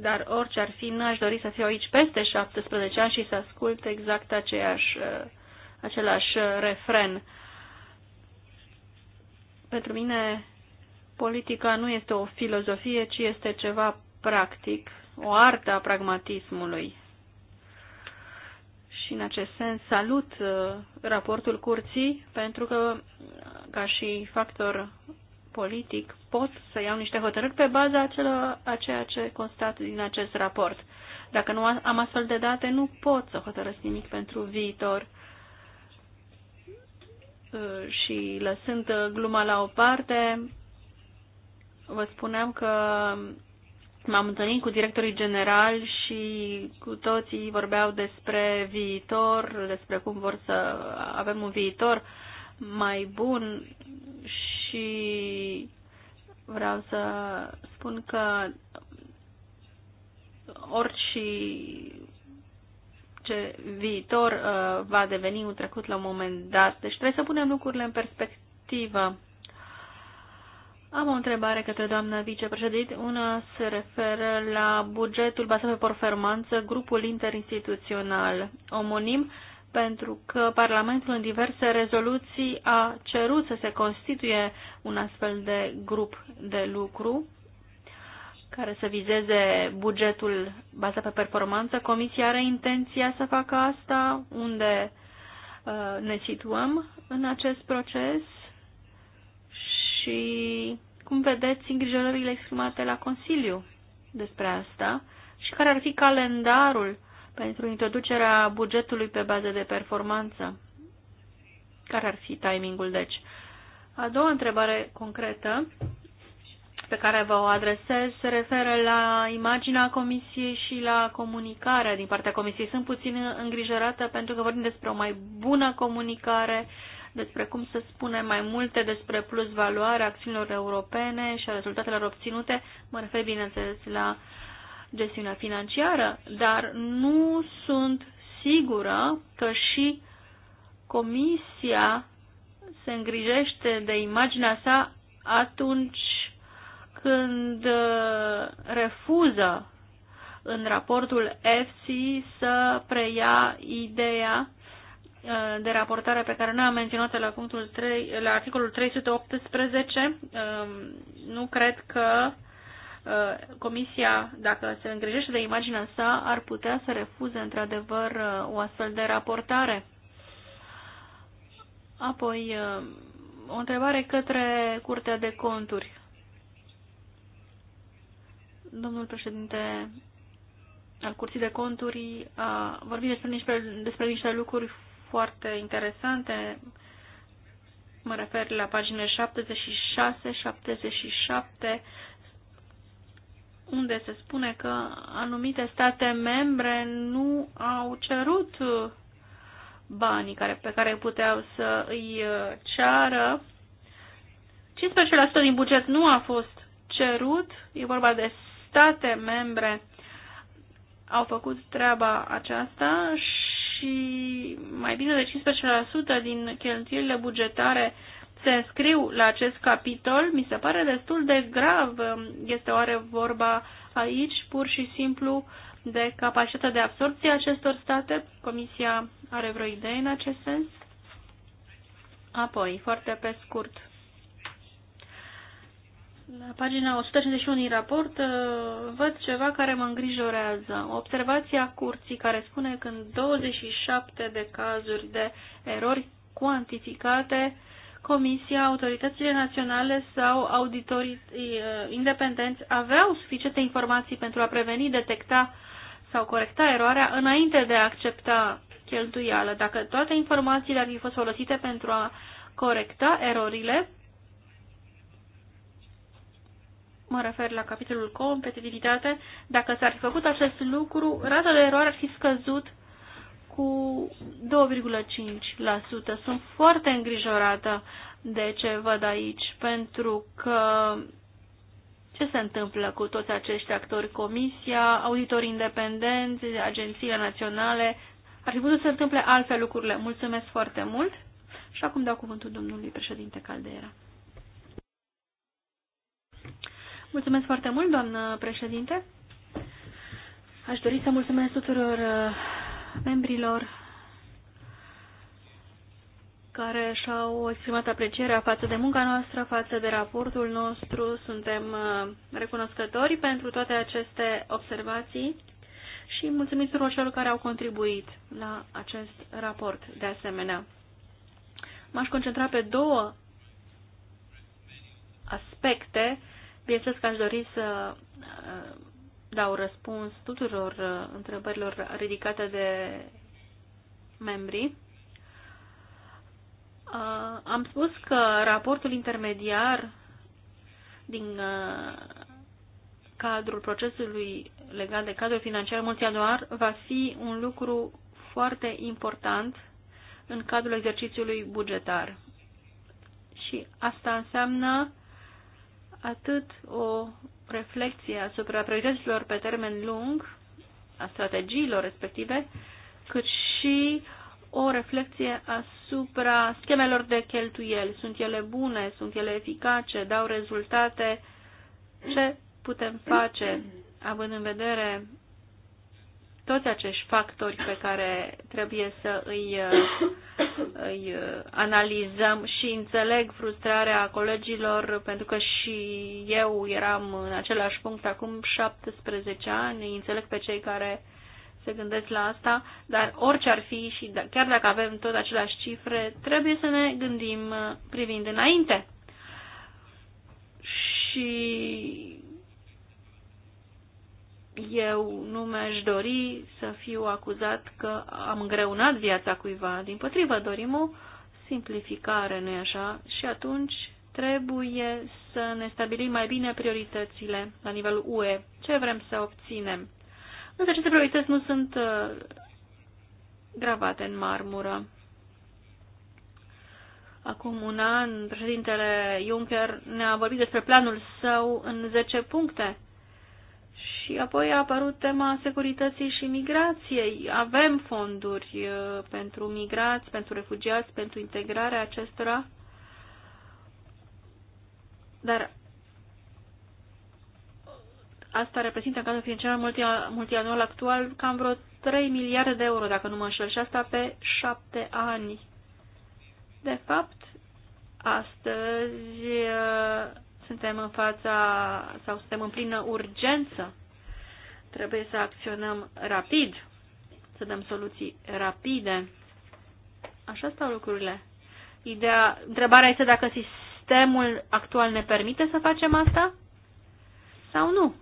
dar orice ar fi, n-aș dori să fiu aici peste 17 ani și să ascult exact aceeași, uh, același uh, refren. Pentru mine, politica nu este o filozofie, ci este ceva practic, o artă a pragmatismului și în acest sens salut uh, raportul curții pentru că uh, ca și factor politic pot să iau niște hotărâri pe baza acelor, a ceea ce constat din acest raport. Dacă nu am astfel de date, nu pot să hotărăsc nimic pentru viitor. Uh, și lăsând gluma la o parte, vă spuneam că M-am întâlnit cu directorii generali și cu toții vorbeau despre viitor, despre cum vor să avem un viitor mai bun și vreau să spun că orice ce viitor uh, va deveni un trecut la un moment dat. Deci trebuie să punem lucrurile în perspectivă. Am o întrebare către doamna vicepreședinte. Una se referă la bugetul bazat pe performanță, grupul interinstituțional omonim, pentru că Parlamentul în diverse rezoluții a cerut să se constituie un astfel de grup de lucru care să vizeze bugetul bazat pe performanță. Comisia are intenția să facă asta? Unde uh, ne situăm în acest proces? și cum vedeți îngrijorările exprimate la Consiliu despre asta și care ar fi calendarul pentru introducerea bugetului pe bază de performanță. Care ar fi timingul, deci? A doua întrebare concretă pe care vă o adresez se referă la imaginea Comisiei și la comunicarea din partea Comisiei. Sunt puțin îngrijorată pentru că vorbim despre o mai bună comunicare uh, despre cum să spune mai multe despre plus valoare acțiunilor europene și a rezultatelor obținute. Mă refer, bineînțeles, la gestiunea financiară, dar nu sunt sigură că și Comisia se îngrijește de imaginea sa atunci când uh, refuză în raportul EFSI să preia ideea de raportare pe care noi am menționat la, punctul 3, la articolul 318. Um, nu cred că uh, Comisia, dacă se îngrijește de imaginea sa, ar putea să refuze într-adevăr uh, o astfel de raportare. Apoi, uh, o întrebare către Curtea de Conturi. Domnul președinte al Curții de Conturi a vorbit despre niște, despre niște lucruri foarte interesante. Mă refer la paginile 76-77, unde se spune că anumite state membre nu au cerut banii care, pe care puteau să îi ceară. 15% din buget nu a fost cerut, e vorba de state membre au făcut treaba aceasta și mai bine de 15% din cheltuielile bugetare se înscriu la acest capitol, mi se pare destul de grav. Este oare vorba aici pur și simplu de capacitatea de absorpție a acestor state? Comisia are vreo idee în acest sens? Apoi, foarte pe scurt, la pagina 151 din raport uh, văd ceva care mă îngrijorează. Observația curții care spune că în 27 de cazuri de erori cuantificate, Comisia, autoritățile naționale sau auditorii uh, independenți aveau suficiente informații pentru a preveni, detecta sau corecta eroarea înainte de a accepta cheltuială. Dacă toate informațiile ar fi fost folosite pentru a corecta erorile, mă refer la capitolul competitivitate, dacă s-ar fi făcut acest lucru, rata de eroare ar fi scăzut cu 2,5%. Sunt foarte îngrijorată de ce văd aici, pentru că ce se întâmplă cu toți acești actori, comisia, auditori independenți, agențiile naționale, ar fi putut să întâmple altfel lucrurile. Mulțumesc foarte mult și acum dau cuvântul domnului președinte Caldera. Mulțumesc foarte mult, doamnă președinte. Aș dori să mulțumesc tuturor uh, membrilor care și-au exprimat aprecierea față de munca noastră, față de raportul nostru. Suntem uh, recunoscători pentru toate aceste observații și mulțumim tuturor celor care au contribuit la acest raport de asemenea. M-aș concentra pe două aspecte Bineînțeles că aș dori să uh, dau răspuns tuturor uh, întrebărilor ridicate de membrii. Uh, am spus că raportul intermediar din cadrul procesului legat de cadrul financiar multianual va fi un lucru foarte important în cadrul exercițiului bugetar. Și asta înseamnă atât o reflexie asupra priorităților pe termen lung, a strategiilor respective, cât și o reflexie asupra schemelor de cheltuieli. Sunt ele bune, sunt ele eficace, dau rezultate, ce putem face, având în vedere toți acești factori pe care trebuie să îi, uh, îi uh, analizăm și înțeleg frustrarea colegilor pentru că și eu eram în același punct acum 17 ani, înțeleg pe cei care se gândesc la asta, dar orice ar fi și da, chiar dacă avem tot aceleași cifre, trebuie să ne gândim uh, privind înainte. Și eu nu mi-aș dori să fiu acuzat că am îngreunat viața cuiva. Din potrivă, dorim o simplificare, nu așa? Și atunci trebuie să ne stabilim mai bine prioritățile la nivelul UE. Ce vrem să obținem? Însă aceste priorități nu sunt uh, gravate în marmură. Acum un an, președintele Juncker ne-a vorbit despre planul său în 10 puncte și apoi a apărut tema securității și migrației. Avem fonduri uh, pentru migrați, pentru refugiați, pentru integrarea acestora. Dar asta reprezintă în cadrul financiar multianual actual cam vreo 3 miliarde de euro, dacă nu mă înșel, și asta pe 7 ani. De fapt, astăzi uh, suntem în fața sau suntem în plină urgență Trebuie să acționăm rapid, să dăm soluții rapide. Așa stau lucrurile. Ideea, întrebarea este dacă sistemul actual ne permite să facem asta sau nu.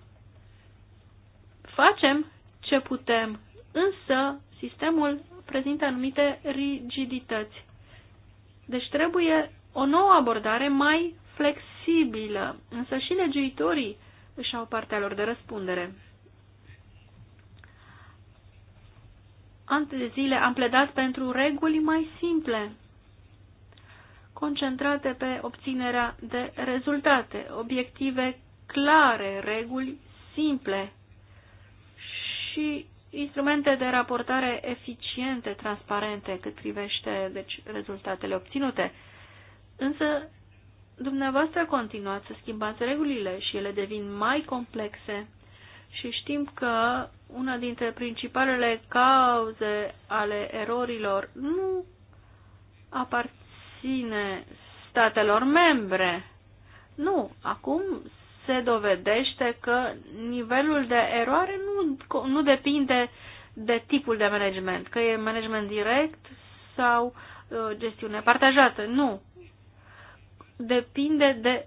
Facem ce putem, însă sistemul prezintă anumite rigidități. Deci trebuie o nouă abordare mai flexibilă, însă și legiuitorii își au partea lor de răspundere. ani de zile am pledat pentru reguli mai simple, concentrate pe obținerea de rezultate, obiective clare, reguli simple și instrumente de raportare eficiente, transparente, cât privește deci, rezultatele obținute. Însă, dumneavoastră continuați să schimbați regulile și ele devin mai complexe și știm că una dintre principalele cauze ale erorilor nu aparține statelor membre. Nu, acum se dovedește că nivelul de eroare nu, nu depinde de tipul de management, că e management direct sau uh, gestiune partajată. Nu. Depinde de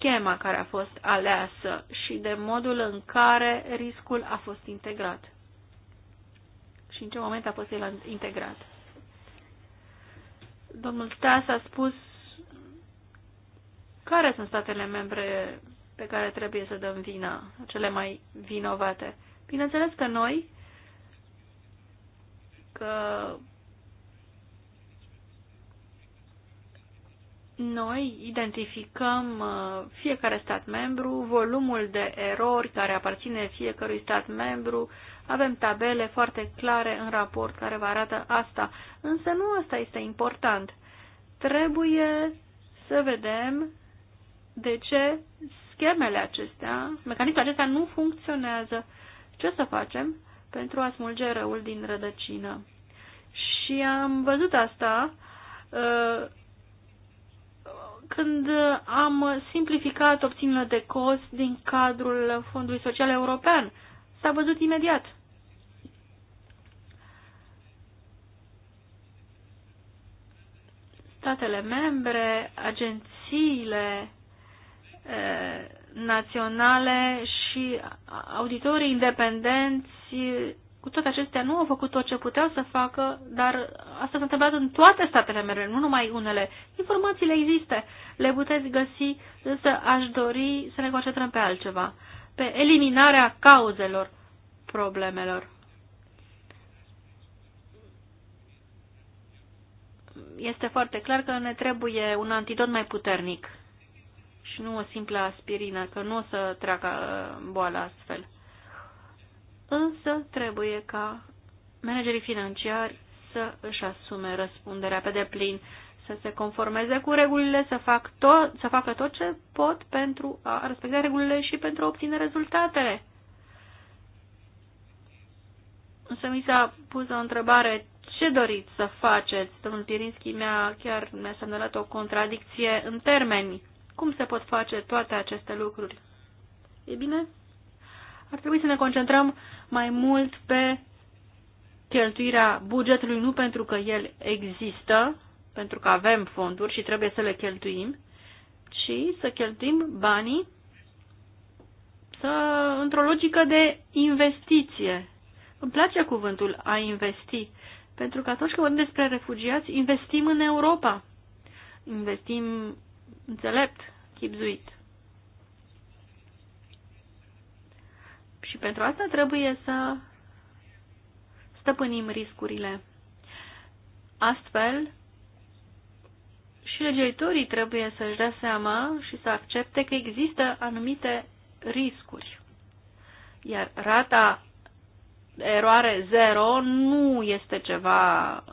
schema care a fost aleasă și de modul în care riscul a fost integrat și în ce moment a fost el integrat. Domnul Stas a spus care sunt statele membre pe care trebuie să dăm vina, cele mai vinovate. Bineînțeles că noi, că noi identificăm uh, fiecare stat membru, volumul de erori care aparține fiecărui stat membru, avem tabele foarte clare în raport care vă arată asta, însă nu asta este important. Trebuie să vedem de ce schemele acestea, mecanismul acesta nu funcționează. Ce să facem pentru a smulge răul din rădăcină? Și am văzut asta uh, când am simplificat opțiunile de cost din cadrul Fondului Social European. S-a văzut imediat. Statele membre, agențiile e, eh, naționale și auditorii independenți cu toate acestea, nu au făcut tot ce puteau să facă, dar asta s-a întâmplat în toate statele mele, nu numai unele. Informațiile există, le puteți găsi, însă aș dori să ne concentrăm pe altceva, pe eliminarea cauzelor problemelor. Este foarte clar că ne trebuie un antidot mai puternic și nu o simplă aspirină, că nu o să treacă boala astfel însă trebuie ca managerii financiari să își asume răspunderea pe deplin, să se conformeze cu regulile, să, fac tot, să facă tot ce pot pentru a respecta regulile și pentru a obține rezultatele. Însă mi s-a pus o întrebare, ce doriți să faceți? Domnul Tirinski mi-a chiar mi-a semnalat o contradicție în termeni. Cum se pot face toate aceste lucruri? E bine, ar trebui să ne concentrăm mai mult pe cheltuirea bugetului, nu pentru că el există, pentru că avem fonduri și trebuie să le cheltuim, ci să cheltuim banii să, într-o logică de investiție. Îmi place cuvântul a investi, pentru că atunci când vorbim despre refugiați, investim în Europa. Investim înțelept, chipzuit. pentru asta trebuie să stăpânim riscurile. Astfel, și legiuitorii trebuie să-și dea seama și să accepte că există anumite riscuri. Iar rata eroare zero nu este ceva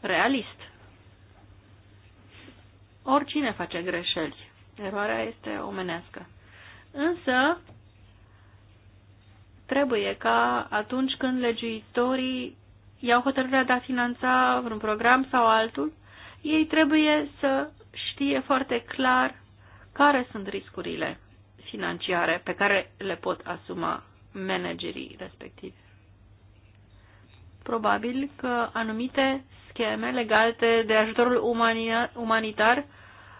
realist. Oricine face greșeli. Eroarea este omenească. Însă, trebuie ca atunci când legiuitorii iau hotărârea de a finanța un program sau altul, ei trebuie să știe foarte clar care sunt riscurile financiare pe care le pot asuma managerii respectivi. Probabil că anumite scheme legate de ajutorul umanitar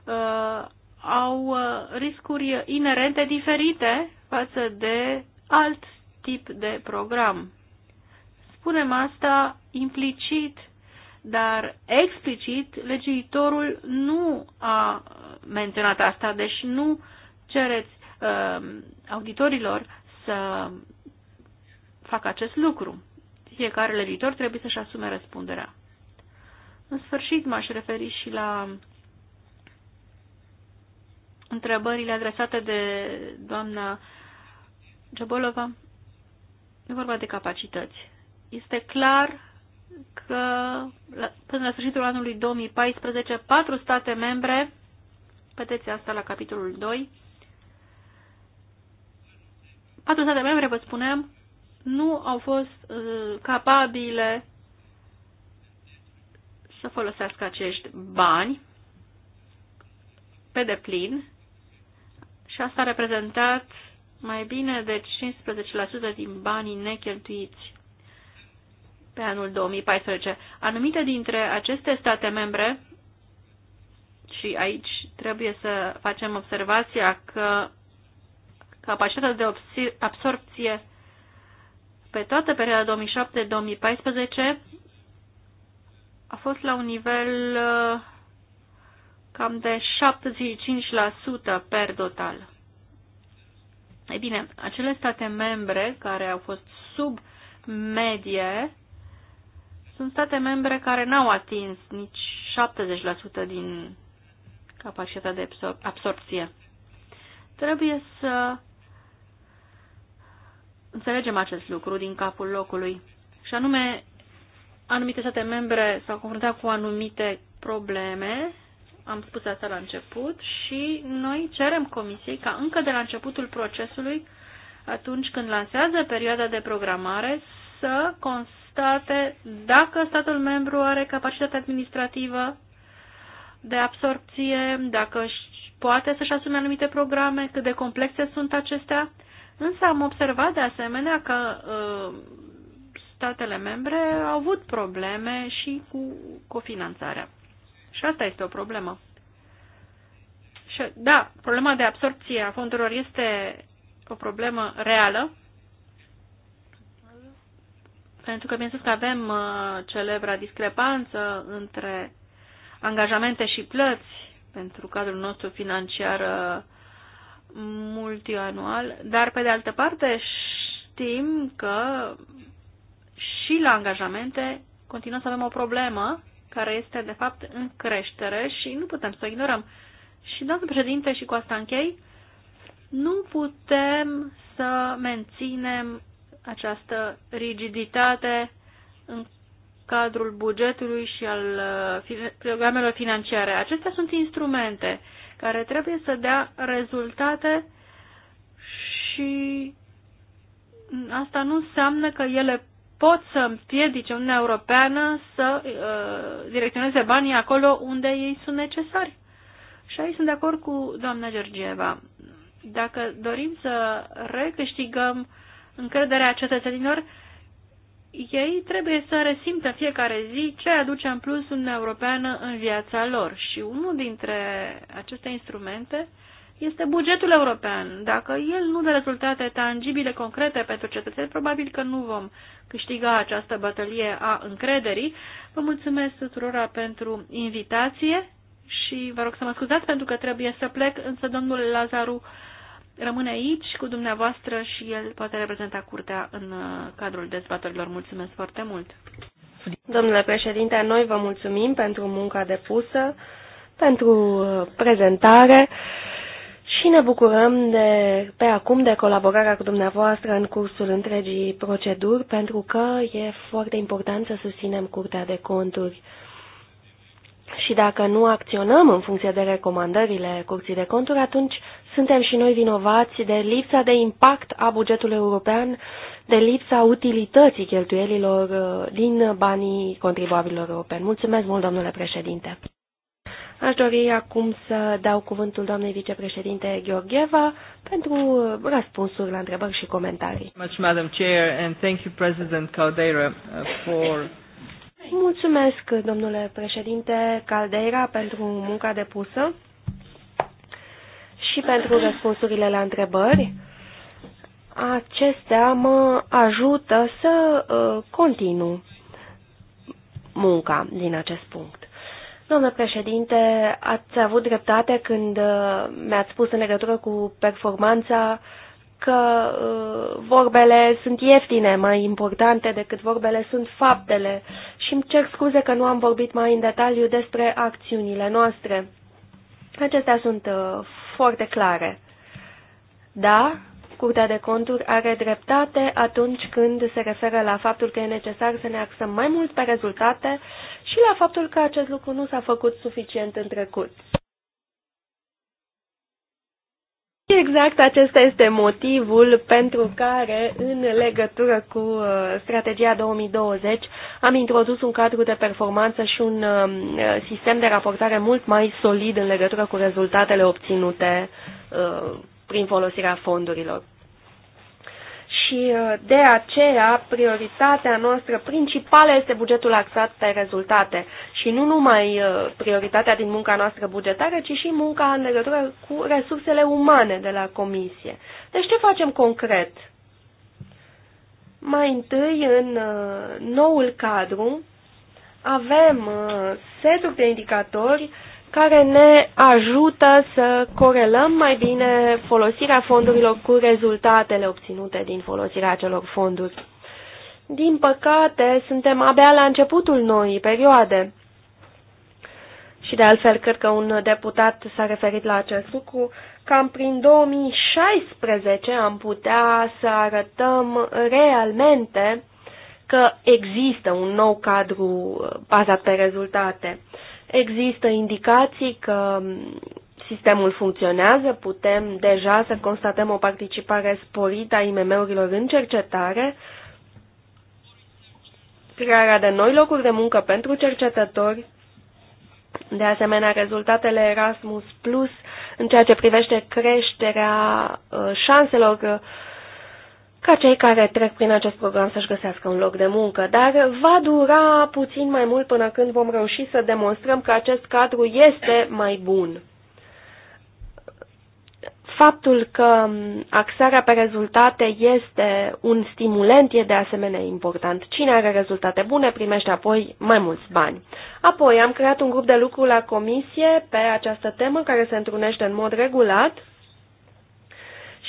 uh, au uh, riscuri inerente diferite față de alt tip de program. Spunem asta implicit, dar explicit legiuitorul nu a menționat asta, deci nu cereți uh, auditorilor să facă acest lucru. Fiecare legiuitor trebuie să-și asume răspunderea. În sfârșit m-aș referi și la întrebările adresate de doamna Gebolova. E vorba de capacități. Este clar că până la sfârșitul anului 2014, patru state membre, vedeți asta la capitolul 2, patru state membre, vă spunem, nu au fost uh, capabile să folosească acești bani pe deplin și asta a reprezentat mai bine de 15% din banii necheltuiți pe anul 2014. Anumite dintre aceste state membre, și aici trebuie să facem observația că capacitatea de absorpție pe toată perioada 2007-2014 a fost la un nivel uh, cam de 75% per total. Ei bine, acele state membre care au fost sub medie sunt state membre care n-au atins nici 70% din capacitatea de absor absorpție. Trebuie să înțelegem acest lucru din capul locului. Și anume, anumite state membre s-au confruntat cu anumite probleme am spus asta la început, și noi cerem Comisiei ca încă de la începutul procesului, atunci când lansează perioada de programare, să constate dacă statul membru are capacitate administrativă de absorpție, dacă poate să-și asume anumite programe, cât de complexe sunt acestea. Însă am observat de asemenea că uh, statele membre au avut probleme și cu cofinanțarea. Și asta este o problemă. Și, da, problema de absorpție a fondurilor este o problemă reală, pentru că, bineînțeles, că avem uh, celebra discrepanță între angajamente și plăți pentru cadrul nostru financiar uh, multianual, dar, pe de altă parte, știm că și la angajamente continuăm să avem o problemă care este, de fapt, în creștere și nu putem să o ignorăm. Și, domnul președinte, și cu asta închei, nu putem să menținem această rigiditate în cadrul bugetului și al uh, programelor financiare. Acestea sunt instrumente care trebuie să dea rezultate și asta nu înseamnă că ele pot să împiedice Uniunea Europeană să uh, direcționeze banii acolo unde ei sunt necesari. Și aici sunt de acord cu doamna Georgieva. Dacă dorim să recâștigăm încrederea cetățenilor, ei trebuie să resimtă fiecare zi ce aduce în plus Uniunea Europeană în viața lor. Și unul dintre aceste instrumente uh, este bugetul european. Dacă el nu dă rezultate tangibile, concrete pentru cetățeni, probabil că nu vom câștiga această bătălie a încrederii. Vă mulțumesc tuturora pentru invitație și vă rog să mă scuzați pentru că trebuie să plec, însă domnul Lazaru rămâne aici cu dumneavoastră și el poate reprezenta curtea în uh, cadrul dezbatărilor. Mulțumesc foarte mult! Domnule președinte, noi vă mulțumim pentru munca depusă, pentru uh, prezentare și ne bucurăm de, pe acum de colaborarea cu dumneavoastră în cursul întregii proceduri, pentru că e foarte important să susținem Curtea de Conturi. Și dacă nu acționăm în funcție de recomandările Curții de Conturi, atunci suntem și noi vinovați de lipsa de impact a bugetului european, de lipsa utilității cheltuielilor uh, din banii contribuabililor europeni. Mulțumesc mult, domnule președinte! Aș dori acum să dau cuvântul doamnei vicepreședinte Gheorgheva pentru răspunsuri la întrebări și comentarii. Uh, Mulțumesc, domnule președinte Caldeira, pentru munca depusă și pentru răspunsurile la întrebări. Acestea mă ajută să uh, continu munca din acest punct. Domnule președinte, ați avut dreptate când uh, mi-ați spus în legătură cu performanța că uh, vorbele sunt ieftine, mai importante decât vorbele sunt faptele și îmi cer scuze că nu am vorbit mai în detaliu despre acțiunile noastre. Acestea sunt uh, foarte clare. Da, Curtea de conturi are dreptate atunci când se referă la faptul că e necesar să ne axăm mai mult pe rezultate și la faptul că acest lucru nu s-a făcut suficient în trecut. Exact acesta este motivul pentru care, în legătură cu uh, strategia 2020, am introdus un cadru de performanță și un um, sistem de raportare mult mai solid în legătură cu rezultatele obținute uh, prin folosirea fondurilor. Și uh, de aceea, prioritatea noastră principală este bugetul axat pe rezultate și nu numai uh, prioritatea din munca noastră bugetară, ci și munca în legătură cu resursele umane de la comisie. Deci ce facem concret? Mai întâi, în uh, noul cadru, avem seturi de indicatori care ne ajută să corelăm mai bine folosirea fondurilor cu rezultatele obținute din folosirea acelor fonduri. Din păcate, suntem abia la începutul noii perioade. Și de altfel, cred că un deputat s-a referit la acest lucru, cam prin 2016 am putea să arătăm realmente că există un nou cadru uh, bazat pe rezultate. Există indicații că sistemul funcționează, putem deja să constatăm o participare sporită a IMM-urilor în cercetare, crearea de noi locuri de muncă pentru cercetători, de asemenea rezultatele Erasmus Plus în ceea ce privește creșterea uh, șanselor uh, ca cei care trec prin acest program să-și găsească un loc de muncă, dar va dura puțin mai mult până când vom reuși să demonstrăm că acest cadru este mai bun. Faptul că axarea pe rezultate este un stimulent e de asemenea important. Cine are rezultate bune primește apoi mai mulți bani. Apoi am creat un grup de lucru la comisie pe această temă care se întrunește în mod regulat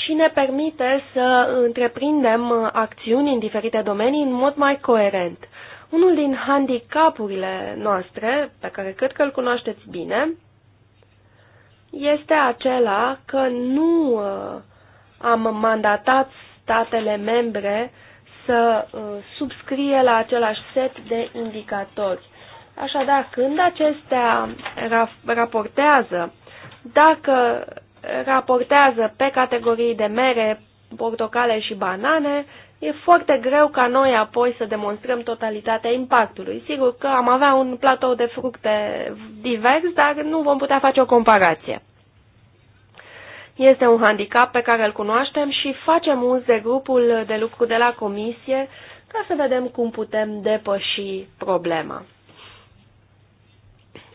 și ne permite să întreprindem uh, acțiuni în diferite domenii în mod mai coerent. Unul din handicapurile noastre, pe care cred că îl cunoașteți bine, este acela că nu uh, am mandatat statele membre să uh, subscrie la același set de indicatori. Așadar, când acestea raportează dacă raportează pe categorii de mere, portocale și banane, e foarte greu ca noi apoi să demonstrăm totalitatea impactului. Sigur că am avea un platou de fructe divers, dar nu vom putea face o comparație. Este un handicap pe care îl cunoaștem și facem uz de grupul de lucru de la comisie ca să vedem cum putem depăși problema.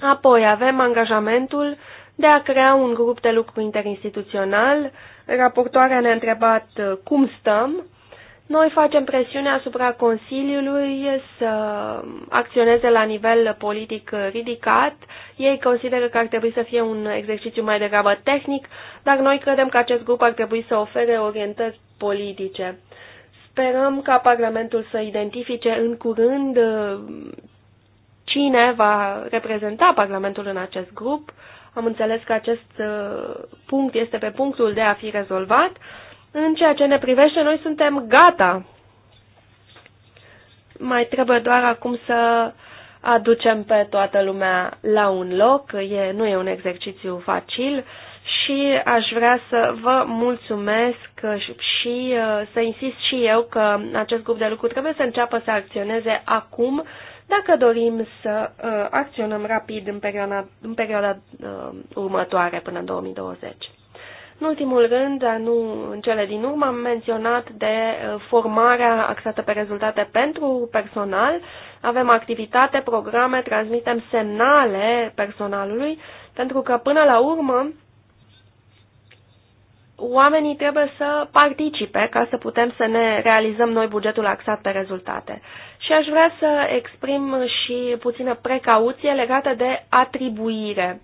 Apoi avem angajamentul de a crea un grup de lucru interinstituțional. Raportoarea ne-a întrebat uh, cum stăm. Noi facem presiune asupra Consiliului să acționeze la nivel politic ridicat. Ei consideră că ar trebui să fie un exercițiu mai degrabă tehnic, dar noi credem că acest grup ar trebui să ofere orientări politice. Sperăm ca Parlamentul să identifice în curând uh, cine va reprezenta Parlamentul în acest grup. Am înțeles că acest uh, punct este pe punctul de a fi rezolvat. În ceea ce ne privește, noi suntem gata. Mai trebuie doar acum să aducem pe toată lumea la un loc. E, nu e un exercițiu facil și aș vrea să vă mulțumesc și uh, să insist și eu că acest grup de lucru trebuie să înceapă să acționeze acum dacă dorim să uh, acționăm rapid în perioada, în perioada uh, următoare până în 2020. În ultimul rând, dar nu în cele din urmă, am menționat de uh, formarea axată pe rezultate pentru personal. Avem activitate, programe, transmitem semnale personalului, pentru că până la urmă oamenii trebuie să participe ca să putem să ne realizăm noi bugetul axat pe rezultate. Și aș vrea să exprim și puțină precauție legată de atribuire,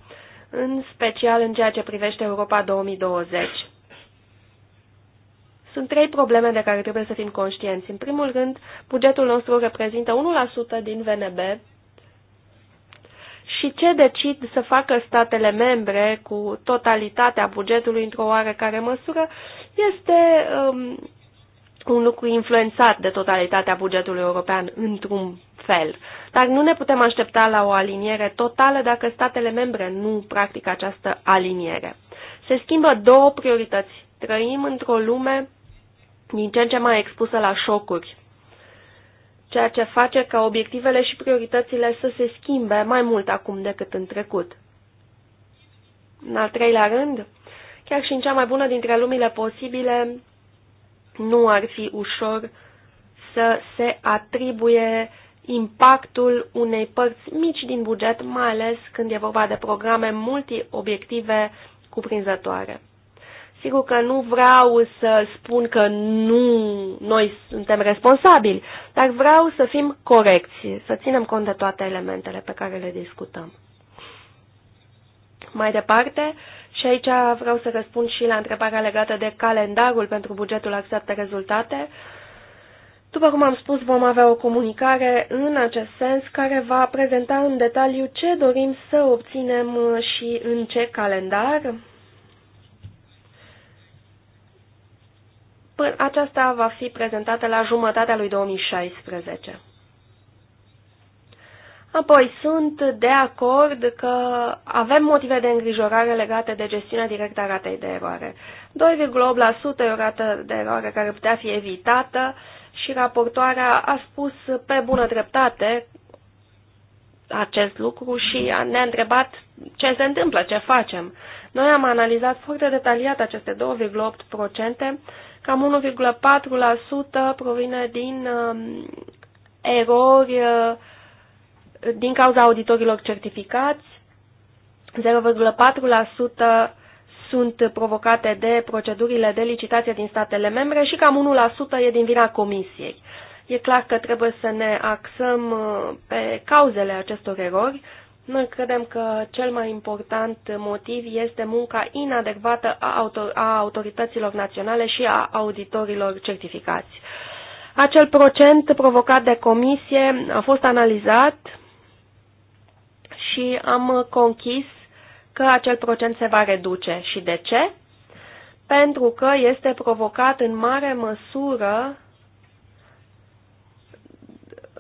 în special în ceea ce privește Europa 2020. Sunt trei probleme de care trebuie să fim conștienți. În primul rând, bugetul nostru reprezintă 1% din VNB și ce decid să facă statele membre cu totalitatea bugetului într-o oarecare măsură este um, un lucru influențat de totalitatea bugetului european într-un fel. Dar nu ne putem aștepta la o aliniere totală dacă statele membre nu practică această aliniere. Se schimbă două priorități. Trăim într-o lume din ce în ce mai expusă la șocuri ceea ce face ca obiectivele și prioritățile să se schimbe mai mult acum decât în trecut. În al treilea rând, chiar și în cea mai bună dintre lumile posibile, nu ar fi ușor să se atribuie impactul unei părți mici din buget, mai ales când e vorba de programe multi-obiective cuprinzătoare. Sigur că nu vreau să spun că nu noi suntem responsabili, dar vreau să fim corecți, să ținem cont de toate elementele pe care le discutăm. Mai departe, și aici vreau să răspund și la întrebarea legată de calendarul pentru bugetul axat pe rezultate. După cum am spus, vom avea o comunicare în acest sens care va prezenta în detaliu ce dorim să obținem și în ce calendar, Păi, aceasta va fi prezentată la jumătatea lui 2016. Apoi, sunt de acord că avem motive de îngrijorare legate de gestiunea directă a ratei de eroare. 2,8% e o rată de eroare care putea fi evitată și raportoarea a spus pe bună dreptate acest lucru și ne-a întrebat ce se întâmplă, ce facem. Noi am analizat foarte detaliat aceste 2,8% Cam 1,4% provine din um, erori uh, din cauza auditorilor certificați, 0,4% sunt provocate de procedurile de licitație din statele membre și cam 1% e din vina Comisiei. E clar că trebuie să ne axăm uh, pe cauzele acestor erori noi credem că cel mai important motiv este munca inadecvată a, autorităților naționale și a auditorilor certificați. Acel procent provocat de comisie a fost analizat și am conchis că acel procent se va reduce. Și de ce? Pentru că este provocat în mare măsură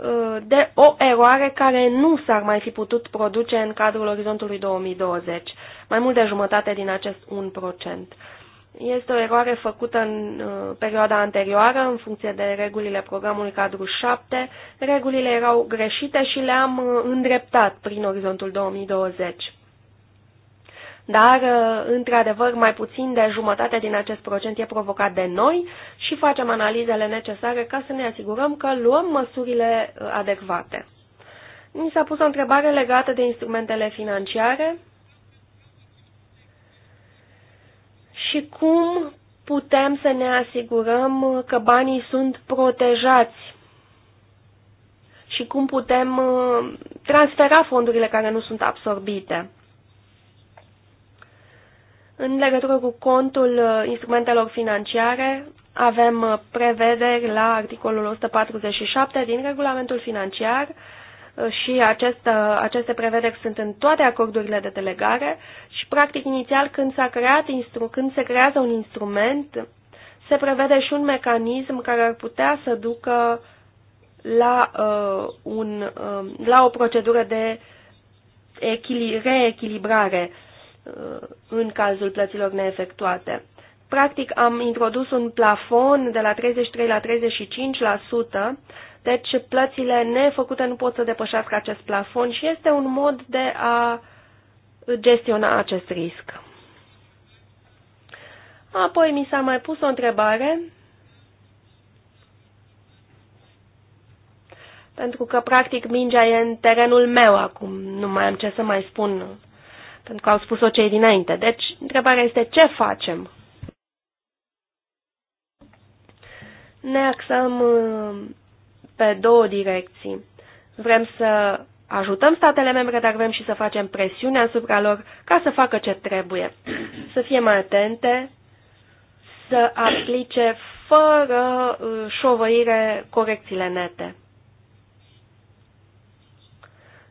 Uh, de o eroare care nu s-ar mai fi putut produce în cadrul orizontului 2020, mai mult de jumătate din acest 1%. Este o eroare făcută în uh, perioada anterioară, în funcție de regulile programului cadru 7. Regulile erau greșite și le-am uh, îndreptat prin orizontul 2020 dar, uh, într-adevăr, mai puțin de jumătate din acest procent e provocat de noi și facem analizele necesare ca să ne asigurăm că luăm măsurile uh, adecvate. Mi s-a pus o întrebare legată de instrumentele financiare și cum putem să ne asigurăm că banii sunt protejați și cum putem uh, transfera fondurile care nu sunt absorbite. În legătură cu contul uh, instrumentelor financiare, avem uh, prevederi la articolul 147 din regulamentul financiar uh, și aceste aceste prevederi sunt în toate acordurile de delegare și, practic, inițial, când, s-a creat instru- când se creează un instrument, se prevede și un mecanism care ar putea să ducă la, uh, un, uh, la o procedură de reechilibrare Uh, în cazul plăților neefectuate. Practic am introdus un plafon de la 33 la 35%, deci plățile nefăcute nu pot să depășească acest plafon și este un mod de a gestiona acest risc. Apoi mi s-a mai pus o întrebare, pentru că practic mingea e în terenul meu acum, nu mai am ce să mai spun pentru că au spus-o cei dinainte. Deci, întrebarea este ce facem? Ne axăm uh, pe două direcții. Vrem să ajutăm statele membre, dar vrem și să facem presiune asupra lor ca să facă ce trebuie. Să fie mai atente, să aplice fără uh, șovăire corecțiile nete.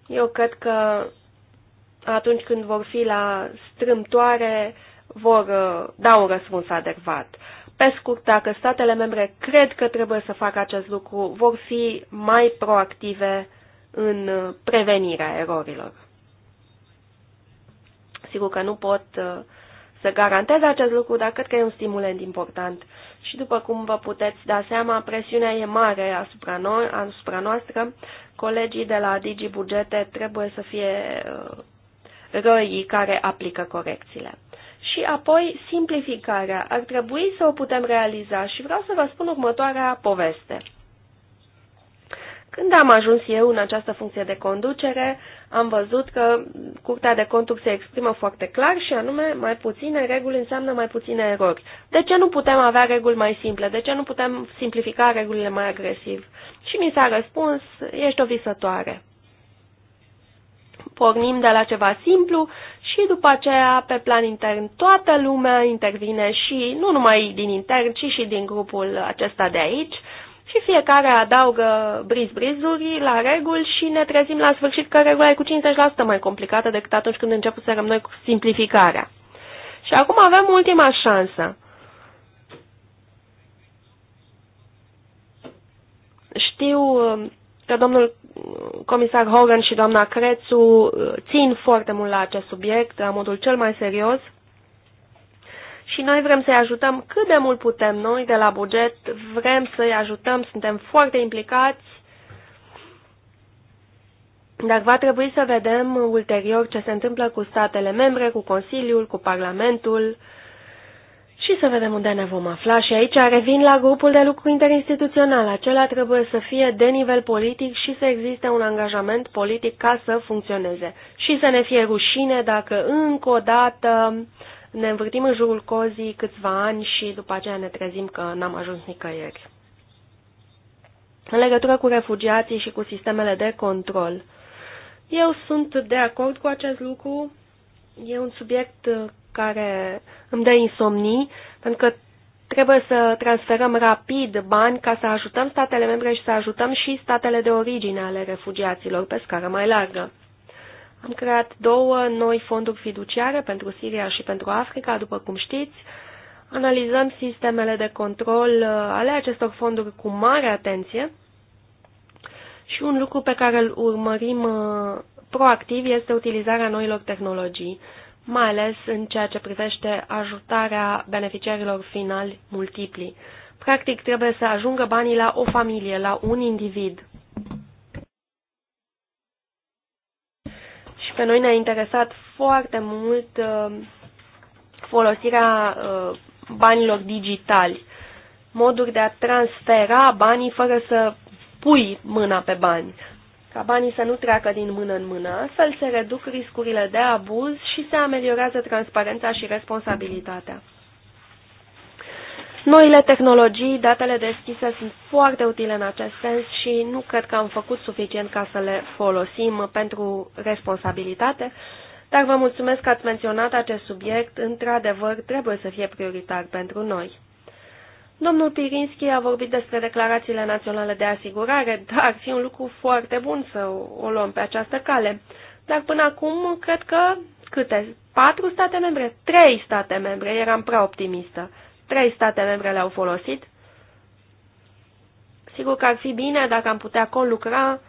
Eu cred că atunci când vor fi la strâmtoare, vor da un răspuns adecvat. Pe scurt, dacă statele membre cred că trebuie să facă acest lucru, vor fi mai proactive în uh, prevenirea erorilor. Sigur că nu pot uh, să garantez acest lucru, dar cred că e un stimulent important. Și după cum vă puteți da seama, presiunea e mare asupra, noi, asupra noastră. Colegii de la Digi Bugete trebuie să fie roii care aplică corecțiile. Și apoi simplificarea. Ar trebui să o putem realiza și vreau să vă spun următoarea poveste. Când am ajuns eu în această funcție de conducere, am văzut că Curtea de Conturi se exprimă foarte clar și anume mai puține reguli înseamnă mai puține erori. De ce nu putem avea reguli mai simple? De ce nu putem simplifica regulile mai agresiv? Și mi s-a răspuns, ești o visătoare pornim de la ceva simplu și după aceea, pe plan intern, toată lumea intervine și nu numai din intern, ci și din grupul acesta de aici și fiecare adaugă briz-brizuri la reguli și ne trezim la sfârșit că regula e cu 50% mai complicată decât atunci când să noi cu simplificarea. Și acum avem ultima șansă. Știu um, că domnul comisar Hogan și doamna Crețu uh, țin foarte mult la acest subiect, la modul cel mai serios. Și noi vrem să-i ajutăm cât de mult putem noi de la buget, vrem să-i ajutăm, suntem foarte implicați, dar va trebui să vedem ulterior ce se întâmplă cu statele membre, cu Consiliul, cu Parlamentul, uh, și să vedem unde ne vom afla. Și aici revin la grupul de lucru interinstituțional. Acela trebuie să fie de nivel politic și să existe un angajament politic ca să funcționeze. Și să ne fie rușine dacă încă o dată ne învârtim în jurul cozii câțiva ani și după aceea ne trezim că n-am ajuns nicăieri. În legătură cu refugiații și cu sistemele de control, eu sunt de acord cu acest lucru. E un subiect care îmi dă insomnii, pentru că trebuie să transferăm rapid bani ca să ajutăm statele membre și să ajutăm și statele de origine ale refugiaților pe scară mai largă. Am creat două noi fonduri fiduciare pentru Siria și pentru Africa, după cum știți. Analizăm sistemele de control uh, ale acestor fonduri cu mare atenție și un lucru pe care îl urmărim uh, proactiv este utilizarea noilor tehnologii mai ales în ceea ce privește ajutarea beneficiarilor finali multipli. Practic, trebuie să ajungă banii la o familie, la un individ. Și pe noi ne-a interesat foarte mult uh, folosirea uh, banilor digitali, moduri de a transfera banii fără să pui mâna pe bani ca banii să nu treacă din mână în mână, astfel se reduc riscurile de abuz și se ameliorează transparența și responsabilitatea. Noile tehnologii, datele deschise sunt foarte utile în acest sens și nu cred că am făcut suficient ca să le folosim pentru responsabilitate, dar vă mulțumesc că ați menționat acest subiect, într-adevăr trebuie să fie prioritar pentru noi. Domnul Pirinski a vorbit despre declarațiile naționale de asigurare, dar ar fi un lucru foarte bun să o luăm pe această cale. Dar până acum, cred că câte? Patru state membre? Trei state membre, eram prea optimistă. Trei state membre le-au folosit. Sigur că ar fi bine dacă am putea colucra,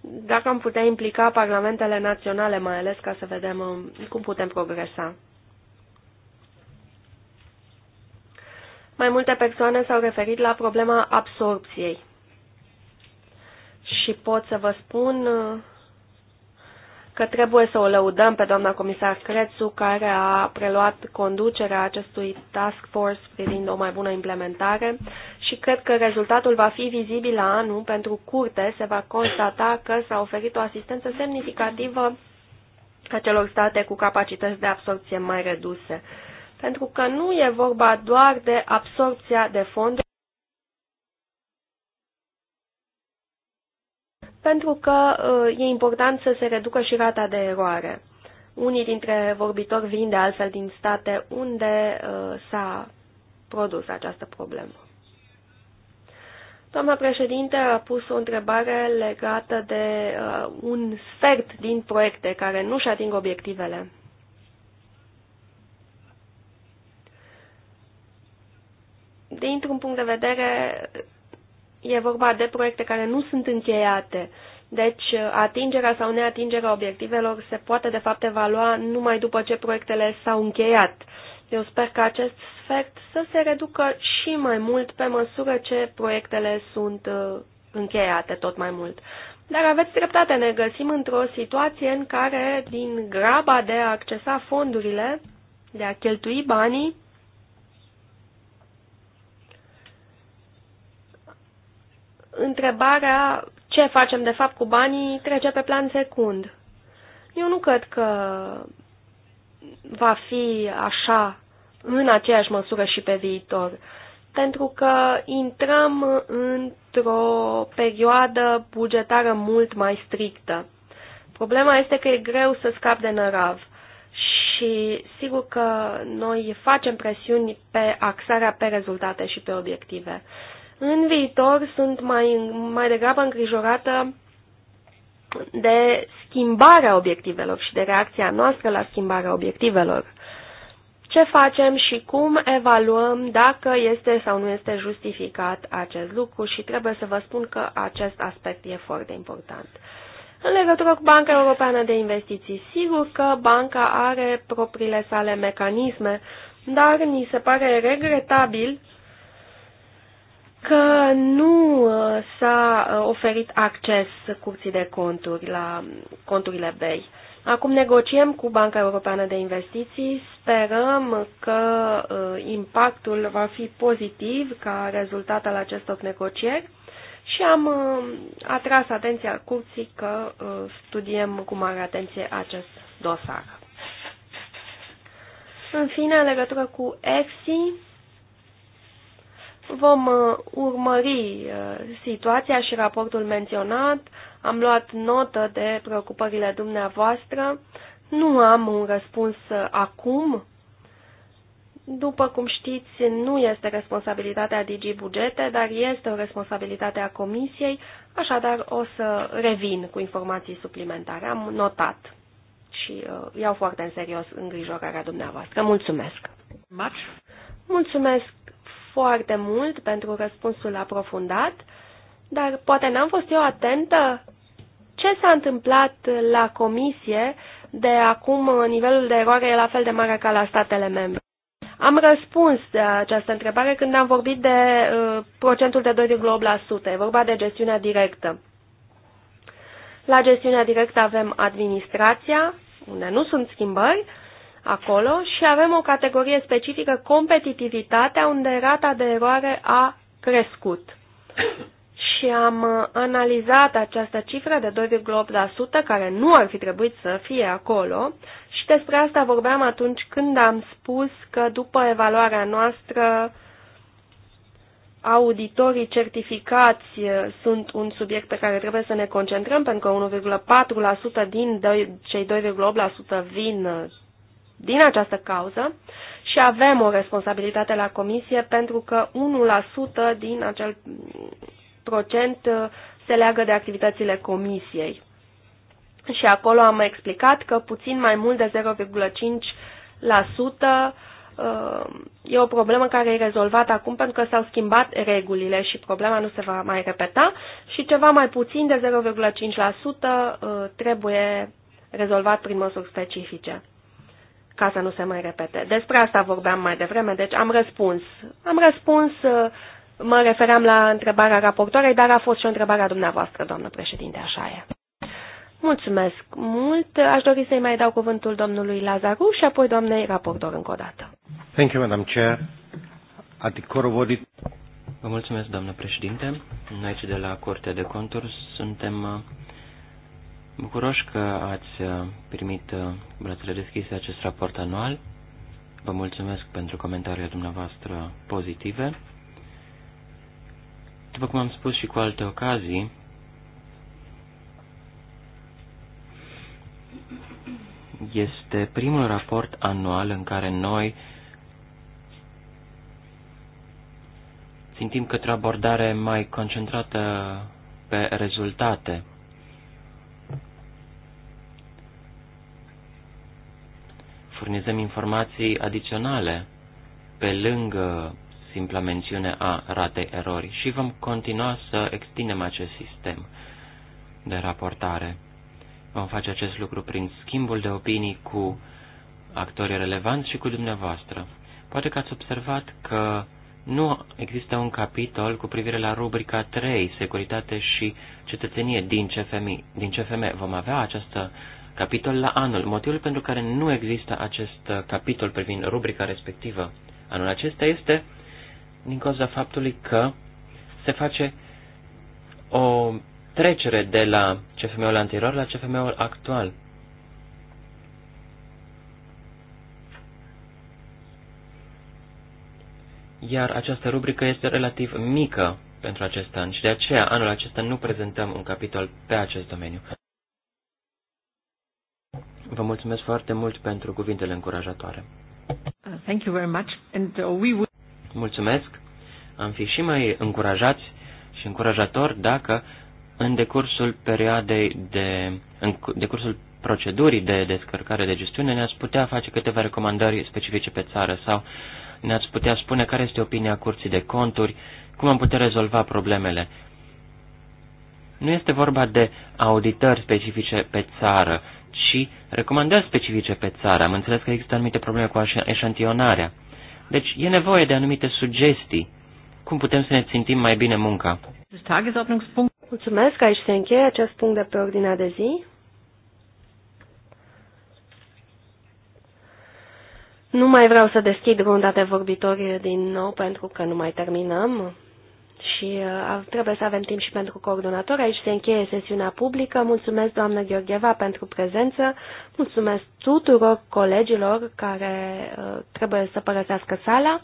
dacă am putea implica parlamentele naționale, mai ales ca să vedem um, cum putem progresa. Mai multe persoane s-au referit la problema absorpției. Și pot să vă spun uh, că trebuie să o lăudăm pe doamna comisar Crețu, care a preluat conducerea acestui task force privind o mai bună implementare și cred că rezultatul va fi vizibil la anul pentru curte. Se va constata că s-a oferit o asistență semnificativă acelor state cu capacități de absorpție mai reduse pentru că nu e vorba doar de absorpția de fonduri, pentru că uh, e important să se reducă și rata de eroare. Unii dintre vorbitori vin de altfel din state unde uh, s-a produs această problemă. Doamna președinte a pus o întrebare legată de uh, un sfert din proiecte care nu-și ating obiectivele. dintr-un punct de vedere, e vorba de proiecte care nu sunt încheiate. Deci, atingerea sau neatingerea obiectivelor se poate, de fapt, evalua numai după ce proiectele s-au încheiat. Eu sper că acest sfert să se reducă și mai mult pe măsură ce proiectele sunt uh, încheiate tot mai mult. Dar aveți dreptate, ne găsim într-o situație în care, din graba de a accesa fondurile, de a cheltui banii, întrebarea ce facem de fapt cu banii trece pe plan secund. Eu nu cred că va fi așa în aceeași măsură și pe viitor, pentru că intrăm într-o perioadă bugetară mult mai strictă. Problema este că e greu să scap de nărav și sigur că noi facem presiuni pe axarea pe rezultate și pe obiective. În viitor sunt mai, mai degrabă îngrijorată de schimbarea obiectivelor și de reacția noastră la schimbarea obiectivelor. Ce facem și cum evaluăm dacă este sau nu este justificat acest lucru și trebuie să vă spun că acest aspect e foarte important. În legătură cu Banca Europeană de Investiții, sigur că banca are propriile sale mecanisme, dar ni se pare regretabil că nu uh, s-a uh, oferit acces curții de conturi la conturile BEI. Acum negociem cu Banca Europeană de Investiții, sperăm că uh, impactul va fi pozitiv ca rezultat al acestor negocieri și am atras atenția curții că studiem cu mare atenție acest dosar. În fine, în legătură cu exi. Vom uh, urmări uh, situația și raportul menționat. Am luat notă de preocupările dumneavoastră. Nu am un răspuns uh, acum. După cum știți, nu este responsabilitatea DG Bugete, dar este o responsabilitate a Comisiei, așadar o să revin cu informații suplimentare. Am notat și uh, iau foarte în serios îngrijorarea dumneavoastră. Mulțumesc! Much. Mulțumesc foarte mult pentru răspunsul aprofundat, dar poate n-am fost eu atentă ce s-a întâmplat la comisie de acum nivelul de eroare e la fel de mare ca la statele membre. Am răspuns de această întrebare când am vorbit de uh, procentul de 2,8%, e vorba de gestiunea directă. La gestiunea directă avem administrația, unde nu sunt schimbări, acolo și avem o categorie specifică, competitivitatea, unde rata de eroare a crescut. Și am uh, analizat această cifră de 2,8% care nu ar fi trebuit să fie acolo și despre asta vorbeam atunci când am spus că după evaluarea noastră auditorii certificați uh, sunt un subiect pe care trebuie să ne concentrăm pentru că 1,4% din cei 2,8% vin uh, din această cauză și avem o responsabilitate la comisie pentru că 1% din acel procent uh, se leagă de activitățile comisiei. Și acolo am explicat că puțin mai mult de 0,5% uh, e o problemă care e rezolvată acum pentru că s-au schimbat regulile și problema nu se va mai repeta și ceva mai puțin de 0,5% uh, trebuie rezolvat prin măsuri specifice ca să nu se mai repete. Despre asta vorbeam mai devreme, deci am răspuns. Am răspuns, uh, mă refeream la întrebarea raportoarei, dar a fost și o întrebare a dumneavoastră, doamnă președinte, așa e. Mulțumesc mult. Aș dori să-i mai dau cuvântul domnului Lazaru și apoi doamnei raportor încă o dată. Thank you, Madam Chair. Adicor, Vă mulțumesc, doamnă președinte. Noi aici de la Curtea de Conturi suntem uh, bucuroși că ați uh, primit uh, brațele deschise acest raport anual. Vă mulțumesc pentru comentariile dumneavoastră pozitive. După cum am spus și cu alte ocazii, este primul raport anual în care noi simtim către o abordare mai concentrată pe rezultate furnizăm informații adiționale pe lângă simpla mențiune a ratei erori și vom continua să extindem acest sistem de raportare. Vom face acest lucru prin schimbul de opinii cu actorii relevanți și cu dumneavoastră. Poate că ați observat că nu există un capitol cu privire la rubrica 3, securitate și cetățenie din CFM. Din CFM vom avea această capitol la anul. Motivul pentru care nu există acest uh, capitol privind rubrica respectivă anul acesta este din cauza faptului că se face o trecere de la CFM-ul anterior la CFM-ul actual. Iar această rubrică este relativ mică pentru acest an și de aceea anul acesta nu prezentăm un capitol pe acest domeniu. Vă mulțumesc foarte mult pentru cuvintele încurajatoare. Uh, thank you very much. And uh, we would... Mulțumesc. Am fi și mai încurajați și încurajatori dacă în decursul perioadei de, în decursul procedurii de descărcare de gestiune ne-ați putea face câteva recomandări specifice pe țară sau ne-ați putea spune care este opinia curții de conturi, cum am putea rezolva problemele. Nu este vorba de auditări specifice pe țară, ci recomandări specifice pe țară. Am înțeles că există anumite probleme cu eșantionarea. Deci e nevoie de anumite sugestii. Cum putem să ne țintim mai bine munca? Mulțumesc, aici se încheie acest punct de pe ordinea de zi. Nu mai vreau să deschid runda de vorbitori din nou pentru că nu mai terminăm și uh, trebuie să avem timp și pentru coordonator. Aici se încheie sesiunea publică. Mulțumesc, doamnă Gheorgheva, pentru prezență. Mulțumesc tuturor colegilor care uh, trebuie să părăsească sala.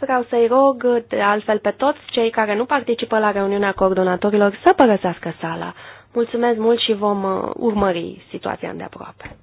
Vreau să-i rog, de altfel pe toți cei care nu participă la reuniunea coordonatorilor, să părăsească sala. Mulțumesc mult și vom uh, urmări situația îndeaproape.